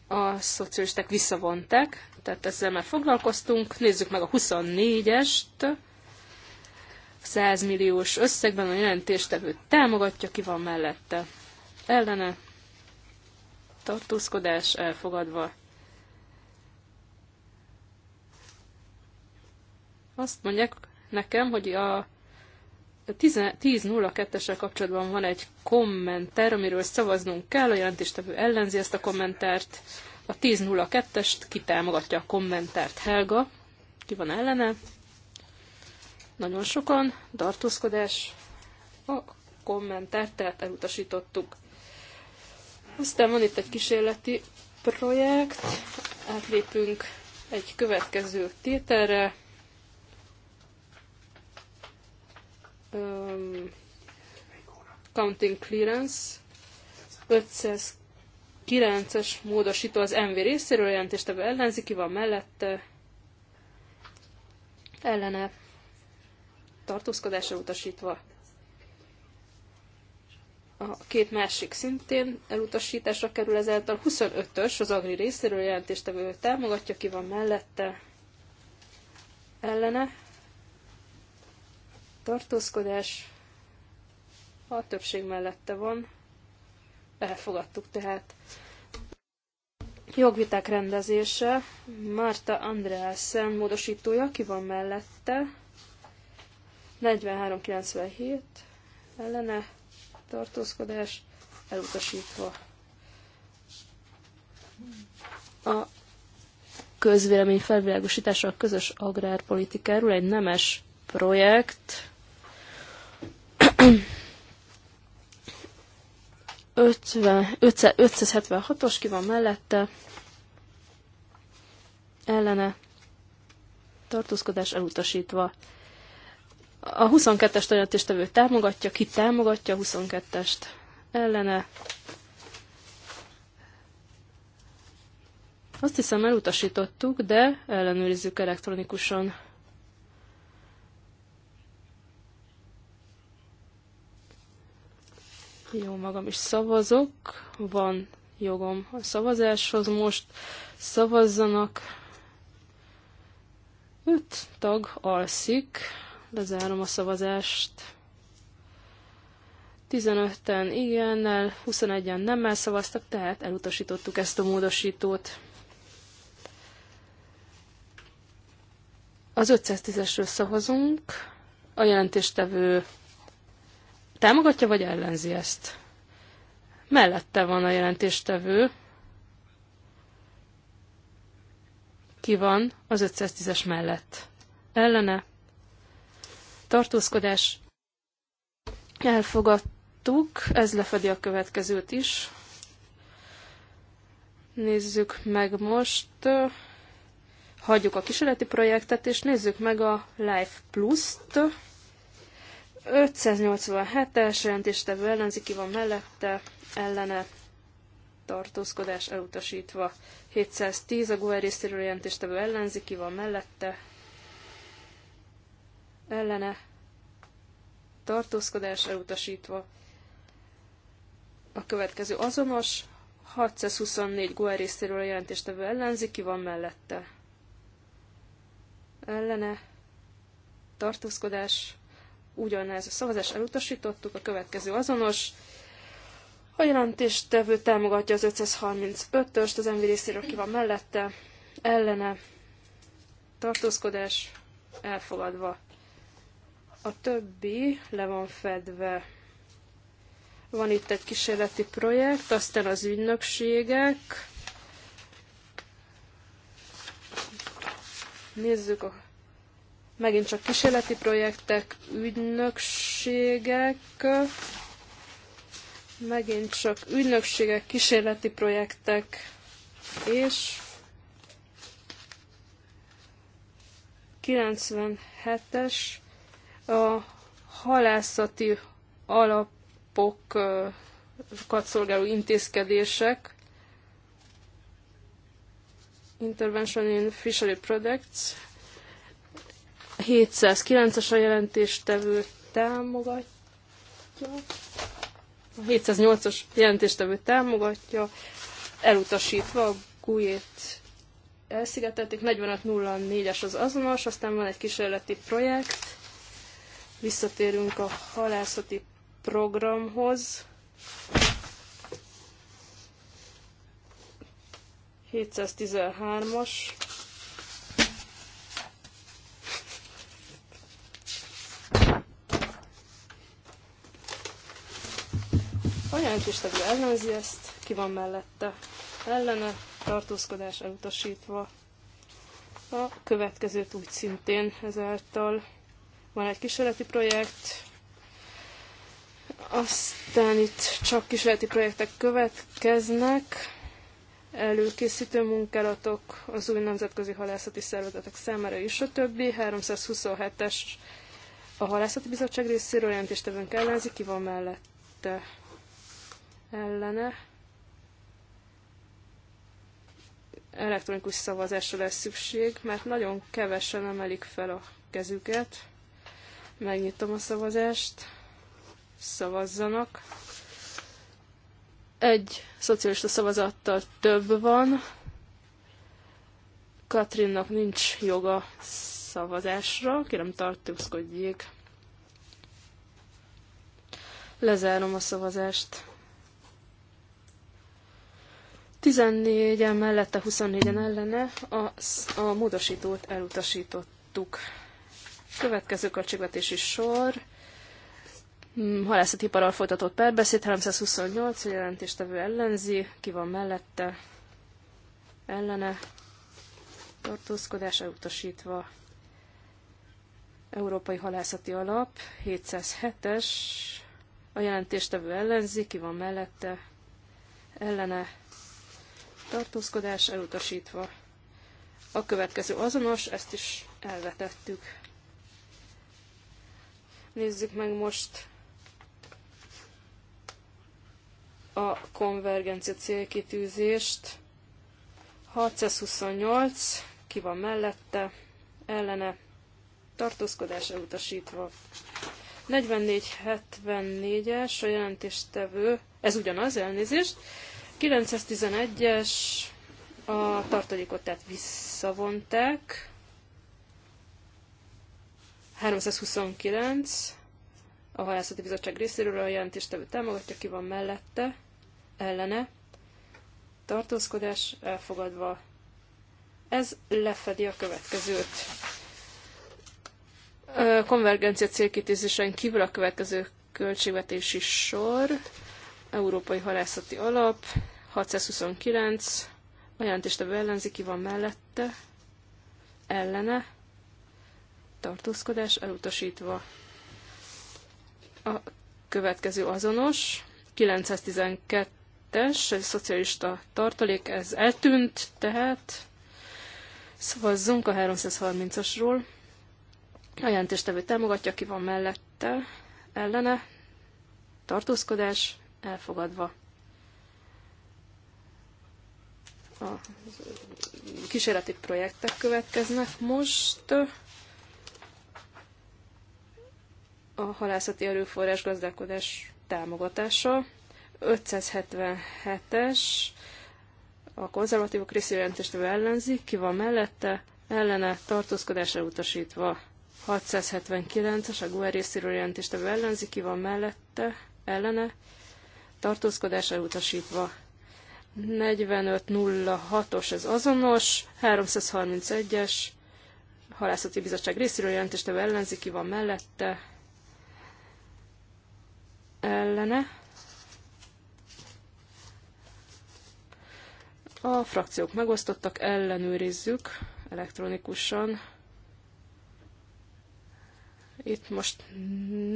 a szocialisták visszavonták, tehát ezzel már foglalkoztunk. Nézzük meg a 24-est. 100 milliós összegben a jelentéstevő támogatja, ki van mellette. Ellene tartózkodás elfogadva. Azt mondják nekem, hogy a 10.02-essel kapcsolatban van egy kommentár, amiről szavaznunk kell, a jelentéstevő ellenzi ezt a kommentárt. A 10.02-est kitámogatja a kommentárt Helga. Ki van ellene? Nagyon sokan. Tartózkodás. A kommentárt tehát elutasítottuk. Aztán van itt egy kísérleti projekt. Átlépünk egy következő tételre. um, Counting Clearance 509-es módosító az MV részéről, ebben ellenzi, ki van mellette, ellene tartózkodásra utasítva. A két másik szintén elutasításra kerül ezáltal. 25-ös az Agri részéről jelentéstevő támogatja, ki van mellette, ellene tartózkodás a többség mellette van, elfogadtuk tehát. Jogviták rendezése, Márta Andreasen módosítója, ki van mellette, 4397 ellene tartózkodás, elutasítva. A közvélemény felvilágosítása a közös agrárpolitikáról egy nemes projekt, 50, 576-os ki van mellette, ellene tartózkodás elutasítva. A 22-es tanítéstevő támogatja, ki támogatja a 22-est ellene. Azt hiszem elutasítottuk, de ellenőrizzük elektronikusan. Jó magam is szavazok, van jogom a szavazáshoz, most szavazzanak. Öt tag alszik, lezárom a szavazást. 15-en igennel, 21-en nemmel szavaztak, tehát elutasítottuk ezt a módosítót. Az 510-esről szavazunk. A jelentéstevő Támogatja vagy ellenzi ezt? Mellette van a jelentéstevő. Ki van az 510-es mellett? Ellene? Tartózkodás? Elfogadtuk, ez lefedi a következőt is. Nézzük meg most, hagyjuk a kísérleti projektet, és nézzük meg a Life Plus-t. 587-es jelentéstevő ellenzéki van mellette, ellene tartózkodás elutasítva. 710 a GUE részéről jelentéstevő ellenzéki van mellette, ellene tartózkodás elutasítva. A következő azonos, 624 GUE részéről jelentéstevő ellenzéki van mellette, ellene tartózkodás ugyanez a szavazás elutasítottuk, a következő azonos. A jelentéstevő támogatja az 535-öst, az MV részéről ki van mellette, ellene, tartózkodás, elfogadva. A többi le van fedve. Van itt egy kísérleti projekt, aztán az ügynökségek. Nézzük a megint csak kísérleti projektek, ügynökségek, megint csak ügynökségek, kísérleti projektek, és 97-es a halászati alapokat szolgáló intézkedések, Intervention in Fishery Products, 709-es a jelentéstevő támogatja. A 708-as jelentéstevő támogatja, elutasítva a GUI-t elszigetelték, 4504-es az azonos, aztán van egy kísérleti projekt, visszatérünk a halászati programhoz. 713-as tagja ellenzi ezt, ki van mellette ellene, tartózkodás elutasítva. A következőt úgy szintén ezáltal van egy kísérleti projekt, aztán itt csak kísérleti projektek következnek, előkészítő munkálatok az új nemzetközi halászati szervezetek számára is a többi, 327-es a halászati bizottság részéről jelentéstevőnk ellenzi, ki van mellette ellene. Elektronikus szavazásra lesz szükség, mert nagyon kevesen emelik fel a kezüket. Megnyitom a szavazást. Szavazzanak. Egy szocialista szavazattal több van. Katrinnak nincs joga szavazásra. Kérem, tartózkodjék. Lezárom a szavazást. 14-en mellette, 24-en ellene a, a módosítót elutasítottuk. Következő költségvetési sor. Hmm, halászati iparral folytatott perbeszéd, 328, a jelentéstevő ellenzi, ki van mellette, ellene, tartózkodás elutasítva. Európai Halászati Alap, 707-es, a jelentéstevő ellenzi, ki van mellette, ellene, tartózkodás elutasítva. A következő azonos, ezt is elvetettük. Nézzük meg most a konvergencia célkitűzést. 628, ki van mellette, ellene, tartózkodás elutasítva. 44-74-es a jelentéstevő, ez ugyanaz, elnézést, 911-es a tartalékot tehát visszavonták. 329 a halászati bizottság részéről a jelentéstevő támogatja, ki van mellette, ellene. Tartózkodás elfogadva. Ez lefedi a következőt. Konvergencia célkitűzésen kívül a következő költségvetési sor Európai Halászati Alap, 629, a jelentéstevő ellenzéki van mellette, ellene, tartózkodás elutasítva. A következő azonos, 912-es, egy szocialista tartalék, ez eltűnt, tehát szavazzunk a 330-asról. A jelentéstevő támogatja, ki van mellette, ellene, tartózkodás, elfogadva. A kísérleti projektek következnek most. A halászati erőforrás gazdálkodás támogatása. 577-es a konzervatívok részjelentéstől ellenzi, ki van mellette, ellene tartózkodásra utasítva. 679-es a GUE részéről jelentéstevő ellenzi, ki van mellette, ellene, tartózkodás elutasítva. 4506-os ez azonos, 331-es halászati bizottság részéről jelentéstevő ellenzéki van mellette, ellene. A frakciók megosztottak, ellenőrizzük elektronikusan. Itt most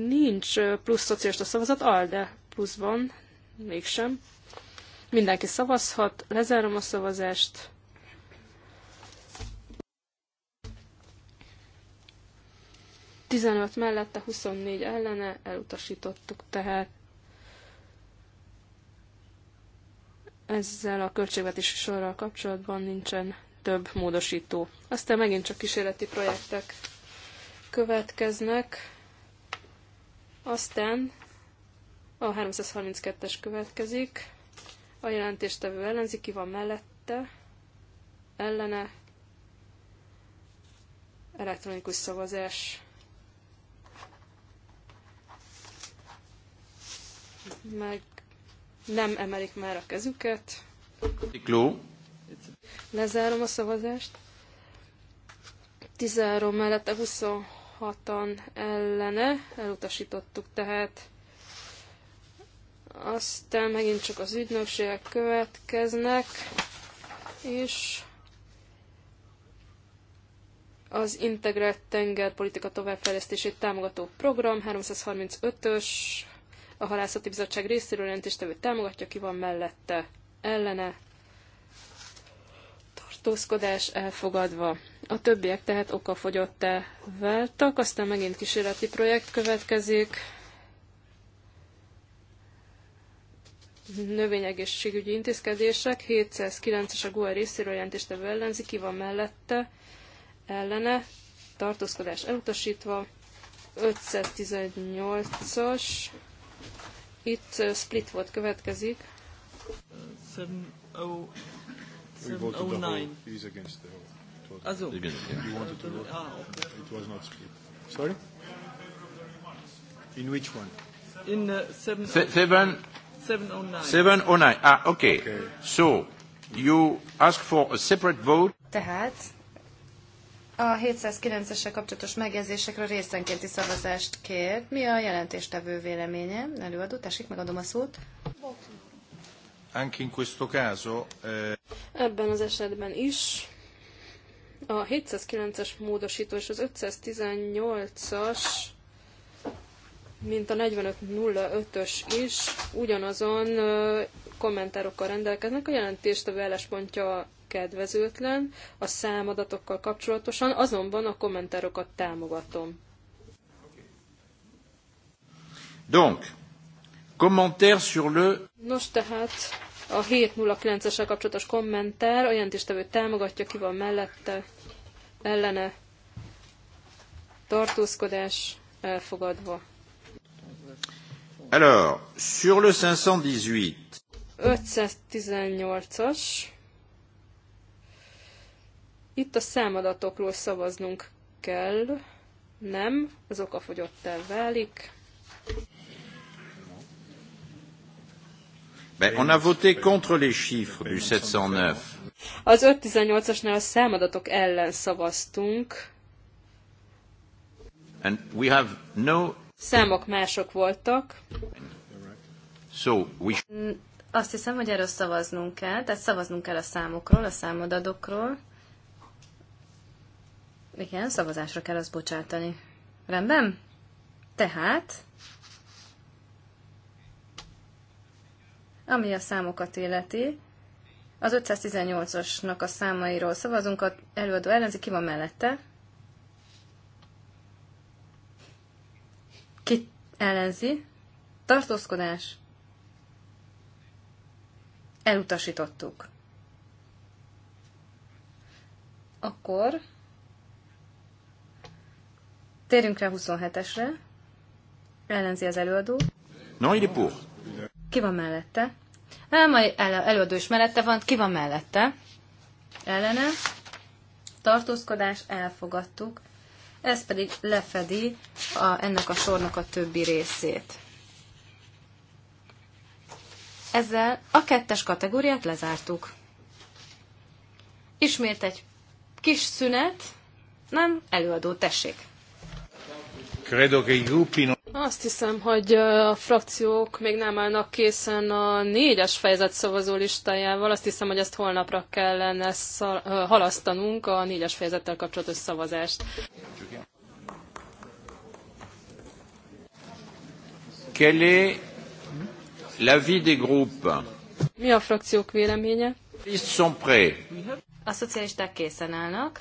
nincs plusz szocialista szavazat, ALDE plusz van, Mégsem. Mindenki szavazhat, lezárom a szavazást. Tizenöt mellette, 24 ellene, elutasítottuk tehát. Ezzel a költségvetési sorral kapcsolatban nincsen több módosító. Aztán megint csak kísérleti projektek következnek. Aztán a 332-es következik. A jelentéstevő ellenzi, ki van mellette, ellene, elektronikus szavazás. Meg nem emelik már a kezüket. Ikló. Lezárom a szavazást. 13 mellette 26-an ellene, elutasítottuk tehát aztán megint csak az ügynökségek következnek, és az integrált tengerpolitika továbbfejlesztését támogató program 335-ös, a halászati bizottság részéről jelentéstevő támogatja, ki van mellette, ellene, tartózkodás elfogadva. A többiek tehát okafogyottá váltak, aztán megint kísérleti projekt következik. növényegészségügyi intézkedések, 709-es a GUE részéről jelentéstevő ellenzi, ki van mellette, ellene, tartózkodás elutasítva, 518-as, itt split volt következik. 709. Azul. Igen. You Ah, It was not split. Sorry? In which one? In uh, 7... 709. 709. Ah, okay. okay. So, you ask for a separate vote. Tehát a 709-essel kapcsolatos megjegyzésekről részenkénti szavazást kér. Mi a jelentéstevő véleménye? Előadó, tessék, megadom a szót. Anche in questo caso, eh... Ebben az esetben is a 709-es módosító és az 518-as mint a 45.05-ös is ugyanazon kommentárokkal rendelkeznek. A jelentést a pontja kedvezőtlen a számadatokkal kapcsolatosan, azonban a kommentárokat támogatom. Donc, commentaire sur le... Nos tehát a 709 essel kapcsolatos kommentár, a jelentéstevő támogatja, ki van mellette, ellene, tartózkodás elfogadva. Alors, sur le 518. 518-as. Itt a számadatokról szavaznunk kell. Nem, az oka okafogyottá válik. Ben, on a voté contre les chiffres du 709. Az 518-asnál a számadatok ellen szavaztunk. And we have no számok mások voltak. So, we... Azt hiszem, hogy erről szavaznunk kell, tehát szavaznunk kell a számokról, a számadatokról. Igen, szavazásra kell azt bocsátani. Rendben? Tehát, ami a számokat illeti, az 518-osnak a számairól szavazunk, az előadó ellenzi, ki van mellette? Ki ellenzi? Tartózkodás. Elutasítottuk. Akkor térünk rá 27-esre. Ellenzi az előadó. Non, il est pour. Ki van mellette? Nem, el, előadó is mellette van. Ki van mellette? Ellene. Tartózkodás, elfogadtuk ez pedig lefedi a, ennek a sornak a többi részét. Ezzel a kettes kategóriát lezártuk. Ismét egy kis szünet, nem előadó, tessék. Credo che i gruppi non... Azt hiszem, hogy a frakciók még nem állnak készen a négyes fejezet szavazó listájával. Azt hiszem, hogy ezt holnapra kellene halasztanunk a négyes fejezettel kapcsolatos szavazást. Quel est l'avis des groupes? Mi a frakciók véleménye? Ils sont prêts. A szocialisták készen állnak.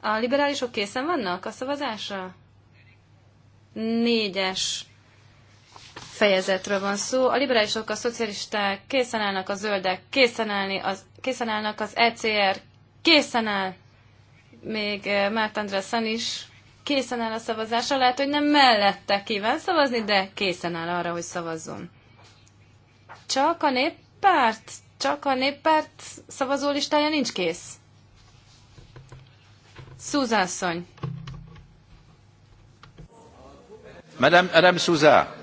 A liberálisok készen vannak a szavazásra? négyes fejezetről van szó. A liberálisok, a szocialisták készen állnak, a zöldek készen, állni, az, készen állnak, az ECR készen áll, még eh, Márt Andrászen is készen áll a szavazásra. Lehet, hogy nem mellette kíván szavazni, de készen áll arra, hogy szavazzon. Csak a néppárt, csak a néppárt szavazólistája nincs kész. Szúzászony. Madame, Madame Souza.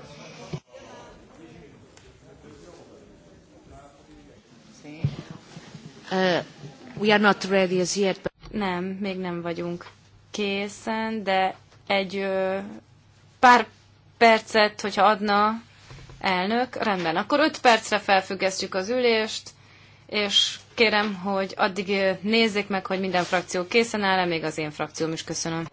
Uh, we are not ready as yet, but... Nem, még nem vagyunk készen, de egy ö, pár percet, hogyha adna elnök, rendben. Akkor öt percre felfüggesztjük az ülést, és kérem, hogy addig nézzék meg, hogy minden frakció készen áll-e, még az én frakcióm is köszönöm.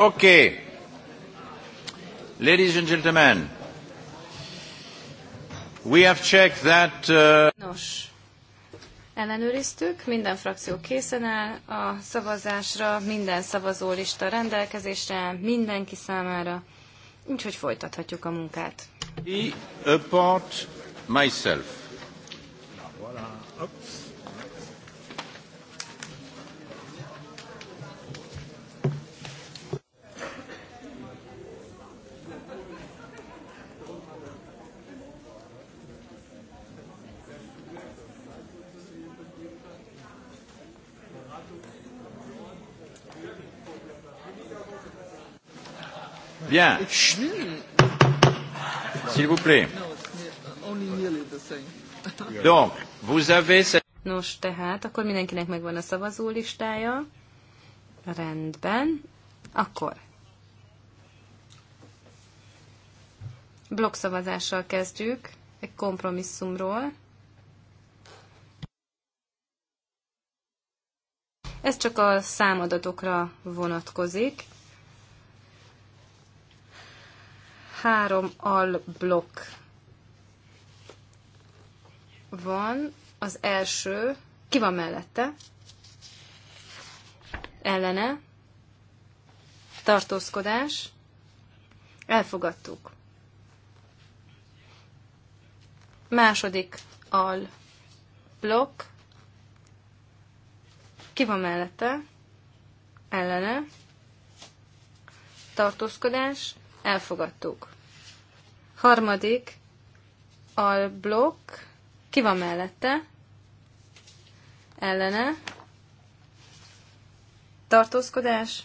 Okay. Ladies and gentlemen, we have checked that... Uh, Nos, ellenőriztük, minden frakció készen áll a szavazásra, minden szavazólista rendelkezésre, mindenki számára, úgyhogy folytathatjuk a munkát. I apart myself. Bien. S'il vous plaît. Donc, vous avez... cette... Nos, tehát, akkor mindenkinek megvan a szavazó listája. Rendben. Akkor. Blokkszavazással kezdjük, egy kompromisszumról. Ez csak a számadatokra vonatkozik. három alblokk van. Az első, ki van mellette? Ellene. Tartózkodás. Elfogadtuk. Második al blokk. Ki van mellette? Ellene. Tartózkodás elfogadtuk. Harmadik blokk, ki van mellette, ellene, tartózkodás,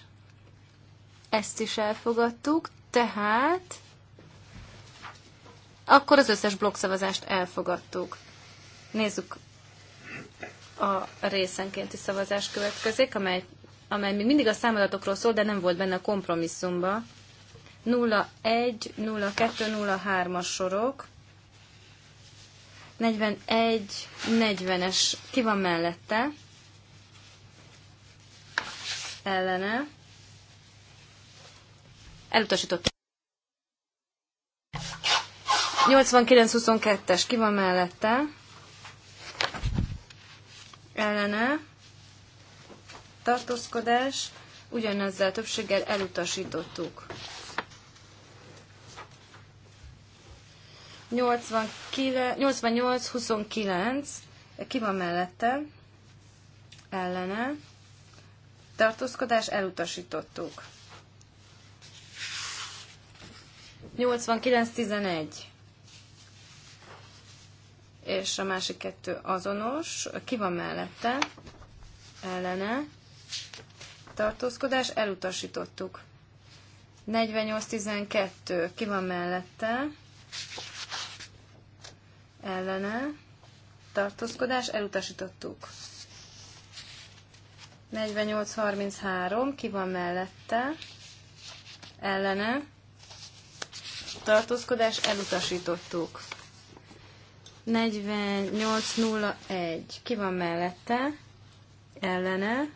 ezt is elfogadtuk, tehát akkor az összes blokkszavazást elfogadtuk. Nézzük a részenkénti szavazás következik, amely, amely még mindig a számadatokról szól, de nem volt benne a kompromisszumba. 01, 02, 03-as sorok. 41, 40-es. Ki van mellette? Ellene. Elutasított. 89-22-es. Ki van mellette? Ellene. Tartózkodás. Ugyanezzel többséggel elutasítottuk. 88-29, ki van mellette, ellene, tartózkodás elutasítottuk. 89-11, és a másik kettő azonos, ki van mellette, ellene, tartózkodás elutasítottuk. 48-12, ki van mellette, ellene tartózkodás elutasítottuk. 48-33, ki van mellette, ellene tartózkodás elutasítottuk. 48-01, ki van mellette, ellene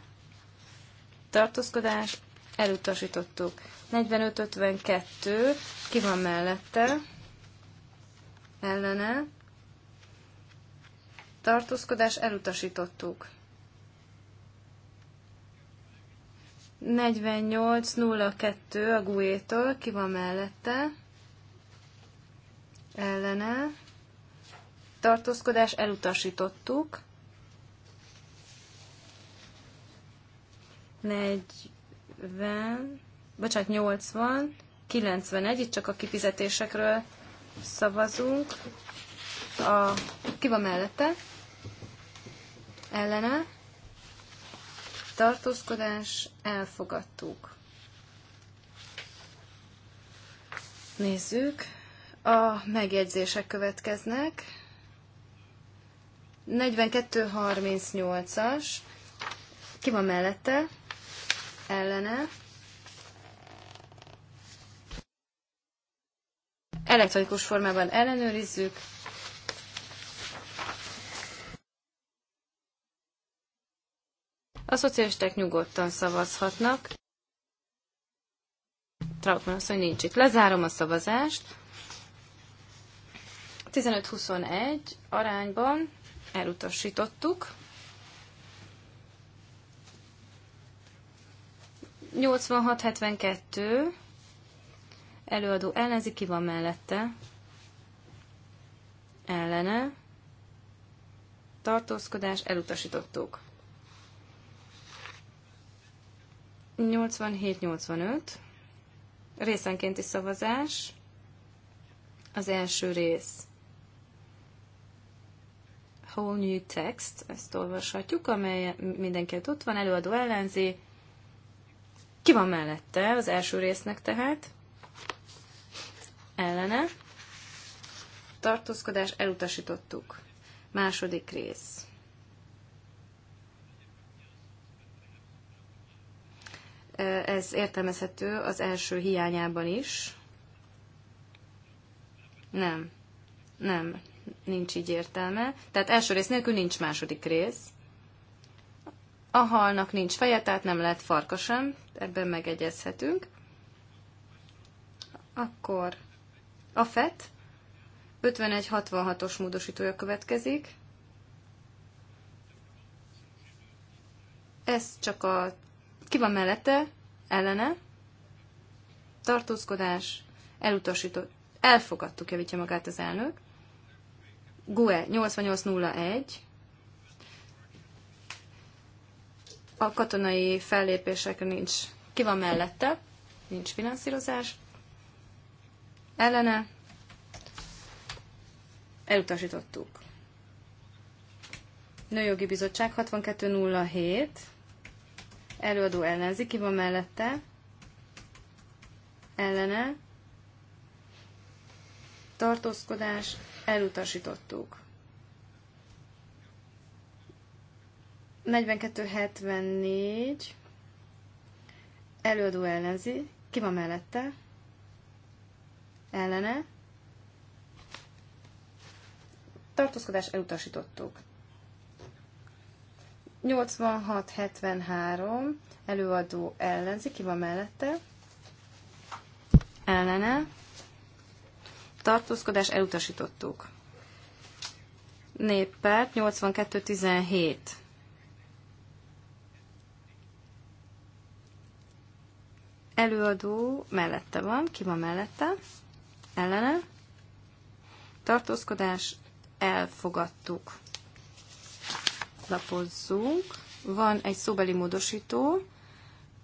tartózkodás elutasítottuk. 45-52, ki van mellette, ellene tartózkodás elutasítottuk. 48.02 a GUE-től, ki van mellette, ellene, tartózkodás elutasítottuk. 40, bocsánat, 80, 91, itt csak a kifizetésekről szavazunk, a, ki van mellette, ellene, tartózkodás, elfogadtuk. Nézzük, a megjegyzések következnek. 42.38-as, ki van mellette, ellene, elektronikus formában ellenőrizzük, A szocialisták nyugodtan szavazhatnak. Trautmann azt mondja, nincs itt. Lezárom a szavazást. 15-21 arányban elutasítottuk. 86-72 előadó ellenzi, ki van mellette? Ellene. Tartózkodás, elutasítottuk. 87-85. Részenkénti szavazás. Az első rész. Whole new text, ezt olvashatjuk, amely mindenkit ott van, előadó ellenzi. Ki van mellette az első résznek tehát? Ellene. Tartózkodás elutasítottuk. Második rész. ez értelmezhető az első hiányában is. Nem, nem, nincs így értelme. Tehát első rész nélkül nincs második rész. A halnak nincs feje, tehát nem lehet farka sem, ebben megegyezhetünk. Akkor a FET 66 os módosítója következik. Ez csak a ki van mellette? Ellene? Tartózkodás? Elutasított. Elfogadtuk, javítja magát az elnök. GUE 8801. A katonai fellépések nincs. Ki van mellette? Nincs finanszírozás. Ellene? Elutasítottuk. Nőjogi Bizottság 6207 előadó ellenzi, ki van mellette, ellene, tartózkodás, elutasítottuk. 42-74, előadó ellenzi, ki van mellette, ellene, tartózkodás elutasítottuk. 8673 előadó ellenzi, ki van mellette? Ellene. Tartózkodás elutasítottuk. Néppárt 8217. Előadó mellette van, ki van mellette? Ellene. Tartózkodás elfogadtuk lapozzunk. Van egy szóbeli módosító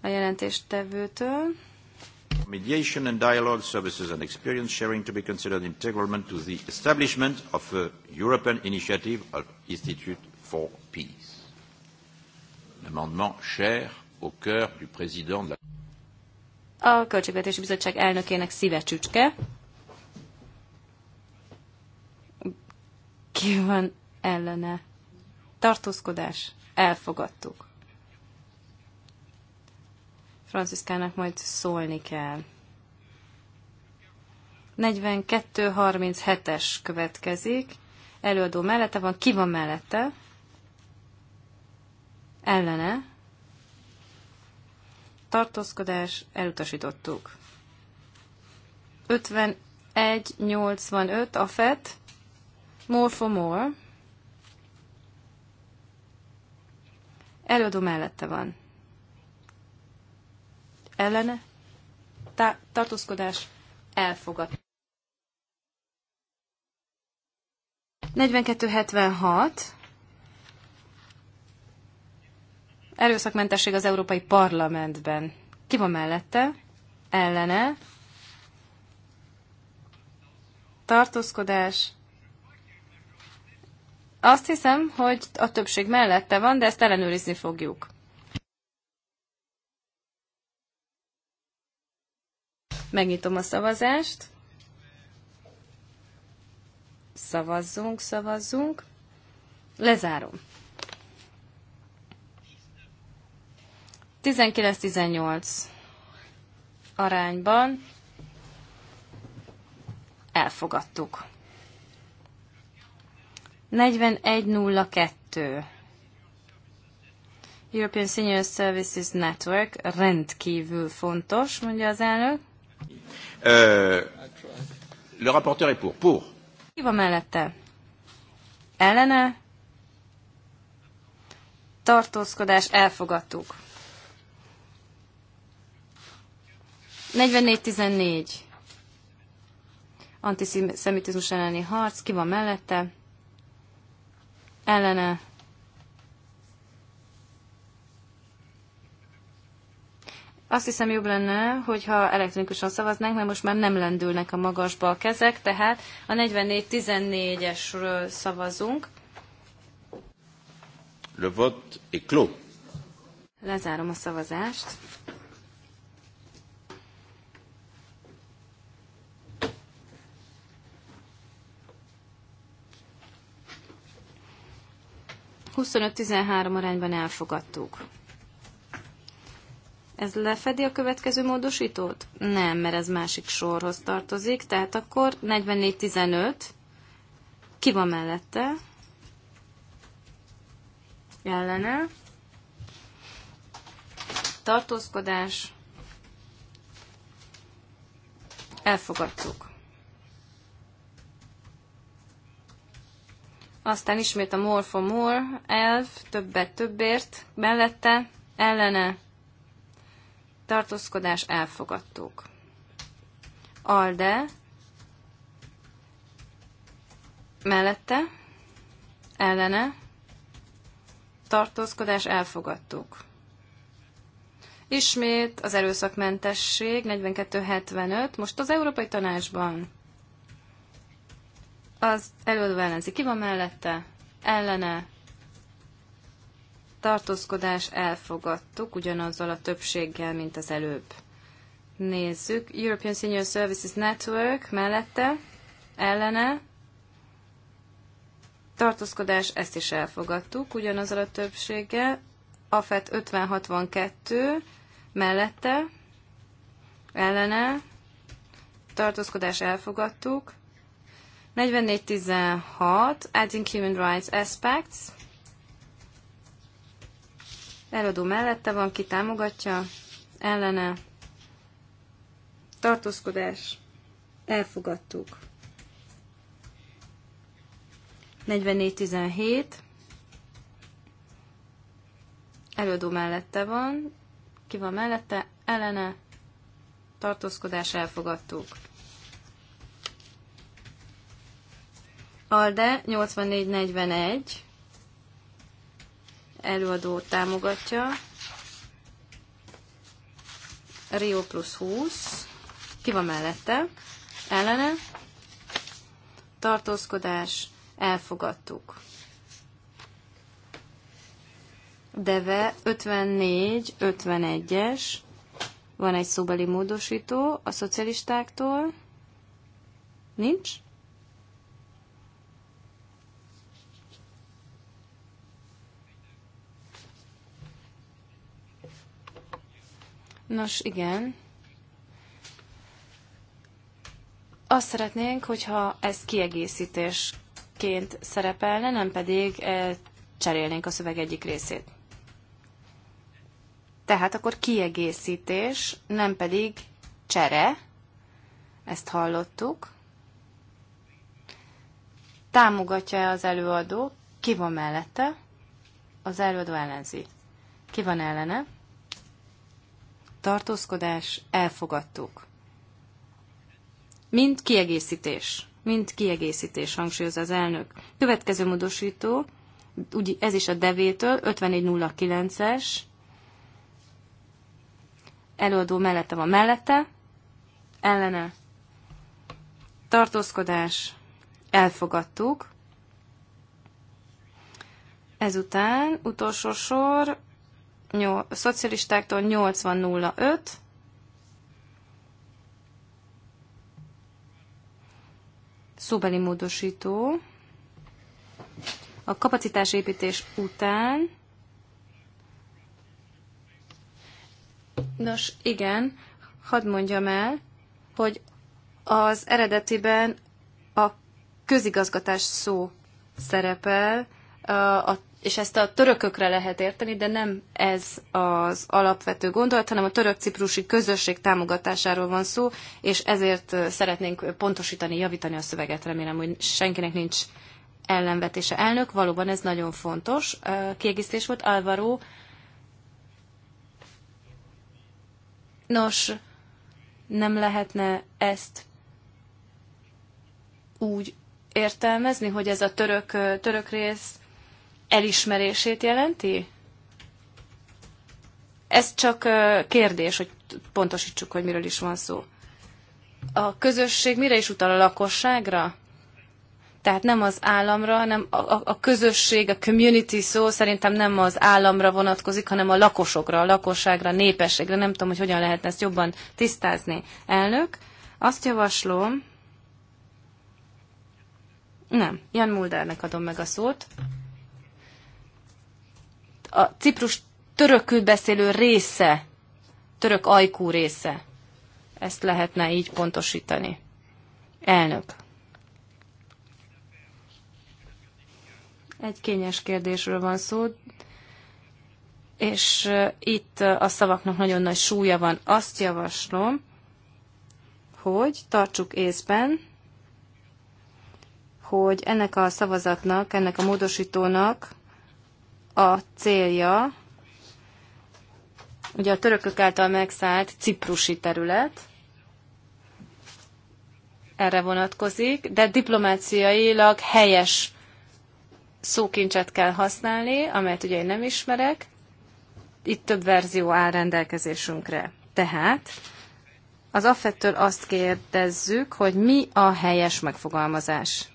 a jelentéstevőtől. Mediation and dialogue services and experience sharing to be considered integral to the establishment of a European Initiative of Institute for Peace. L'amendement cher au cœur du président de la... A Költségvetési Bizottság elnökének szívecsücske. Ki van ellene? tartózkodás, elfogadtuk. Franciszkának majd szólni kell. 42.37-es következik. Előadó mellette van. Ki van mellette? Ellene. Tartózkodás. Elutasítottuk. 51.85 a FET. More for more. Előadó mellette van. Ellene. Tá- tartózkodás. Elfogad. 4276. Erőszakmentesség az Európai Parlamentben. Ki van mellette? Ellene. Tartózkodás. Azt hiszem, hogy a többség mellette van, de ezt ellenőrizni fogjuk. Megnyitom a szavazást. Szavazzunk, szavazzunk. Lezárom. 19-18 arányban elfogadtuk. 4102. European Senior Services Network rendkívül fontos, mondja az elnök. le rapporteur est pour. Pour. Ki van mellette? Ellene? Tartózkodás elfogadtuk. 44-14. Antiszemitizmus elleni harc, ki van mellette? ellene Azt hiszem jobb lenne, hogyha elektronikusan szavaznánk, mert most már nem lendülnek a magasba a kezek, tehát a 44-14-esről szavazunk. Le vote est clos. Lezárom a szavazást. 25-13 arányban elfogadtuk. Ez lefedi a következő módosítót? Nem, mert ez másik sorhoz tartozik, tehát akkor 44-15. Ki van mellette? Ellene. Tartózkodás. Elfogadtuk. Aztán ismét a more for more elv, többet többért, mellette, ellene, tartózkodás elfogadtuk. Alde, mellette, ellene, tartózkodás elfogadtuk. Ismét az erőszakmentesség 4275, most az Európai Tanácsban. Az előadó ellenzi. Ki van mellette? Ellene. Tartózkodás elfogadtuk ugyanazzal a többséggel, mint az előbb. Nézzük. European Senior Services Network mellette. Ellene. Tartózkodás, ezt is elfogadtuk ugyanazzal a többséggel. AFET 5062 mellette. Ellene. Tartózkodás elfogadtuk. 4416, Adding Human Rights Aspects. Eladó mellette van, ki támogatja, ellene. Tartózkodás. Elfogadtuk. 4417. Előadó mellette van. Ki van mellette? Ellene. Tartózkodás elfogadtuk. Alde 8441 előadó támogatja. Rio plusz 20. Ki van mellette? Ellene. Tartózkodás. Elfogadtuk. Deve 54-51-es. Van egy szóbeli módosító a szocialistáktól. Nincs? Nos, igen. Azt szeretnénk, hogyha ez kiegészítésként szerepelne, nem pedig e, cserélnénk a szöveg egyik részét. Tehát akkor kiegészítés, nem pedig csere, ezt hallottuk. Támogatja az előadó, ki van mellette, az előadó ellenzi. Ki van ellene? tartózkodás, elfogadtuk. Mint kiegészítés. Mint kiegészítés, hangsúlyozza az elnök. Következő módosító, úgy, ez is a devétől, 5409-es. Előadó mellette van mellette. Ellene. Tartózkodás. Elfogadtuk. Ezután utolsó sor nyol, a szocialistáktól 8005, szóbeli módosító, a kapacitásépítés után, Nos, igen, hadd mondjam el, hogy az eredetiben a közigazgatás szó szerepel, a és ezt a törökökre lehet érteni, de nem ez az alapvető gondolat, hanem a török-ciprusi közösség támogatásáról van szó, és ezért szeretnénk pontosítani, javítani a szöveget. Remélem, hogy senkinek nincs ellenvetése. Elnök, valóban ez nagyon fontos. Kiegészítés volt, Alvaro. Nos, nem lehetne ezt úgy értelmezni, hogy ez a török, török rész elismerését jelenti? Ez csak kérdés, hogy pontosítsuk, hogy miről is van szó. A közösség mire is utal a lakosságra? Tehát nem az államra, hanem a, a, a közösség, a community szó szerintem nem az államra vonatkozik, hanem a lakosokra, a lakosságra, a népességre. Nem tudom, hogy hogyan lehetne ezt jobban tisztázni. Elnök, azt javaslom, nem, Jan Muldernek adom meg a szót a Ciprus törökül beszélő része, török ajkú része. Ezt lehetne így pontosítani. Elnök. Egy kényes kérdésről van szó, és itt a szavaknak nagyon nagy súlya van. Azt javaslom, hogy tartsuk észben, hogy ennek a szavazatnak, ennek a módosítónak a célja, ugye a törökök által megszállt ciprusi terület, erre vonatkozik, de diplomáciailag helyes szókincset kell használni, amelyet ugye én nem ismerek. Itt több verzió áll rendelkezésünkre. Tehát az affettől azt kérdezzük, hogy mi a helyes megfogalmazás.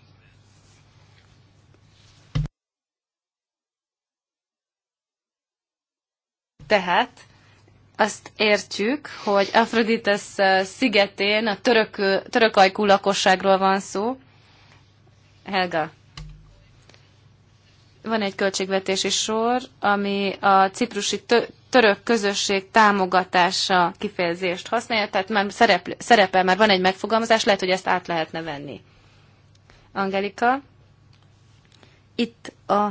Tehát azt értjük, hogy Afrodites szigetén a török, török ajkú lakosságról van szó. Helga. Van egy költségvetési sor, ami a ciprusi török közösség támogatása kifejezést használja, tehát már szerepl, szerepel, már van egy megfogalmazás, lehet, hogy ezt át lehetne venni. Angelika, itt a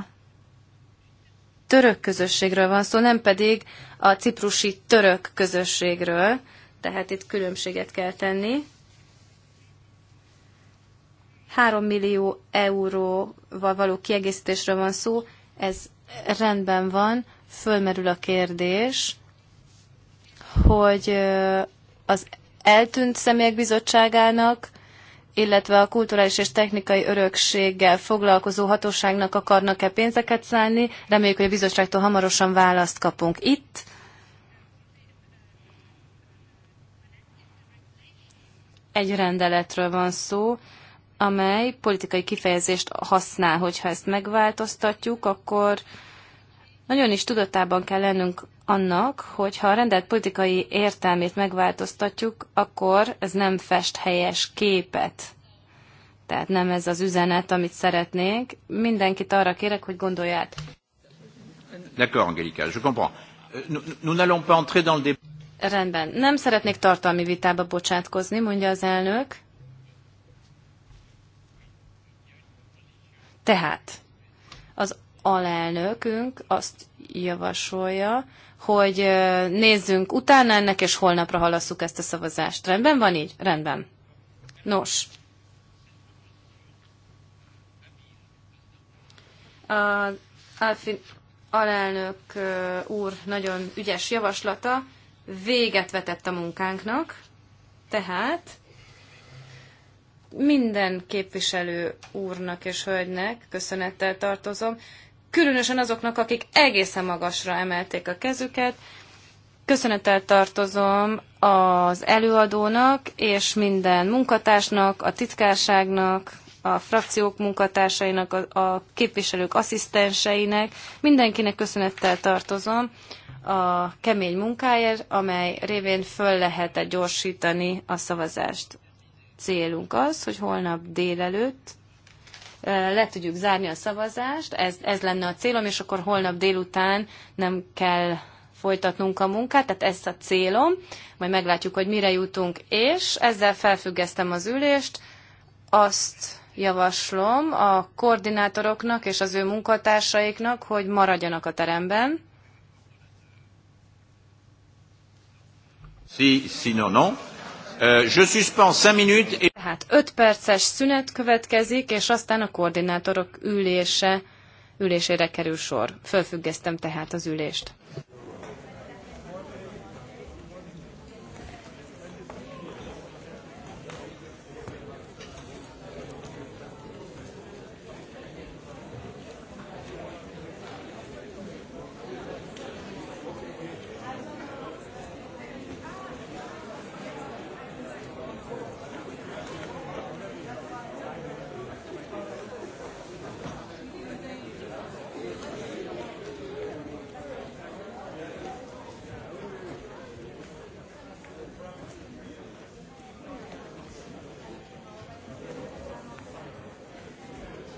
török közösségről van szó, nem pedig a ciprusi török közösségről, tehát itt különbséget kell tenni. 3 millió euróval való kiegészítésről van szó, ez rendben van, fölmerül a kérdés, hogy az eltűnt személyek bizottságának illetve a kulturális és technikai örökséggel foglalkozó hatóságnak akarnak-e pénzeket szállni. Reméljük, hogy a bizottságtól hamarosan választ kapunk itt. Egy rendeletről van szó, amely politikai kifejezést használ, hogyha ezt megváltoztatjuk, akkor nagyon is tudatában kell lennünk annak, hogy ha a rendelt politikai értelmét megváltoztatjuk, akkor ez nem fest helyes képet. Tehát nem ez az üzenet, amit szeretnénk. Mindenkit arra kérek, hogy gondolját. D'accord, Angelica, je comprends. Euh, nous n'allons pas entrer dans le débat. Rendben. Nem szeretnék tartalmi vitába bocsátkozni, mondja az elnök. Tehát, alelnökünk azt javasolja, hogy nézzünk utána ennek, és holnapra halasszuk ezt a szavazást. Rendben van így? Rendben. Nos. A Alfin alelnök úr nagyon ügyes javaslata véget vetett a munkánknak, tehát minden képviselő úrnak és hölgynek köszönettel tartozom, különösen azoknak, akik egészen magasra emelték a kezüket. Köszönettel tartozom az előadónak és minden munkatársnak, a titkárságnak, a frakciók munkatársainak, a, a képviselők asszisztenseinek, mindenkinek köszönettel tartozom a kemény munkáért, amely révén föl lehetett gyorsítani a szavazást. Célunk az, hogy holnap délelőtt le tudjuk zárni a szavazást, ez, ez lenne a célom, és akkor holnap délután nem kell folytatnunk a munkát, tehát ez a célom, majd meglátjuk, hogy mire jutunk, és ezzel felfüggesztem az ülést, azt javaslom a koordinátoroknak és az ő munkatársaiknak, hogy maradjanak a teremben. Si, si, no, no. Euh, je suspends 5 minutes et... Tehát 5 perces szünet következik, és aztán a koordinátorok ülése, ülésére kerül sor. Fölfüggesztem tehát az ülést.